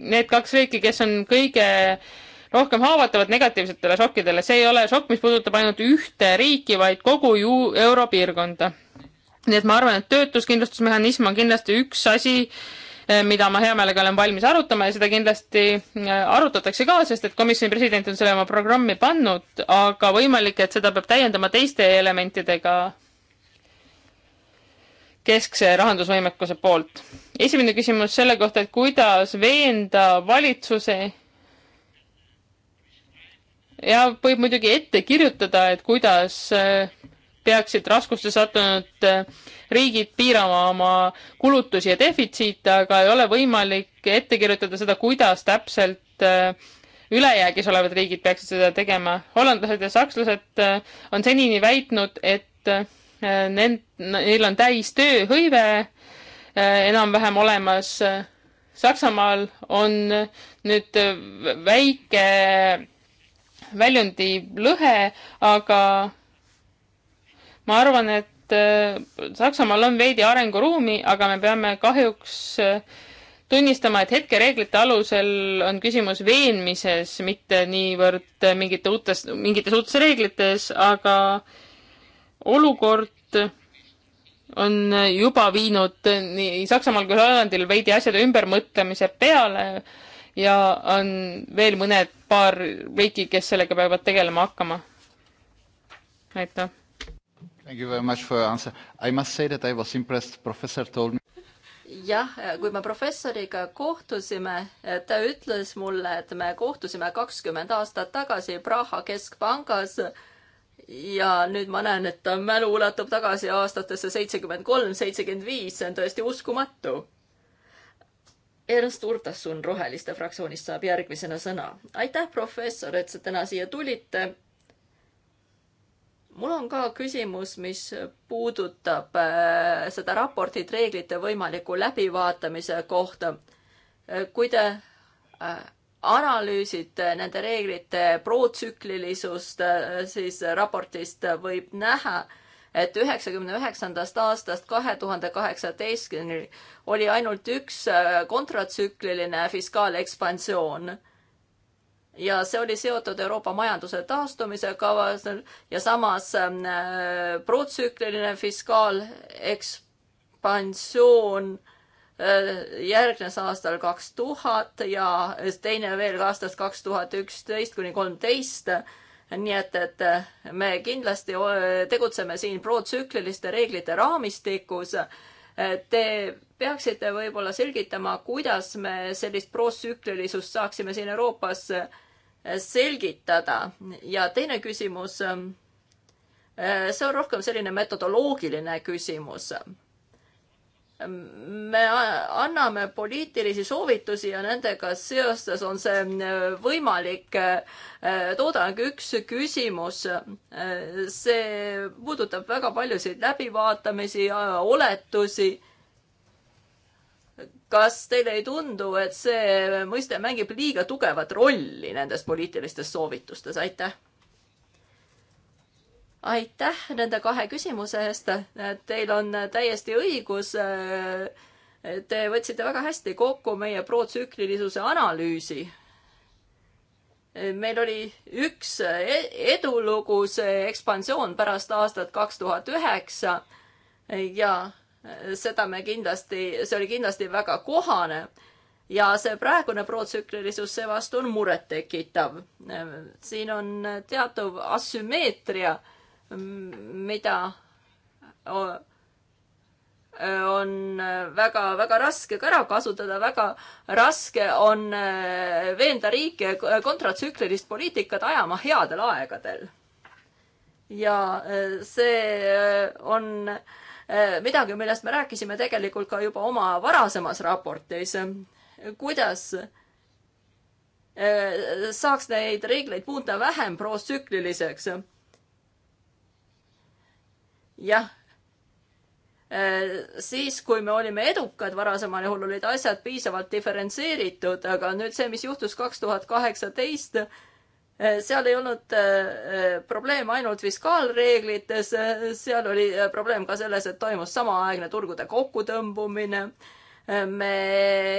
need kaks riiki, kes on kõige rohkem haavatavad negatiivsetele šokkidele. see ei ole šokk, mis puudutab ainult ühte riiki, vaid kogu ju europiirkonda. nii et ma arvan, et töötuskindlustusmehhanism on kindlasti üks asi, Eh, mida ma hea meelega olen valmis arutama ja seda kindlasti eh, arutatakse ka, sest et komisjoni president on selle oma programmi pannud, aga võimalik, et seda peab täiendama teiste elementidega keskse rahandusvõimekuse poolt. esimene küsimus selle kohta, et kuidas veenda valitsuse ja võib muidugi ette kirjutada, et kuidas äh, peaksid raskuste sattunud äh, riigid piirama oma kulutusi ja defitsiite, aga ei ole võimalik ette kirjutada seda, kuidas täpselt äh, ülejäägis olevad riigid peaksid seda tegema. hollandlased ja sakslased äh, on senini väitnud, et nend-, neil on täis tööhõive enam-vähem olemas. Saksamaal on nüüd väike väljundi lõhe, aga ma arvan, et äh, Saksamaal on veidi arenguruumi, aga me peame kahjuks äh, tunnistama, et hetkereeglite alusel on küsimus veenmises, mitte niivõrd äh, mingite uutes, mingites uutes reeglites, aga olukord on juba viinud nii Saksamaal kui Hollandil veidi asjade ümbermõtlemise peale ja on veel mõned paar riiki, kes sellega peavad tegelema hakkama. aitäh Thank you very much for your answer. I must say that I was impressed, professor told me jah, kui me professoriga kohtusime, ta ütles mulle, et me kohtusime kakskümmend aastat tagasi Praha keskpangas. ja nüüd ma näen, et ta mälu ulatub tagasi aastatesse seitsekümmend kolm, seitsekümmend viis, see on tõesti uskumatu. Ernst Urtasun Roheliste fraktsioonist saab järgmisena sõna. aitäh, professor, et sa täna siia tulite mul on ka küsimus, mis puudutab äh, seda raportit reeglite võimaliku läbivaatamise kohta. Äh, kui te äh, analüüsite nende reeglite protsüklilisust, siis raportist võib näha, et üheksakümne üheksandast aastast kahe tuhande kaheksateistkümneni oli ainult üks kontratsükliline fiskaalekspansioon ja see oli seotud Euroopa majanduse taastumise kavas ja samas ähm, äh, protsükliline fiskaalekspansioon äh, järgnes aastal kaks tuhat ja teine veel aastast kaks tuhat üksteist kuni kolmteist. nii et, et äh, me kindlasti tegutseme siin protsükliliste reeglite raamistikus. Te peaksite võib-olla selgitama, kuidas me sellist protsüklilisust saaksime siin Euroopas selgitada. ja teine küsimus, ähm, äh, see on rohkem selline metodoloogiline küsimus. me anname poliitilisi soovitusi ja nendega seoses on see äh, võimalik äh, toodang nagu üks küsimus. see puudutab väga paljusid läbivaatamisi, oletusi kas teile ei tundu, et see mõiste mängib liiga tugevat rolli nendes poliitilistes soovitustes, aitäh? aitäh nende kahe küsimuse eest, teil on täiesti õigus. Te võtsite väga hästi kokku meie protsüklilisuse analüüsi. meil oli üks e-, edulugu, see ekspansioon pärast aastat kaks tuhat üheksa ja seda me kindlasti, see oli kindlasti väga kohane ja see praegune protsüklilisus seevastu on murettekitav. siin on teatav asümmeetria, mida on väga-väga raske ka ära kasutada, väga raske on eh, veenda riike kontratsüklilist poliitikat ajama headel aegadel. ja eh, see eh, on äh, Eh, midagi, millest me rääkisime tegelikult ka juba oma varasemas raportis. kuidas eh, saaks neid reegleid muuta vähem protsükliliseks? jah eh, siis, kui me olime edukad, varasemal juhul olid asjad piisavalt diferentseeritud, aga nüüd see, mis juhtus kaks tuhat kaheksateist, Äh, seal ei olnud äh, äh, probleem ainult fiskaalreeglites, seal oli probleem ka selles, et toimus samaaegne turgude kokkutõmbumine. me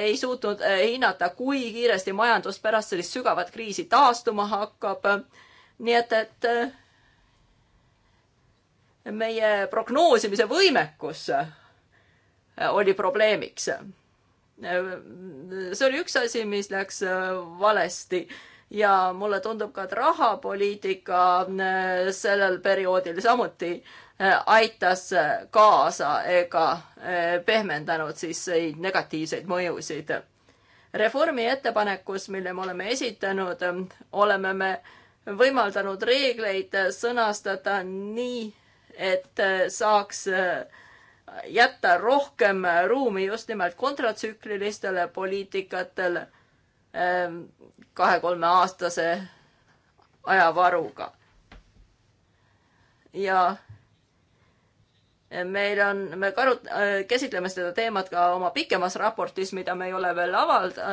ei suutnud hinnata, kui kiiresti majandus pärast sellist sügavat kriisi taastuma hakkab. nii et, et meie prognoosimise võimekus oli probleemiks. see oli üks asi, mis läks valesti ja mulle tundub ka, et rahapoliitika äh, sellel perioodil samuti äh, aitas äh, kaasa ega pehmendanud siis negatiivseid mõjusid. reformi ettepanekus, mille me oleme esitanud, oleme me võimaldanud reegleid sõnastada nii, et saaks jätta rohkem ruumi just nimelt kontratsüklilistele poliitikatele Ähm, kahe-kolmeaastase ajavaruga. ja meil on, me karut-, äh, käsitleme seda teemat ka oma pikemas raportis, mida me ei ole veel avalda-,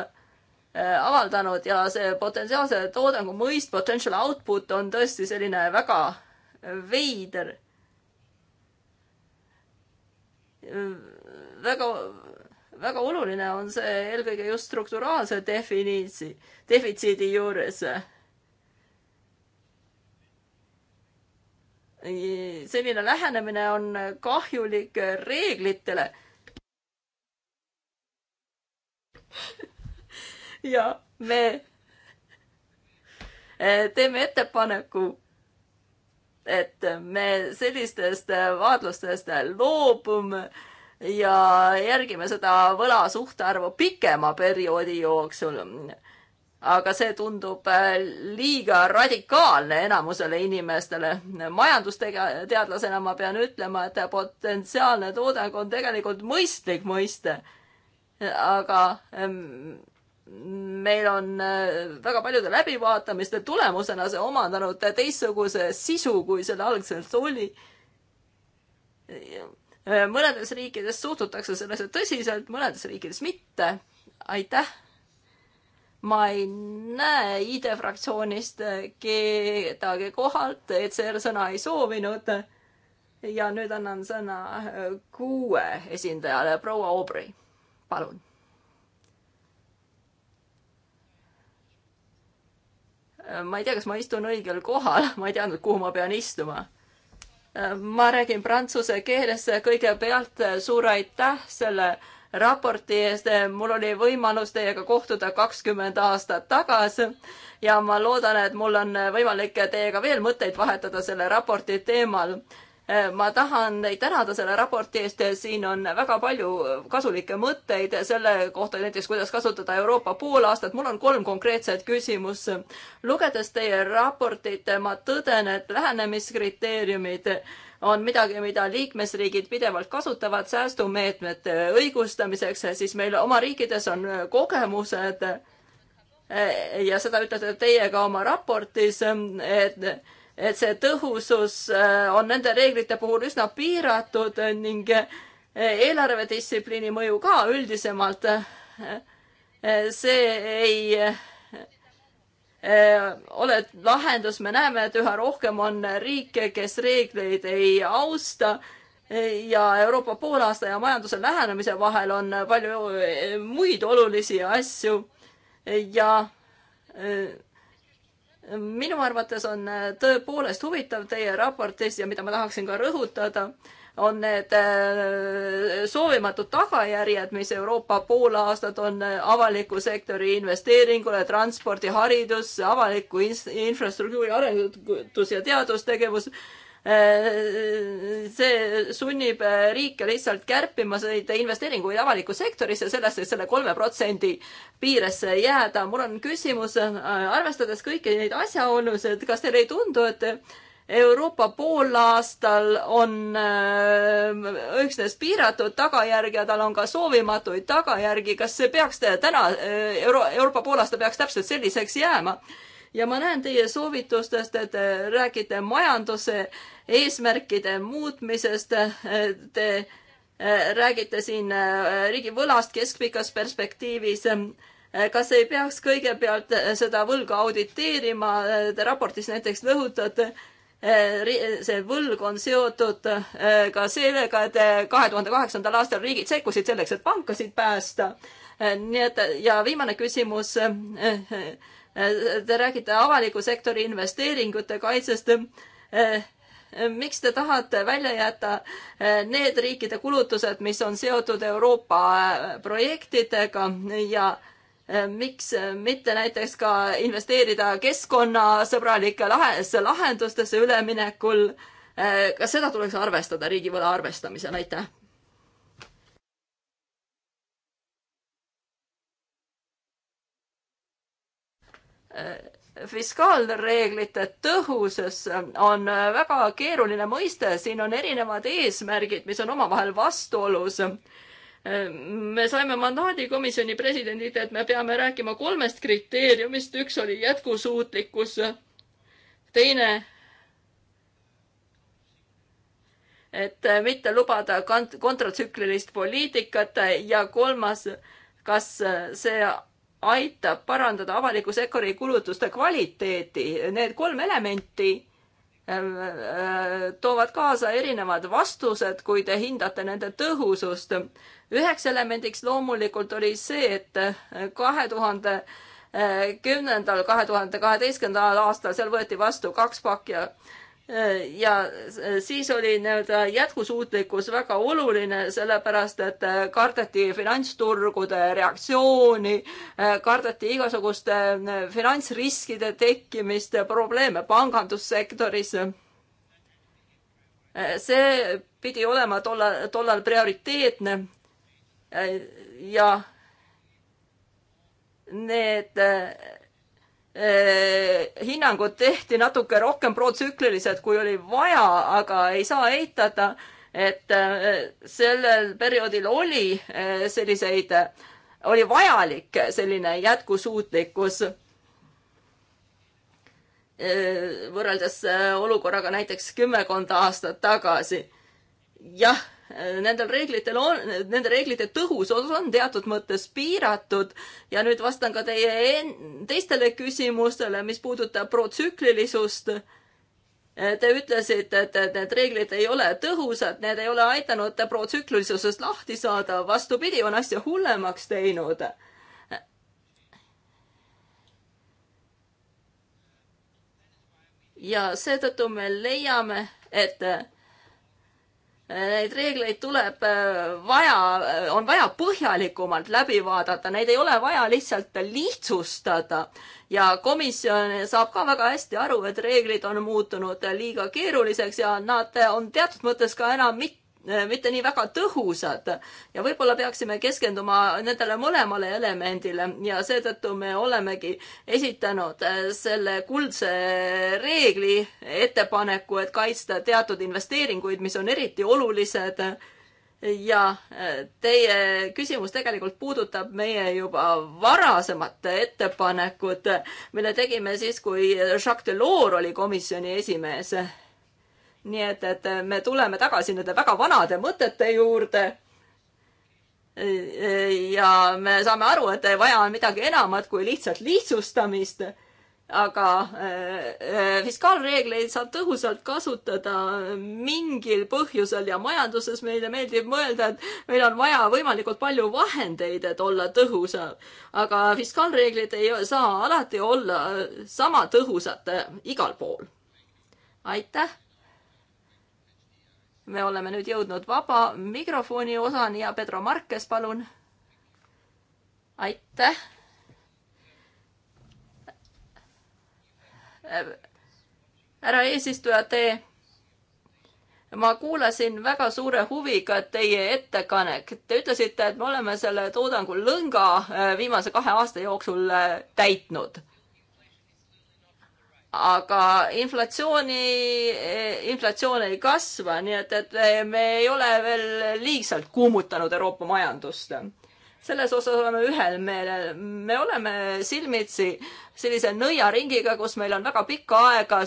äh, avaldanud ja see potentsiaalse toodangu mõist, potential output on tõesti selline väga veider, väga väga oluline on see eelkõige just strukturaalse definiitsi, defitsiidi juures. selline lähenemine on kahjulik reeglitele. ja me teeme ettepaneku, et me sellistest vaadlustest loobume ja järgime seda võla suhtarvu pikema perioodi jooksul. aga see tundub äh, liiga radikaalne enamusele inimestele. majandusteadlasena ma pean ütlema, et potentsiaalne toodang on tegelikult mõistlik mõiste. aga ähm, meil on äh, väga paljude läbivaatamiste tulemusena see omandanud teistsuguse sisu, kui seal algselt oli Äh, mõnedes riikides suhtutakse sellesse tõsiselt, mõnedes riikides mitte. aitäh. ma ei näe ID-fraktsioonist e kedagi kohalt, ECR sõna ei soovinud. ja nüüd annan sõna äh, kuue esindajale, proua Aubrey, palun. Äh, ma ei tea, kas ma istun õigel kohal, ma ei teadnud, kuhu ma pean istuma ma räägin prantsuse keeles kõigepealt suur aitäh selle raporti eest. mul oli võimalus teiega kohtuda kakskümmend aastat tagasi ja ma loodan, et mul on võimalik teiega veel mõtteid vahetada selle raporti teemal ma tahan teid tänada selle raporti eest, siin on väga palju kasulikke mõtteid selle kohta, näiteks kuidas kasutada Euroopa poolaastat. mul on kolm konkreetset küsimust. lugedes teie raportit, ma tõden, et lähenemiskriteeriumid on midagi, mida liikmesriigid pidevalt kasutavad säästumeetmete õigustamiseks, siis meil oma riikides on kogemused ja seda ütlete teie ka oma raportis, et et see tõhusus äh, on nende reeglite puhul üsna piiratud ning äh, eelarvedistsipliini mõju ka üldisemalt, äh, see ei ole lahendus, me näeme, et üha rohkem on riike, kes reegleid ei austa ja Euroopa poolaasta ja majanduse lähenemise vahel on palju muid olulisi asju ja minu arvates on äh, tõepoolest huvitav teie raportis ja mida ma tahaksin ka rõhutada, on need äh, soovimatud tagajärjed, mis Euroopa pool aastat on äh, avaliku sektori investeeringule, transpordi, haridus, avaliku infrastruktuuri arengutus ja teadustegevus Äh, see sunnib äh, riike lihtsalt kärpima neid investeeringuid avalikku sektorisse, sellest, et selle kolme protsendi piiresse jääda. mul on küsimus, äh, arvestades kõiki neid asjaolusid, kas teile ei tundu, et Euroopa poolaastal on üksnes piiratud tagajärg ja tal on ka soovimatuid tagajärgi. kas see peaks täna, Euro-, Euroopa poolaasta peaks täpselt selliseks jääma? ja ma näen teie soovitustest, et te räägite majanduse eesmärkide muutmisest, te eh, räägite siin eh, riigi võlast keskpikas perspektiivis. kas ei peaks kõigepealt eh, seda võlga auditeerima, te raportis näiteks rõhutate, see võlg on seotud ka sellega, et kahe tuhande kaheksandal aastal riigid sekkusid selleks, et pankasid päästa. nii et ja viimane küsimus Te räägite avaliku sektori investeeringute kaitsest miks te tahate välja jätta eh, need riikide kulutused, mis on seotud Euroopa eh, projektidega ja eh, miks mitte näiteks ka investeerida keskkonnasõbralike lahendustesse üleminekul? kas seda tuleks arvestada riigivõla arvestamisel, aitäh? fiskaalreeglite tõhusus on väga keeruline mõiste, siin on erinevad eesmärgid, mis on omavahel vastuolus. me saime mandaadi komisjoni presidendilt, et me peame rääkima kolmest kriteeriumist, üks oli jätkusuutlikkus, teine et mitte lubada kont-, kontratsüklilist poliitikat ja kolmas, kas see aitab parandada avaliku sektori kulutuste kvaliteeti. Need kolm elementi äh, äh, toovad kaasa erinevad vastused, kui te hindate nende tõhusust. üheks elemendiks loomulikult oli see, et äh, kahe tuhande kümnendal, kahe tuhande kaheteistkümnendal aastal seal võeti vastu kaks pakja ja siis oli nii-öelda jätkusuutlikkus väga oluline, sellepärast et kardeti finantsturgude reaktsiooni, kardeti igasuguste finantsriskide tekkimist, probleeme pangandussektoris. see pidi olema tolla, tollal prioriteetne ja need Eh, hinnangud tehti natuke rohkem protsüklilised, kui oli vaja, aga ei saa eitada, et eh, sellel perioodil oli eh, selliseid, oli vajalik selline jätkusuutlikkus võrreldes olukorraga näiteks kümmekond aastat tagasi. jah nendel reeglitel on, nende reeglite tõhusus on teatud mõttes piiratud ja nüüd vastan ka teie en-, teistele küsimustele, mis puudutab protsüklilisust. Te ütlesite, et, et need reeglid ei ole tõhusad, need ei ole aidanud protsüklilisusest lahti saada, vastupidi, on asja hullemaks teinud ja seetõttu me leiame, et Neid reegleid tuleb äh, vaja, on vaja põhjalikumalt läbi vaadata, neid ei ole vaja lihtsalt lihtsustada. ja komisjon saab ka väga hästi aru, et reeglid on muutunud liiga keeruliseks ja nad on teatud mõttes ka enam mitte Äh, mitte nii väga tõhusad ja võib-olla peaksime keskenduma nendele mõlemale elemendile ja seetõttu me olemegi esitanud äh, selle kuldse reegli ettepaneku, et kaitsta teatud investeeringuid, mis on eriti olulised ja äh, teie küsimus tegelikult puudutab meie juba varasemat ettepanekut, mille tegime siis, kui Jacques Delors oli komisjoni esimees nii et, et me tuleme tagasi nende väga vanade mõtete juurde. ja me saame aru, et vaja on midagi enamat kui lihtsalt lihtsustamist. aga eh, eh, fiskaalreegleid saab tõhusalt kasutada mingil põhjusel ja majanduses meile meeldib mõelda, et meil on vaja võimalikult palju vahendeid, et olla tõhusam. aga fiskaalreeglid ei saa alati olla sama tõhusad eh, igal pool. aitäh me oleme nüüd jõudnud vaba mikrofoni osani ja Pedro Markes, palun. aitäh. härra eesistuja, te, ma kuulasin väga suure huviga teie ettekannet. Te ütlesite, et me oleme selle toodangu lõnga äh, viimase kahe aasta jooksul äh, täitnud aga inflatsiooni, inflatsioon ei kasva, nii et, et me ei ole veel liigselt kuumutanud Euroopa majandust. selles osas oleme ühel meelel, me oleme silmitsi sellise nõiaringiga, kus meil on väga pikka aega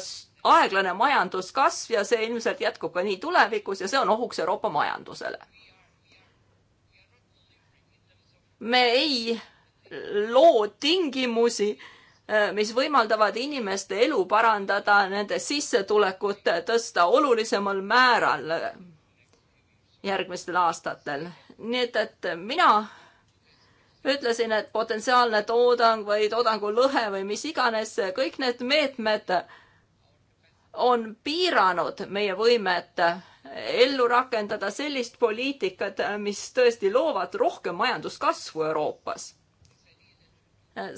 aeglane majanduskasv ja see ilmselt jätkub ka nii tulevikus ja see on ohuks Euroopa majandusele. me ei loo tingimusi Äh, mis võimaldavad inimeste elu parandada, nende sissetulekut tõsta olulisemal määral järgmistel aastatel. nii et, et mina ütlesin, et potentsiaalne toodang või toodangu lõhe või mis iganes, kõik need meetmed on piiranud meie võimet ellu rakendada sellist poliitikat, mis tõesti loovad rohkem majanduskasvu Euroopas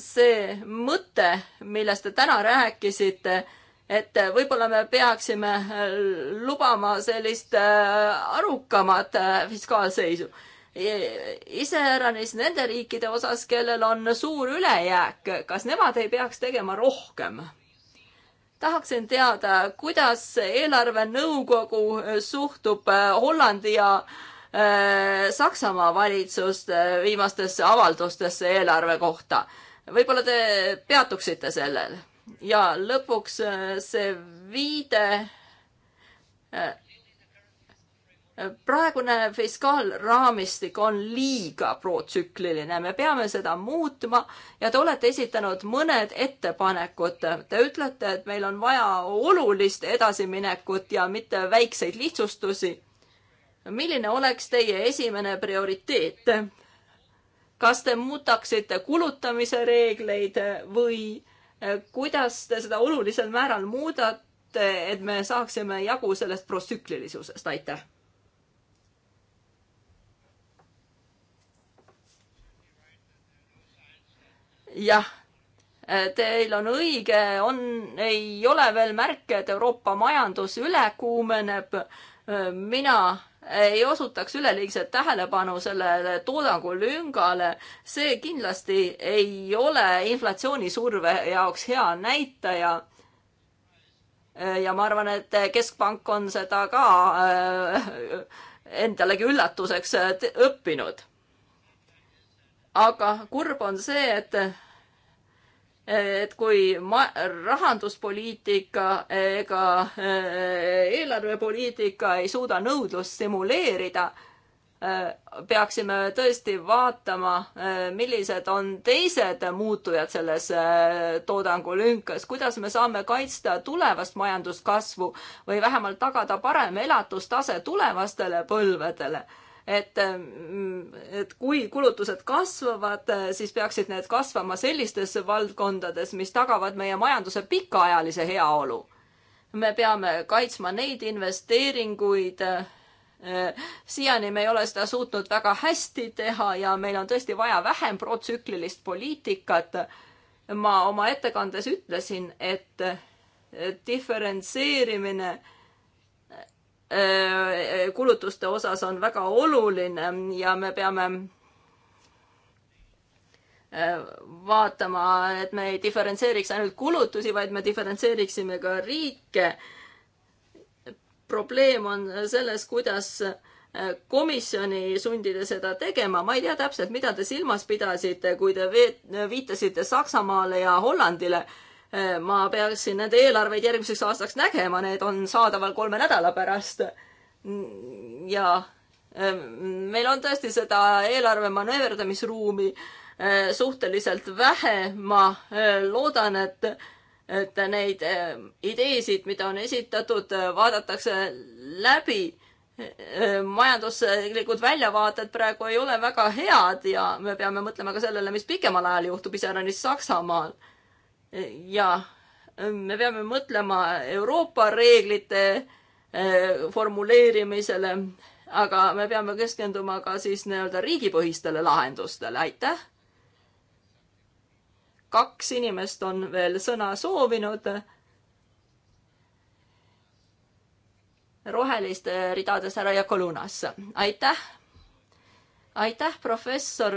see mõte, millest te täna rääkisite, et võib-olla me peaksime lubama sellist äh, arukamat äh, fiskaalseisu. iseäranis nende riikide osas, kellel on suur ülejääk, kas nemad ei peaks tegema rohkem? tahaksin teada, kuidas eelarvenõukogu suhtub äh, Hollandi ja Saksamaa valitsuste viimastesse avaldustesse eelarve kohta võib-olla te peatuksite sellel ja lõpuks äh, see viide. Äh, praegune fiskaalraamistik on liiga protsükliline, me peame seda muutma ja te olete esitanud mõned ettepanekud. Te ütlete, et meil on vaja olulist edasiminekut ja mitte väikseid lihtsustusi. milline oleks teie esimene prioriteet? kas te muudaksite kulutamise reegleid või eh, kuidas te seda olulisel määral muudate, et me saaksime jagu sellest protsüklilisusest, aitäh! jah, eh, teil on õige, on, ei ole veel märke, et Euroopa majandus üle kuumeneb. Eh, mina ei osutaks üleliigset tähelepanu sellele toodangulüngale, see kindlasti ei ole inflatsioonisurve jaoks hea näitaja. ja ma arvan, et Keskpank on seda ka äh, endalegi üllatuseks äh, õppinud. aga kurb on see, et et kui ma-, rahanduspoliitika ega eh, eelarvepoliitika ei suuda nõudlust stimuleerida, eh, peaksime tõesti vaatama, eh, millised on teised muutujad selles toodangulünkas, kuidas me saame kaitsta tulevast majanduskasvu või vähemalt tagada parem elatustase tulevastele põlvedele et, mm, et kui kulutused kasvavad, siis peaksid need kasvama sellistes valdkondades, mis tagavad meie majanduse pikaajalise heaolu. me peame kaitsma neid investeeringuid, siiani me ei ole seda suutnud väga hästi teha ja meil on tõesti vaja vähem protsüklilist poliitikat. ma oma ettekandes ütlesin, et diferentseerimine äh, Äh, kulutuste osas on väga oluline ja me peame äh, vaatama, et me ei diferentseeriks ainult kulutusi, vaid me diferentseeriksime ka riike. probleem on selles, kuidas äh, komisjoni sundida seda tegema, ma ei tea täpselt, mida te silmas pidasite, kui te viitasite Saksamaale ja Hollandile Äh, ma peaksin nende eelarveid järgmiseks aastaks nägema, need on saadaval kolme nädala pärast. Mm, ja äh, meil on tõesti seda eelarve manööverdamisruumi äh, suhteliselt vähe, ma loodan, et et neid ideesid, mida on esitatud, vaadatakse läbi majanduslikud väljavaated praegu ei ole väga head ja me peame mõtlema ka sellele, mis pikemal ajal juhtub, iseäranis Saksamaal ja äh, me peame mõtlema Euroopa reeglite äh, formuleerimisele, aga me peame keskenduma ka siis nii-öelda riigipõhistele lahendustele, aitäh. kaks inimest on veel sõna soovinud. roheliste ridades härra Jakolunas, aitäh. aitäh, professor,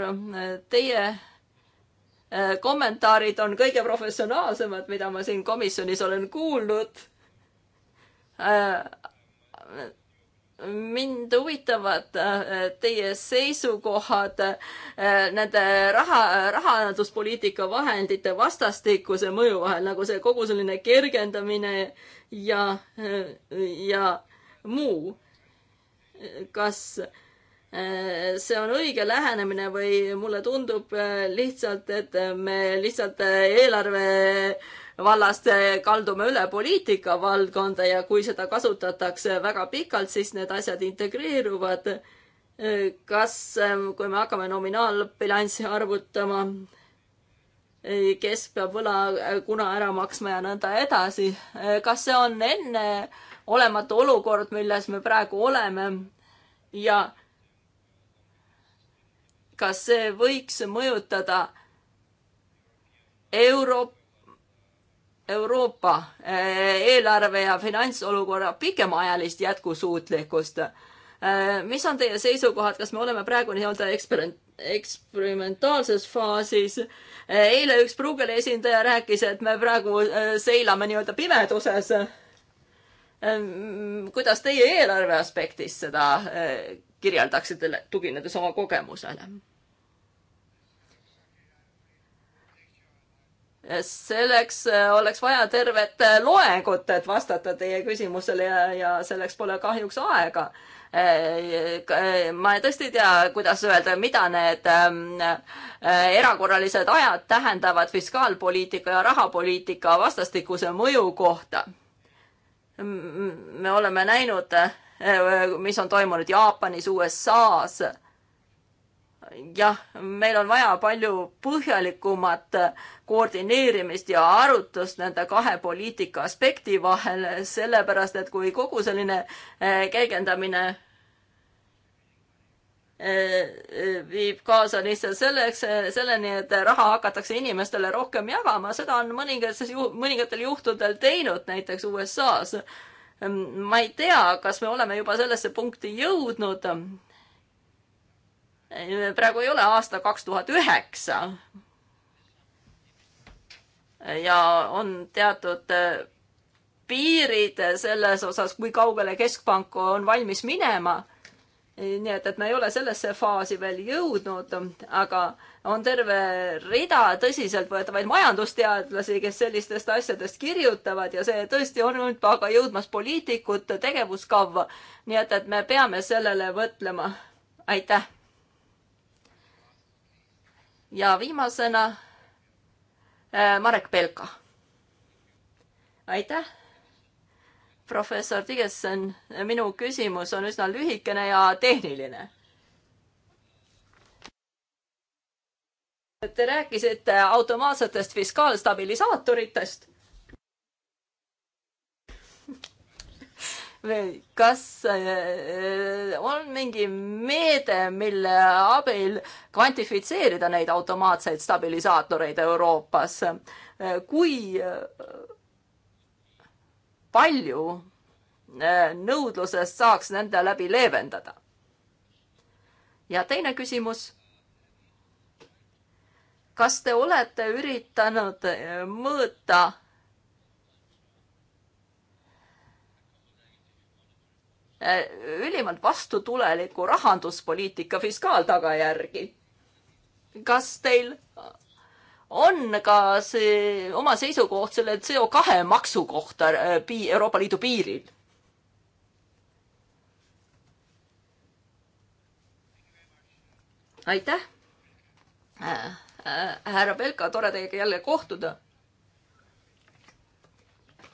teie Äh, kommentaarid on kõige professionaalsemad, mida ma siin komisjonis olen kuulnud. Äh, mind huvitavad äh, teie seisukohad nende raha, rahanduspoliitika vahendite vastastikuse mõju vahel, nagu see kogu selline kergendamine ja, ja muu. kas äh, Äh, see on õige lähenemine või mulle tundub äh, lihtsalt, et me lihtsalt äh, eelarve vallast kaldume üle poliitika valdkonda ja kui seda kasutatakse väga pikalt, siis need asjad integreeruvad. kas, kui me hakkame nominaalbilanssi arvutama, kes peab võla kuna ära maksma ja nõnda edasi, kas see on enneolematu olukord, milles me praegu oleme ja kas see võiks mõjutada euro, Euroopa eh, eelarve ja finantsolukorra pikemaajalist jätkusuutlikkust. Eh, mis on teie seisukohad, kas me oleme praegu nii-öelda eksperiment, eksperimentaalses faasis. Eh, eile üks Bruegeli esindaja rääkis, et me praegu seilame nii-öelda pimeduses. kuidas teie eelarve aspektist seda kirjeldaksite, tuginedes oma kogemusele? selleks äh, oleks vaja tervet äh, loengut, et vastata teie küsimusele ja, ja selleks pole kahjuks aega. Äh, ma tõesti ei tea, kuidas öelda, mida need ähm, erakorralised ajad tähendavad fiskaalpoliitika ja rahapoliitika vastastikuse mõju kohta me oleme näinud Äh, mis on toimunud Jaapanis, USA-s. jah, meil on vaja palju põhjalikumat koordineerimist ja arutust nende kahe poliitika aspekti vahel, sellepärast et kui kogu selline äh, käigendamine äh, viib kaasa lihtsalt selleks, selleni, et raha hakatakse inimestele rohkem jagama, seda on mõningates, mõningatel juhtudel teinud näiteks USA-s Ehm, ma ei tea, kas me oleme juba sellesse punkti jõudnud. Ehm, praegu ei ole aasta kaks tuhat üheksa. ja on teatud eh, piirid selles osas, kui kaugele keskpank on valmis minema. nii et, et me ei ole sellesse faasi veel jõudnud, aga äh, on terve rida tõsiseltvõetavaid majandusteadlasi, kes sellistest asjadest kirjutavad ja see tõesti on nüüd aga jõudmas poliitikute tegevuskavva. nii et, et me peame sellele mõtlema. aitäh. ja viimasena äh, Marek Belka. aitäh professor Tigeson, minu küsimus on üsna lühikene ja tehniline Te rääkisite automaatsetest fiskaalstabilisaatoritest. kas äh, on mingi meede, mille abil kvantifitseerida neid automaatseid stabilisaatoreid Euroopas? Äh, kui äh, palju nõudlusest saaks nende läbi leevendada? ja teine küsimus kas te olete üritanud eh, mõõta eh, ülimalt vastutuleliku rahanduspoliitika fiskaaltagajärgi? kas teil on ka see oma seisukoht selle CO kahe maksu kohta eh, pii-, Euroopa Liidu piiril? aitäh äh, Äh, härra Belka, tore teiega jälle kohtuda.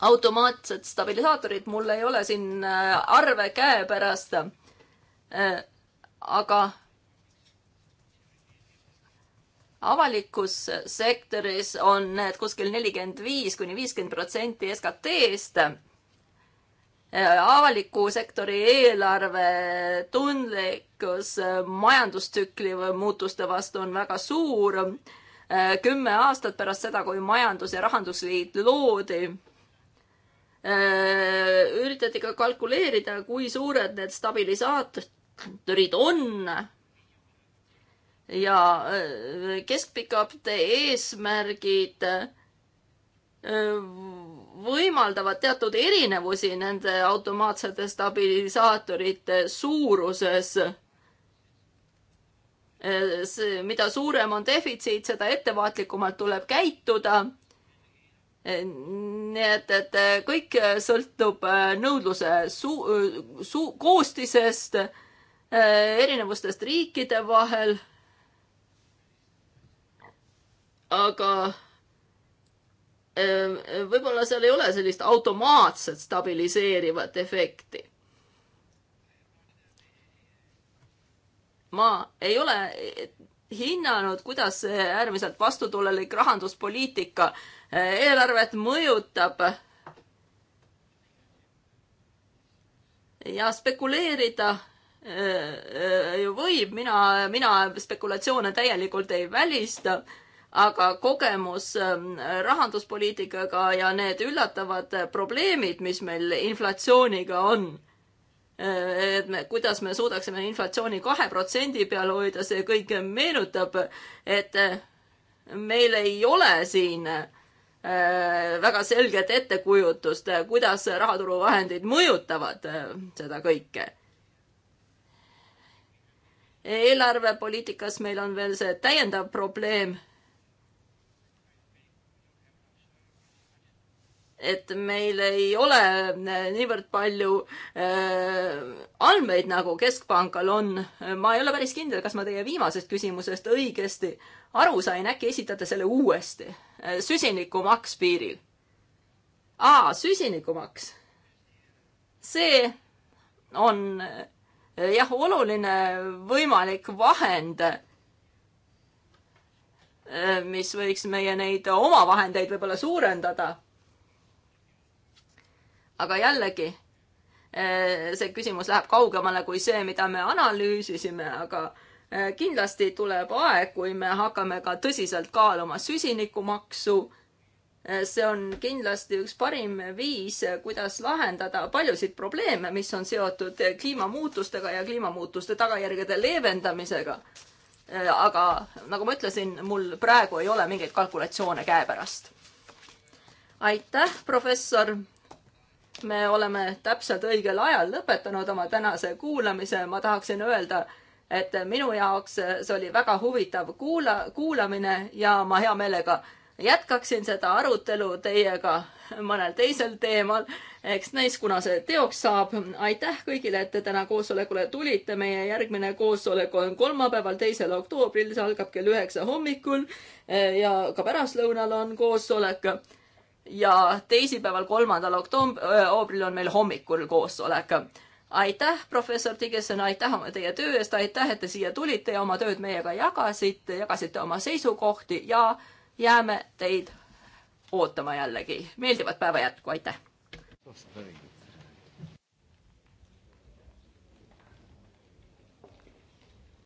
automaatsed stabilisaatorid, mul ei ole siin äh, arve käepärast. Äh, aga avalikus sektoris on need kuskil nelikümmend viis kuni viiskümmend protsenti SKT-st Äh, avaliku sektori eelarve tundlikkus äh, majandustsükli või muutuste vastu on väga suur. Äh, kümme aastat pärast seda, kui Majandus- ja Rahandusliit loodi, üritati ka kalkuleerida, kui suured need stabilisaatorid on. ja keskpikad eesmärgid võimaldavad teatud erinevusi nende automaatsete stabilisaatorite suuruses. mida suurem on defitsiit, seda ettevaatlikumalt tuleb käituda. nii et, et kõik sõltub äh, nõudluse su-, äh, su-, koostisest, äh, erinevustest riikide vahel. aga Ehm, eh, võib-olla seal ei ole sellist automaatset stabiliseerivat efekti. ma ei ole eh, hinnanud, kuidas see äärmiselt vastutulelik rahanduspoliitika eh, eelarvet mõjutab ja spekuleerida ju võib, mina, mina spekulatsioone täielikult ei välista aga kogemus ähm, rahanduspoliitikaga ja need üllatavad äh, probleemid, mis meil inflatsiooniga on, äh, et me, kuidas me suudaksime inflatsiooni kahe protsendi peal hoida, see kõik meenutab, et äh, meil ei ole siin väga selget ettekujutust, kuidas rahaturuvahendid mõjutavad seda kõike eelarvepoliitikas meil on veel see täiendav probleem, et meil ei ole eh, niivõrd palju äh, andmeid, nagu keskpankal on. ma ei ole päris kindel, kas ma teie viimasest küsimusest õigesti aru sain, äkki esitate selle uuesti? Eh, süsinikumaks piiril. aa, süsinikumaks. see on jah, oluline võimalik vahend mis võiks meie neid omavahendeid võib-olla suurendada aga jällegi, eh, see küsimus läheb kaugemale kui see, mida me analüüsisime, aga eh, kindlasti tuleb aeg, kui me hakkame ka tõsiselt kaaluma süsinikumaksu. Eh, see on kindlasti üks parim viis, kuidas lahendada paljusid probleeme, mis on seotud kliimamuutustega ja kliimamuutuste tagajärgede leevendamisega. aga nagu ma ütlesin, mul praegu ei ole mingeid kalkulatsioone käepärast. aitäh, professor me oleme täpselt õigel ajal lõpetanud oma tänase kuulamise, ma tahaksin öelda, et minu jaoks see oli väga huvitav kuula, kuulamine ja ma hea meelega jätkaksin seda arutelu teiega mõnel teisel teemal. eks näis, kuna see teoks saab. aitäh kõigile, et te täna koosolekule tulite. meie järgmine koosolek on kolmapäeval, teisel oktoobril, see algab kell üheksa hommikul ja ka pärastlõunal on koosolek ja teisipäeval, kolmandal oktoobril on meil hommikul koosolek. aitäh, professor Tigeson, aitäh teie töö eest, aitäh, et te siia tulite ja oma tööd meiega jagasite, jagasite oma seisukohti ja jääme teid ootama jällegi. meeldivat päeva jätku, aitäh!